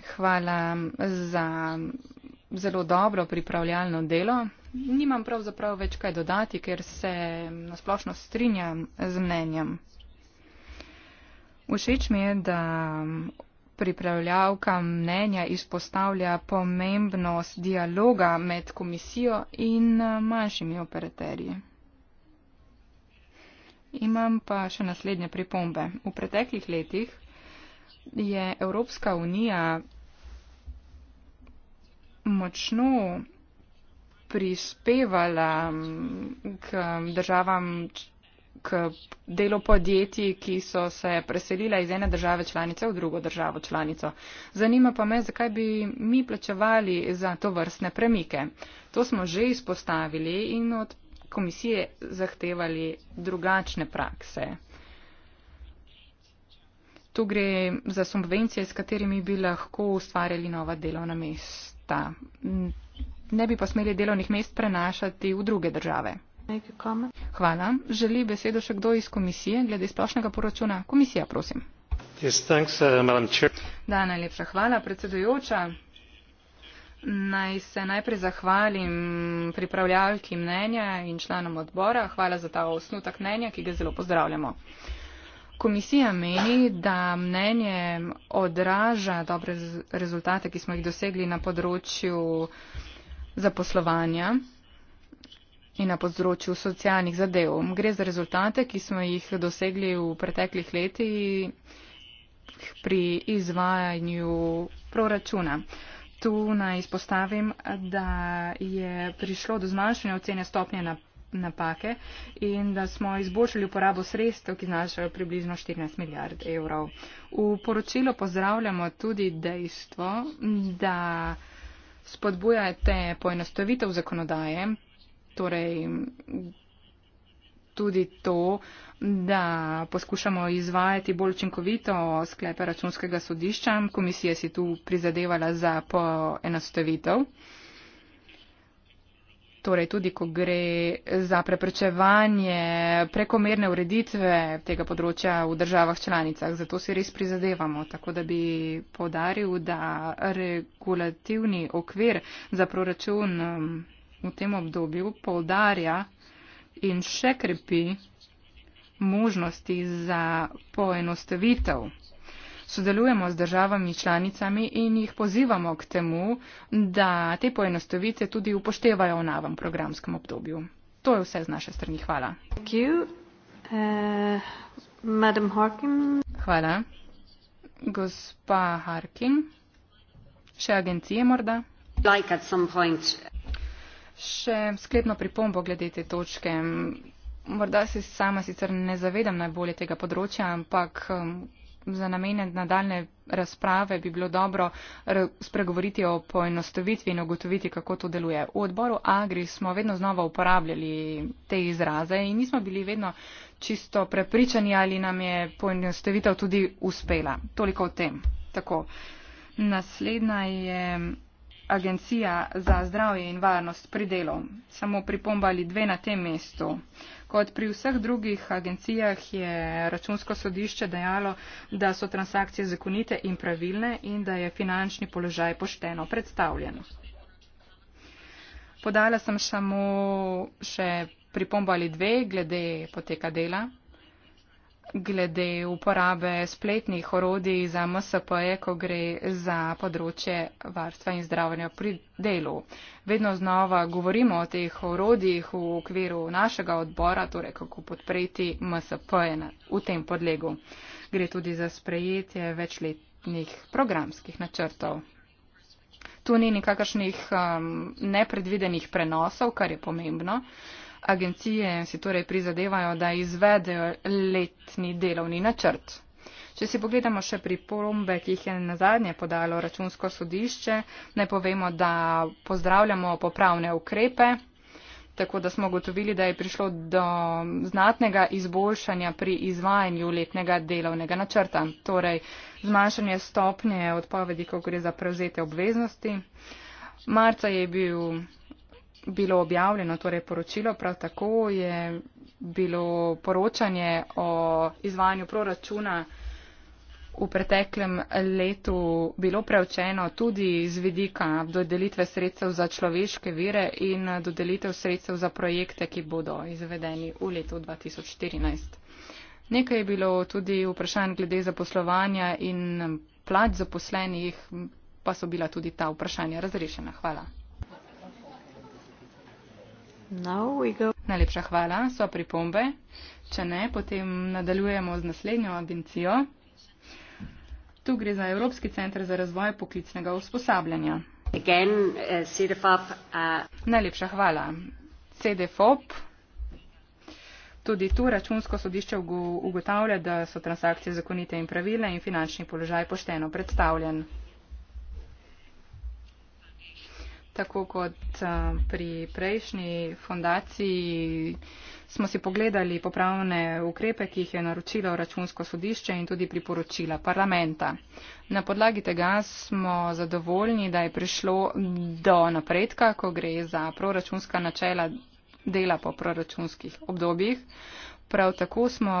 Hvala za zelo dobro pripravljalno delo. Nimam pravzaprav več kaj dodati, ker se nasplošno strinjam z mnenjem. Všeč mi je, da pripravljavka mnenja izpostavlja pomembnost dialoga med komisijo in manjšimi operaterji. Imam pa še naslednje pripombe. V preteklih letih je Evropska unija močno prispevala mm, k državam, k delu podjetij, ki so se preselila iz ene države članice v drugo državo članico. Zanima pa me, zakaj bi mi plačevali za to vrstne premike. To smo že izpostavili in od komisije zahtevali drugačne prakse. Tu gre za subvencije, s katerimi bi lahko ustvarjali nova delovna mesta ta. Ne bi pa smeli delovnih mest prenašati v druge države. Hvala. Želi besedo še kdo iz komisije glede splošnega poročuna? Komisija, prosim. Yes, thanks, uh, da, najlepša hvala, predsedujoča. Naj se najprej zahvalim pripravljalki mnenja in članom odbora. Hvala za ta osnutek mnenja, ki ga zelo pozdravljamo. Uh, Komisija meni, da mnenje odraža dobre rezultate, ki smo jih dosegli na področju zaposlovanja in na področju socialnih zadev. Gre za rezultate, ki smo jih dosegli v preteklih letih pri izvajanju proračuna. Tu naj izpostavim, da je prišlo do zmanjšanja ocene stopnje napredka napake in da smo izboljšali uporabo sredstev, ki znašajo približno 14 milijard evrov. V poročilo pozdravljamo tudi dejstvo, da spodbujate poenostavitev zakonodaje, torej tudi to, da poskušamo izvajati bolj učinkovito sklepe računskega sodišča. Komisija si tu prizadevala za poenostavitev torej tudi ko gre za preprečevanje prekomerne ureditve tega področja v državah članicah. Zato si res prizadevamo, tako da bi podaril, da regulativni okvir za proračun um, v tem obdobju podarja in še krepi možnosti za poenostavitev sodelujemo z državami članicami in jih pozivamo k temu, da te poenostavitve tudi upoštevajo v novem programskem obdobju. To je vse z naše strani. Hvala. Uh, Hvala. Gospa Harkin, še agencije morda? Like še sklepno pripombo glede te točke. Morda se sama sicer ne zavedam najbolje tega področja, ampak um, za namene nadaljne razprave bi bilo dobro spregovoriti o poenostavitvi in ugotoviti, kako to deluje. V odboru Agri smo vedno znova uporabljali te izraze in nismo bili vedno čisto prepričani, ali nam je poenostavitev tudi uspela. Toliko o tem. Tako. Naslednja je. Agencija za zdravje in varnost pri delu. Samo pripomba ali dve na tem mestu. Kot pri vseh drugih agencijah je računsko sodišče dejalo, da so transakcije zakonite in pravilne in da je finančni položaj pošteno predstavljen. Podala sem samo še pripomba ali dve glede poteka dela glede uporabe spletnih orodij za MSP-je, ko gre za področje varstva in zdravljenja pri delu. Vedno znova govorimo o teh orodjih v okviru našega odbora, torej kako podpreti MSP-je v tem podlegu. Gre tudi za sprejetje večletnih programskih načrtov. Tu ni nikakršnih um, nepredvidenih prenosov, kar je pomembno. Uh, agencije si torej prizadevajo, da izvedejo letni delovni načrt. Če si pogledamo še pripombe, ki jih je na zadnje podalo računsko sodišče, naj povemo, da pozdravljamo popravne ukrepe, tako da smo gotovili, da je prišlo do znatnega izboljšanja pri izvajanju letnega delovnega načrta. Torej, zmanjšanje stopnje odpovedi, ko gre za prevzete obveznosti. Marca je bil bilo objavljeno, torej poročilo, prav tako je bilo poročanje o izvajanju proračuna v preteklem letu bilo preučeno tudi z vidika dodelitve sredstev za človeške vire in dodelitev sredstev za projekte, ki bodo izvedeni v letu 2014. Nekaj je bilo tudi vprašanj glede zaposlovanja in plač zaposlenih, pa so bila tudi ta vprašanja razrešena. Hvala. Najlepša hvala. So pripombe? Če ne, potem nadaljujemo z naslednjo agencijo. Tu gre za Evropski center za razvoj poklicnega usposabljanja. Again, uh, CDFOP, uh... Najlepša hvala. CDFOP. Tudi tu računsko sodišče ugotavlja, da so transakcije zakonite in pravile in finančni položaj pošteno predstavljen. tako kot pri prejšnji fundaciji smo si pogledali popravne ukrepe, ki jih je naročilo računsko sodišče in tudi priporočila parlamenta. Na podlagi tega smo zadovoljni, da je prišlo do napredka, ko gre za proračunska načela dela po proračunskih obdobjih. Prav tako smo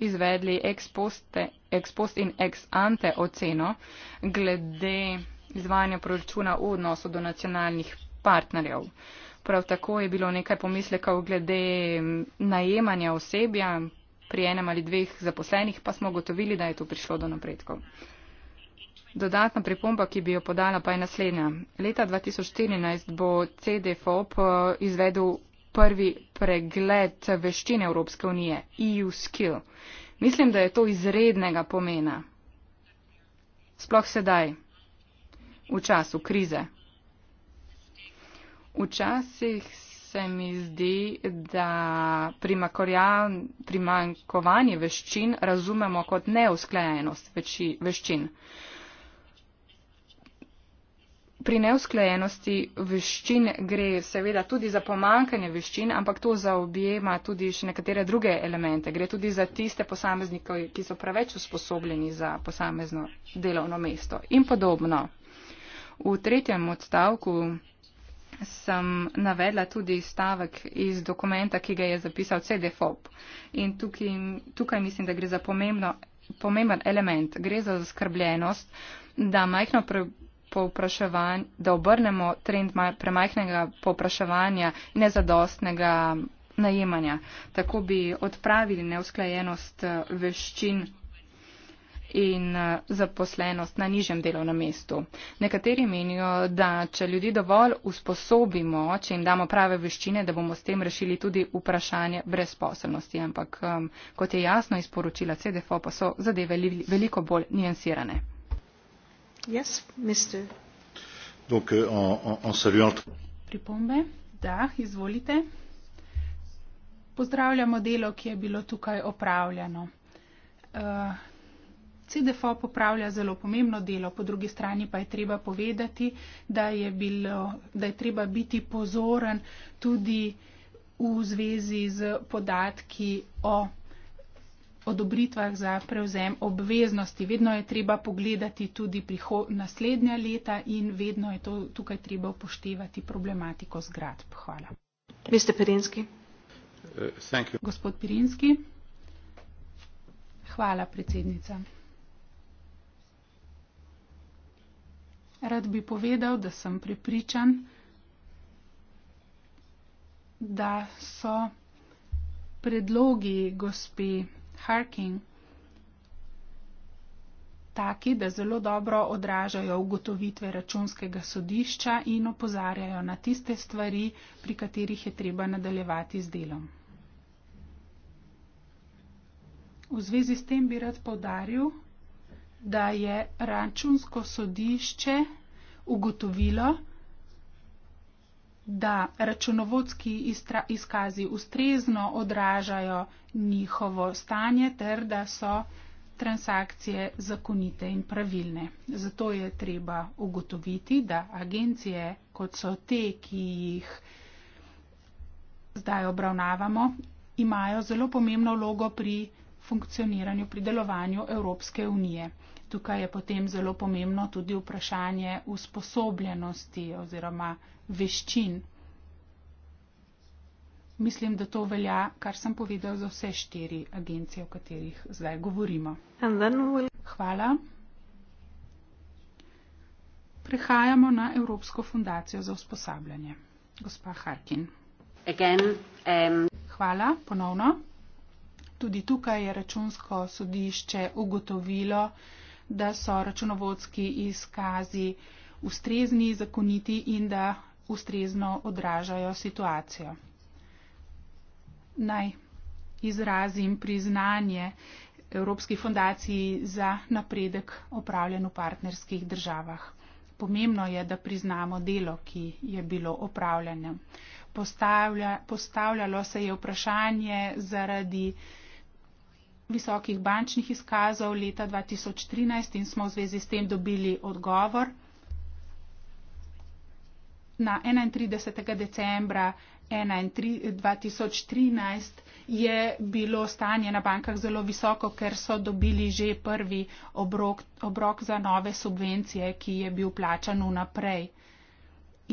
izvedli ex post, ex post in ex ante oceno glede izvajanja proračuna v odnosu do nacionalnih partnerjev. Prav tako je bilo nekaj pomislekov glede najemanja osebja pri enem ali dveh zaposlenih, pa smo gotovili, da je tu prišlo do napredkov. Dodatna pripomba, ki bi jo podala, pa je naslednja. Leta 2014 bo CDFOP eh, izvedel prvi pregled veščine Evropske unije, EU Skill. Mislim, da je to izrednega pomena. Sploh sedaj, v času krize. Včasih se mi zdi, da primankovanje veščin razumemo kot neusklajenost veščin. Pri neusklajenosti veščin gre seveda tudi za pomankanje veščin, ampak to zaobjema tudi še nekatere druge elemente. Gre tudi za tiste posameznike, ki so preveč usposobljeni za posamezno delovno mesto in podobno. V tretjem odstavku sem navedla tudi stavek iz dokumenta, ki ga je zapisal CDFOP. In tukaj, tukaj mislim, da gre za pomembno, pomemben element. Gre za zaskrbljenost, da majhno pre, povpraševanje, da obrnemo trend ma, premajhnega povpraševanja in nezadostnega najemanja. Tako bi odpravili neusklajenost eh, veščin in eh, zaposlenost na nižjem delovnem mestu. Nekateri menijo, da če ljudi dovolj usposobimo, če jim damo prave veščine, da bomo s tem rešili tudi vprašanje brezposelnosti. Ampak, um, kot je jasno izporočila CDFO, pa so zadeve li, veliko bolj nijansirane. Yes, euh, Pripombe? Da, izvolite. Pozdravljamo delo, ki je bilo tukaj opravljeno. Uh, CDFO popravlja zelo pomembno delo, po drugi strani pa je treba povedati, da je, bilo, da je treba biti pozoren tudi v zvezi z podatki o odobritvah za prevzem obveznosti. Vedno je treba pogledati tudi prihod naslednja leta in vedno je to tukaj treba upoštevati problematiko zgradb. Hvala. Mr. Pirinski. Uh, Gospod Pirinski. Hvala, predsednica. Rad bi povedal, da sem prepričan, da so predlogi gospe Harking taki, da zelo dobro odražajo ugotovitve računskega sodišča in opozarjajo na tiste stvari, pri katerih je treba nadaljevati z delom. V zvezi s tem bi rad povdaril, da je računsko sodišče ugotovilo, da računovodski izkazi ustrezno odražajo njihovo stanje ter da so transakcije zakonite in pravilne. Zato je treba ugotoviti, da agencije, kot so te, ki jih zdaj obravnavamo, imajo zelo pomembno vlogo pri funkcioniranju, pri delovanju Evropske unije. Tukaj je potem zelo pomembno tudi vprašanje usposobljenosti oziroma veščin. Mislim, da to velja, kar sem povedal za vse štiri agencije, o katerih zdaj govorimo. We'll... Hvala. Prehajamo na Evropsko fundacijo za usposabljanje. Gospa Harkin. Again, um... Hvala, ponovno. Tudi tukaj je računsko sodišče ugotovilo, da so računovodski izkazi ustrezni, zakoniti in da ustrezno odražajo situacijo. Naj izrazim priznanje Evropski fondaciji za napredek opravljen v partnerskih državah. Pomembno je, da priznamo delo, ki je bilo opravljeno. Postavlja, postavljalo se je vprašanje zaradi visokih bančnih izkazov leta 2013 in smo v zvezi s tem dobili odgovor na 31. decembra. 2013 je bilo stanje na bankah zelo visoko, ker so dobili že prvi obrok, obrok za nove subvencije, ki je bil plačan vnaprej.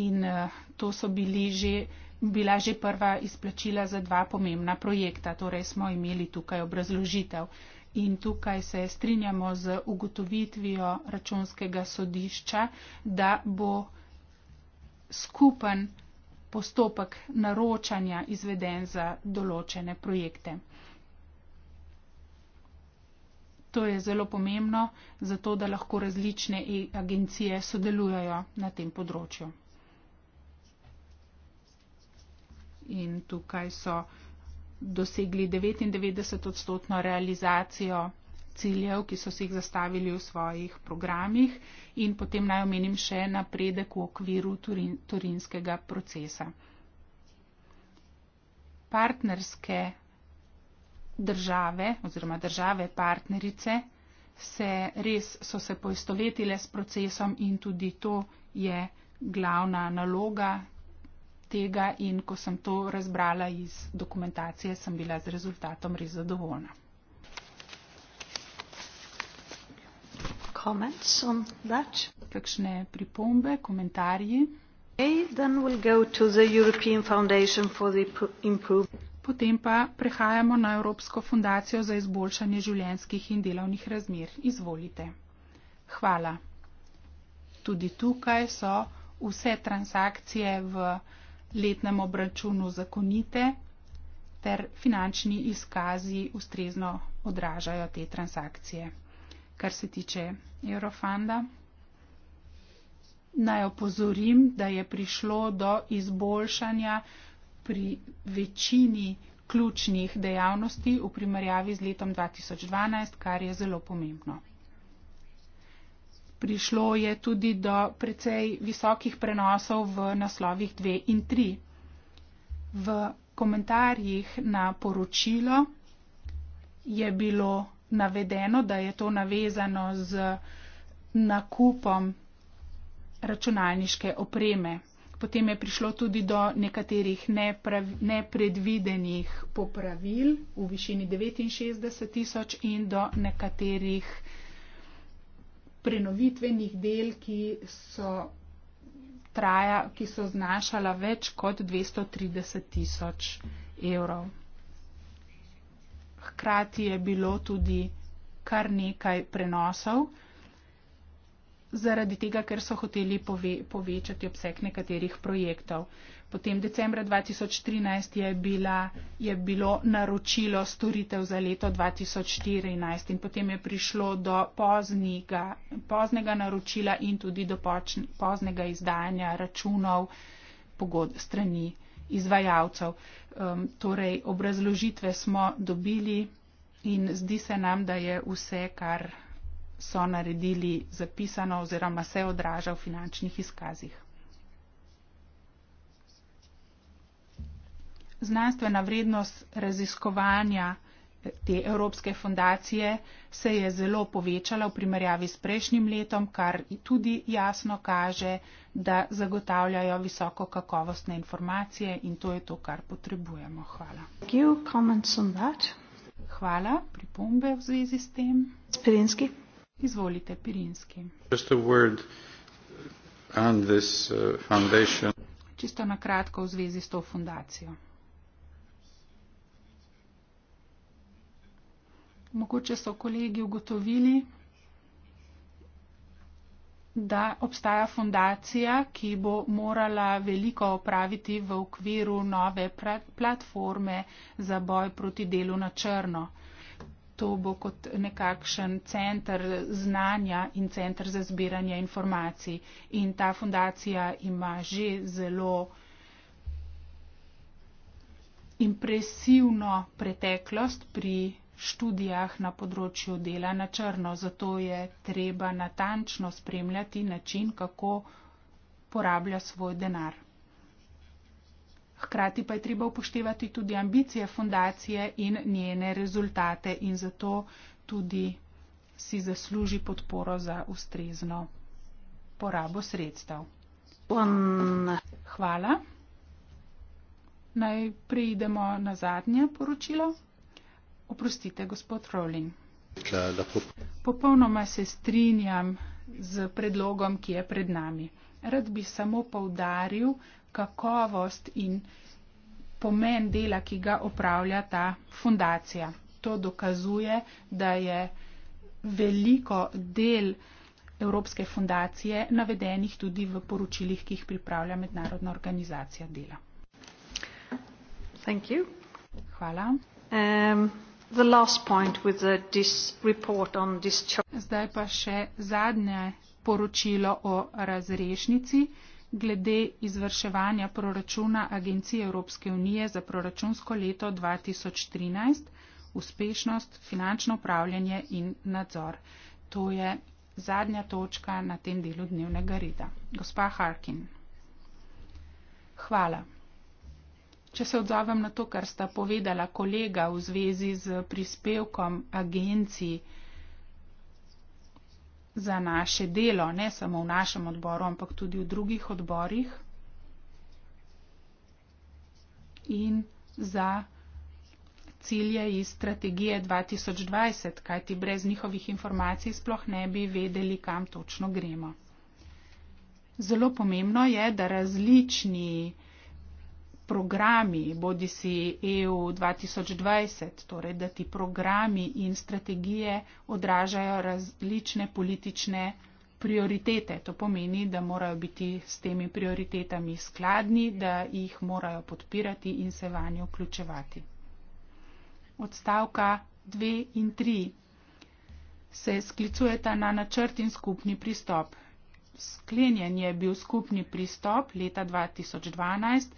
In uh, to so bili že bila že prva izplačila za dva pomembna projekta, torej smo imeli tukaj obrazložitev. In tukaj se strinjamo z ugotovitvijo računskega sodišča, da bo skupen postopek naročanja izveden za določene projekte. To je zelo pomembno, zato da lahko različne agencije sodelujajo na tem področju. in tukaj so dosegli 99 odstotno realizacijo ciljev, ki so si jih zastavili v svojih programih in potem naj omenim še napredek v okviru turin, turinskega procesa. Partnerske države oziroma države partnerice se res so se poistovetile s procesom in tudi to je glavna naloga tega in ko sem to razbrala iz dokumentacije, sem bila z rezultatom res zadovoljna. Comments on that? Kakšne pripombe, komentarji? Okay, then we'll go to the European Foundation for the Improvement. Potem pa prehajamo na Evropsko fundacijo za izboljšanje življenjskih in delovnih razmer. Izvolite. Hvala. Tudi tukaj so vse transakcije v letnem obračunu zakonite ter finančni izkazi ustrezno odražajo te transakcije. Kar se tiče Eurofanda, naj opozorim, da je prišlo do izboljšanja pri večini ključnih dejavnosti v primerjavi z letom 2012, kar je zelo pomembno prišlo je tudi do precej visokih prenosov v naslovih 2 in 3. V komentarjih na poročilo je bilo navedeno, da je to navezano z nakupom računalniške opreme. Potem je prišlo tudi do nekaterih nepredvidenih popravil v višini 69 tisoč in do nekaterih prenovitvenih del, ki so, traja, ki so znašala več kot 230 tisoč evrov. Hkrati je bilo tudi kar nekaj prenosov, zaradi tega, ker so hoteli pove, povečati obseg nekaterih projektov. Potem decembra 2013 je, bila, je bilo naročilo storitev za leto 2014 in potem je prišlo do poznega, poznega naročila in tudi do poznega izdajanja računov pogod strani izvajalcev. Um, torej, obrazložitve smo dobili in zdi se nam, da je vse, kar so naredili, zapisano oziroma se odraža v finančnih izkazih. znanstvena vrednost raziskovanja eh, te Evropske fundacije se je zelo povečala v primerjavi s prejšnjim letom, kar tudi jasno kaže, da zagotavljajo visoko kakovostne informacije in to je to, kar potrebujemo. Hvala. Hvala. Pripombe v zvezi s tem? Pirinski. Izvolite, Pirinski. Uh, Čisto na kratko v zvezi s to fundacijo. mogoče so kolegi ugotovili, da obstaja fundacija, ki bo morala veliko opraviti v okviru nove platforme za boj proti delu na črno. To bo kot nekakšen center znanja in center za zbiranje informacij. In ta fundacija ima že zelo impresivno preteklost pri študijah na področju dela na črno, zato je treba natančno spremljati način, kako porablja svoj denar. Hkrati pa je treba upoštevati tudi ambicije fundacije in njene rezultate in zato tudi si zasluži podporo za ustrezno porabo sredstev. Hvala. Najprej idemo na zadnje poročilo. Oprostite, gospod Rowling. Popolnoma se strinjam z predlogom, ki je pred nami. Rad bi samo povdaril kakovost in pomen dela, ki ga opravlja ta fundacija. To dokazuje, da je veliko del Evropske fundacije navedenih tudi v poročilih, ki jih pripravlja Mednarodna organizacija dela. Hvala. Um. Zdaj pa še zadnje poročilo o razrešnici glede izvrševanja proračuna Agencije Evropske unije za proračunsko leto 2013, uspešnost, finančno upravljanje in nadzor. To je zadnja točka na tem delu dnevnega reda. Gospa Harkin. Hvala. Če se odzovem na to, kar sta povedala kolega v zvezi z prispevkom agencij za naše delo, ne samo v našem odboru, ampak tudi v drugih odborih in za cilje iz strategije 2020, kajti brez njihovih informacij sploh ne bi vedeli, kam točno gremo. Zelo pomembno je, da različni uh, programi, bodi si EU 2020, torej da ti programi in strategije odražajo različne politične prioritete. To pomeni, da morajo biti s temi prioritetami skladni, da jih morajo podpirati in se vanjo vključevati. Odstavka 2 in 3 se sklicujeta na načrt in skupni pristop. Sklenjen je bil skupni pristop leta 2012.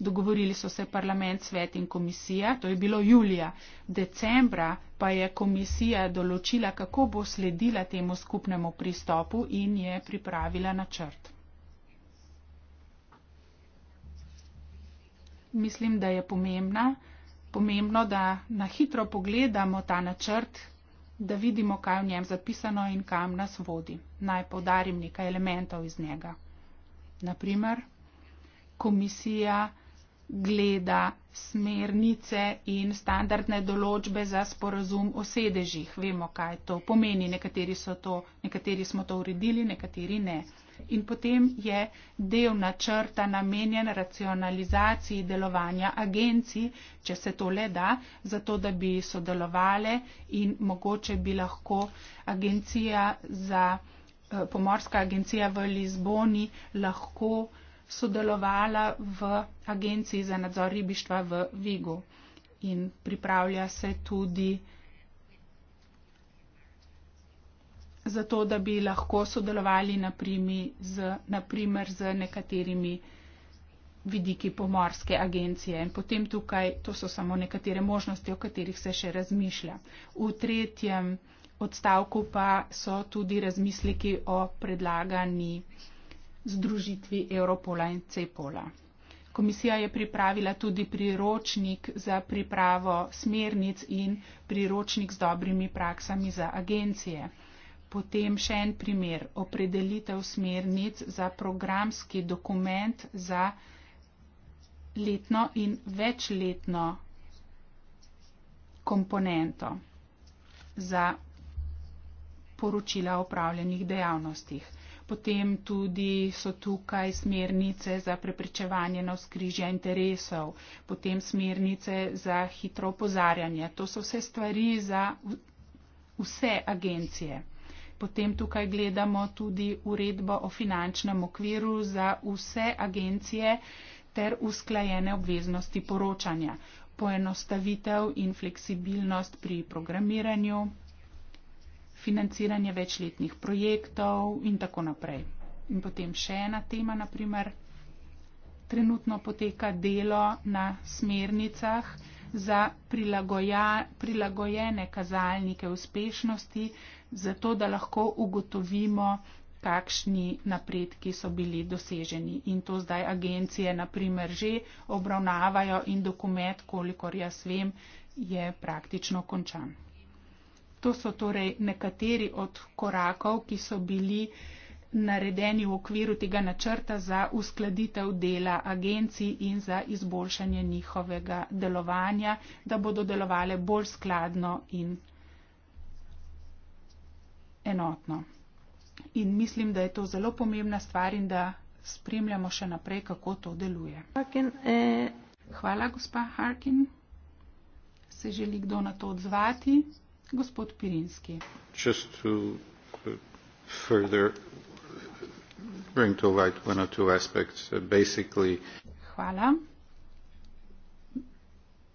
Dogovorili so se parlament, svet in komisija, to je bilo julija. Decembra pa je komisija določila, kako bo sledila temu skupnemu pristopu in je pripravila načrt. Mislim, da je pomembna. pomembno, da na hitro pogledamo ta načrt, da vidimo, kaj v njem zapisano in kam nas vodi. Naj povdarim nekaj elementov iz njega. Naprimer, komisija gleda smernice in standardne določbe za sporazum o sedežih. Vemo, kaj to pomeni. Nekateri, to, nekateri smo to uredili, nekateri ne. In potem je del načrta namenjen racionalizaciji delovanja agencij, če se to le da, zato da bi sodelovale in mogoče bi lahko agencija za, eh, pomorska agencija v Lizboni lahko sodelovala v Agenciji za nadzor ribištva v Vigu in pripravlja se tudi za to, da bi lahko sodelovali z, naprimer z nekaterimi vidiki pomorske agencije. In potem tukaj, to so samo nekatere možnosti, o katerih se še razmišlja. V tretjem odstavku pa so tudi razmisliki o predlagani združitvi Europola in Cepola. Komisija je pripravila tudi priročnik za pripravo smernic in priročnik z dobrimi praksami za agencije. Potem še en primer, opredelitev smernic za programski dokument za letno in večletno komponento za poročila o upravljenih dejavnostih. Potem tudi so tukaj smernice za preprečevanje navskrižja interesov, potem smernice za hitro opozarjanje. To so vse stvari za vse agencije. Potem tukaj gledamo tudi uredbo o finančnem okviru za vse agencije ter usklajene obveznosti poročanja, poenostavitev in fleksibilnost pri programiranju, financiranje večletnih projektov in tako naprej. In potem še ena tema, naprimer, trenutno poteka delo na smernicah za prilagojene kazalnike uspešnosti, zato da lahko ugotovimo, kakšni napredki so bili doseženi. In to zdaj agencije, naprimer, že obravnavajo in dokument, kolikor jaz vem, je praktično končan. To so torej nekateri od korakov, ki so bili naredeni v okviru tega načrta za uskladitev dela agencij in za izboljšanje njihovega delovanja, da bodo delovale bolj skladno in enotno. In mislim, da je to zelo pomembna stvar in da spremljamo še naprej, kako to deluje. Eh. Hvala, gospa Harkin. Se želi kdo na to odzvati? gospod Pirinski. Uh, uh, Hvala.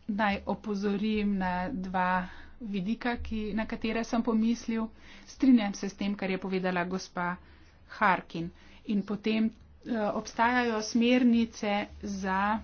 Naj opozorim na dva vidika, ki, na katere sem pomislil. Strinjam se s tem, kar je povedala gospa Harkin. In potem eh, obstajajo smernice za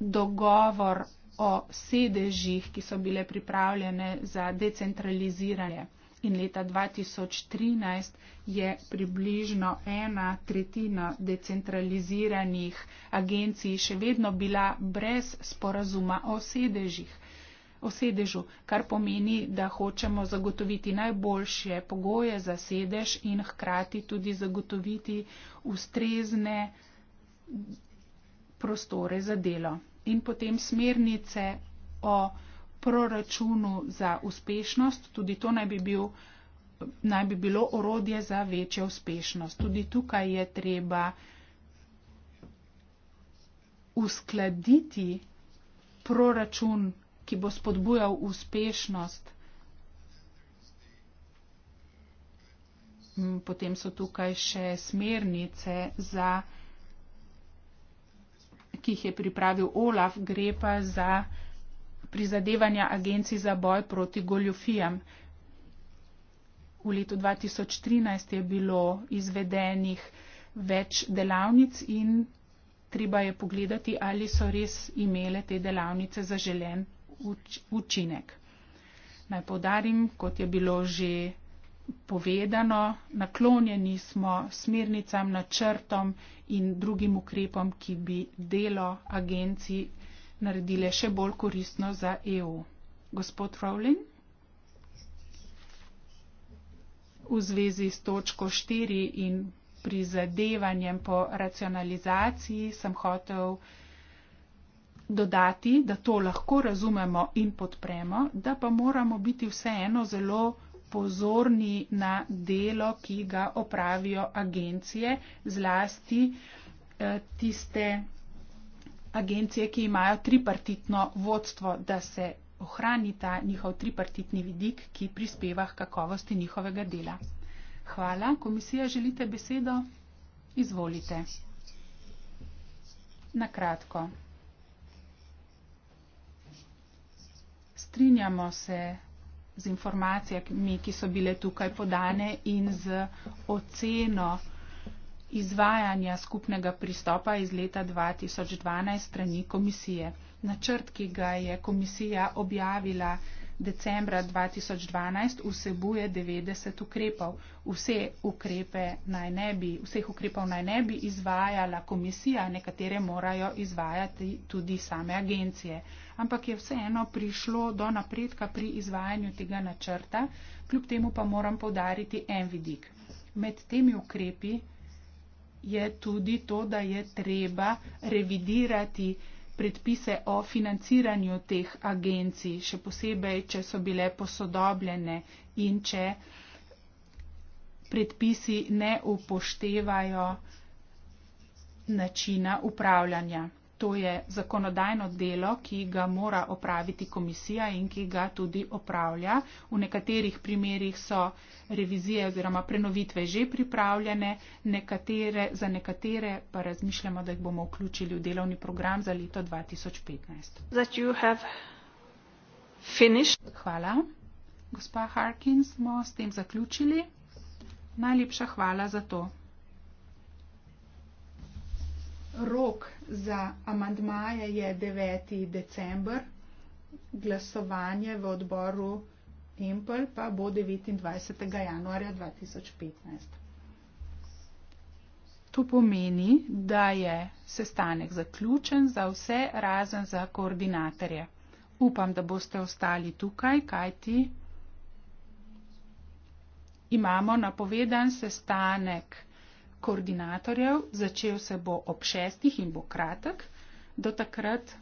dogovor o sedežih, ki so bile pripravljene za decentraliziranje. In leta 2013 je približno ena tretjina decentraliziranih agencij še vedno bila brez sporazuma o sedežih. O sedežu, kar pomeni, da hočemo zagotoviti najboljše pogoje za sedež in hkrati tudi zagotoviti ustrezne prostore za delo in potem smernice o proračunu za uspešnost. Tudi to naj bi, bil, naj bi bilo orodje za večjo uspešnost. Tudi tukaj je treba uskladiti proračun, ki bo spodbujal uspešnost. Potem so tukaj še smernice za ki jih je pripravil Olaf, gre pa za prizadevanja agencij za boj proti goljofijam. V letu 2013 je bilo izvedenih več delavnic in treba je pogledati, ali so res imele te delavnice zaželen uč učinek. Naj podarim, kot je bilo že povedano, naklonjeni smo smernicam, načrtom in drugim ukrepom, ki bi delo agencij naredile še bolj koristno za EU. Gospod Rowling? V zvezi s točko 4 in prizadevanjem po racionalizaciji sem hotel dodati, da to lahko razumemo in podpremo, da pa moramo biti vseeno zelo pozorni na delo, ki ga opravijo agencije, zlasti eh, tiste agencije, ki imajo tripartitno vodstvo, da se ohrani ta njihov tripartitni vidik, ki prispeva k kakovosti njihovega dela. Hvala. Komisija, želite besedo? Izvolite. Na kratko. Strinjamo se z informacijami, ki so bile tukaj podane in z oceno izvajanja skupnega pristopa iz leta 2012 strani komisije. Načrt, ki ga je komisija objavila decembra 2012, vsebuje 90 ukrepov. Vse ukrepe naj ne bi, vseh ukrepov naj ne bi izvajala komisija, nekatere morajo izvajati tudi same agencije ampak je vseeno prišlo do napredka pri izvajanju tega načrta, kljub temu pa moram povdariti en vidik. Med temi ukrepi je tudi to, da je treba revidirati predpise o financiranju teh agencij, še posebej, če so bile posodobljene in če predpisi ne upoštevajo načina upravljanja. To je zakonodajno delo, ki ga mora opraviti komisija in ki ga tudi opravlja. V nekaterih primerjih so revizije oziroma prenovitve že pripravljene, nekatere, za nekatere pa razmišljamo, da jih bomo vključili v delovni program za leto 2015. Hvala. Gospa Harkins, smo s tem zaključili. Najlepša hvala za to rok za amandmaje je 9. december, glasovanje v odboru Empel pa bo 29. januarja 2015. To pomeni, da je sestanek zaključen za vse, razen za koordinatorje. Upam, da boste ostali tukaj, kajti imamo napovedan sestanek koordinatorjev, začel se bo ob šestih in bo kratek. Do takrat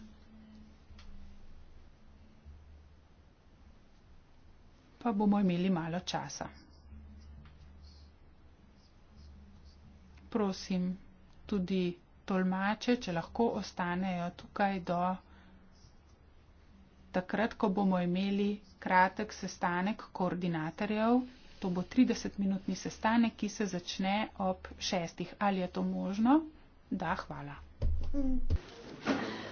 pa bomo imeli malo časa. Prosim tudi tolmače, če lahko ostanejo tukaj do takrat, ko bomo imeli kratek sestanek koordinatorjev to bo 30-minutni sestanek, ki se začne ob 6. Ali je to možno? Da, hvala. Mm.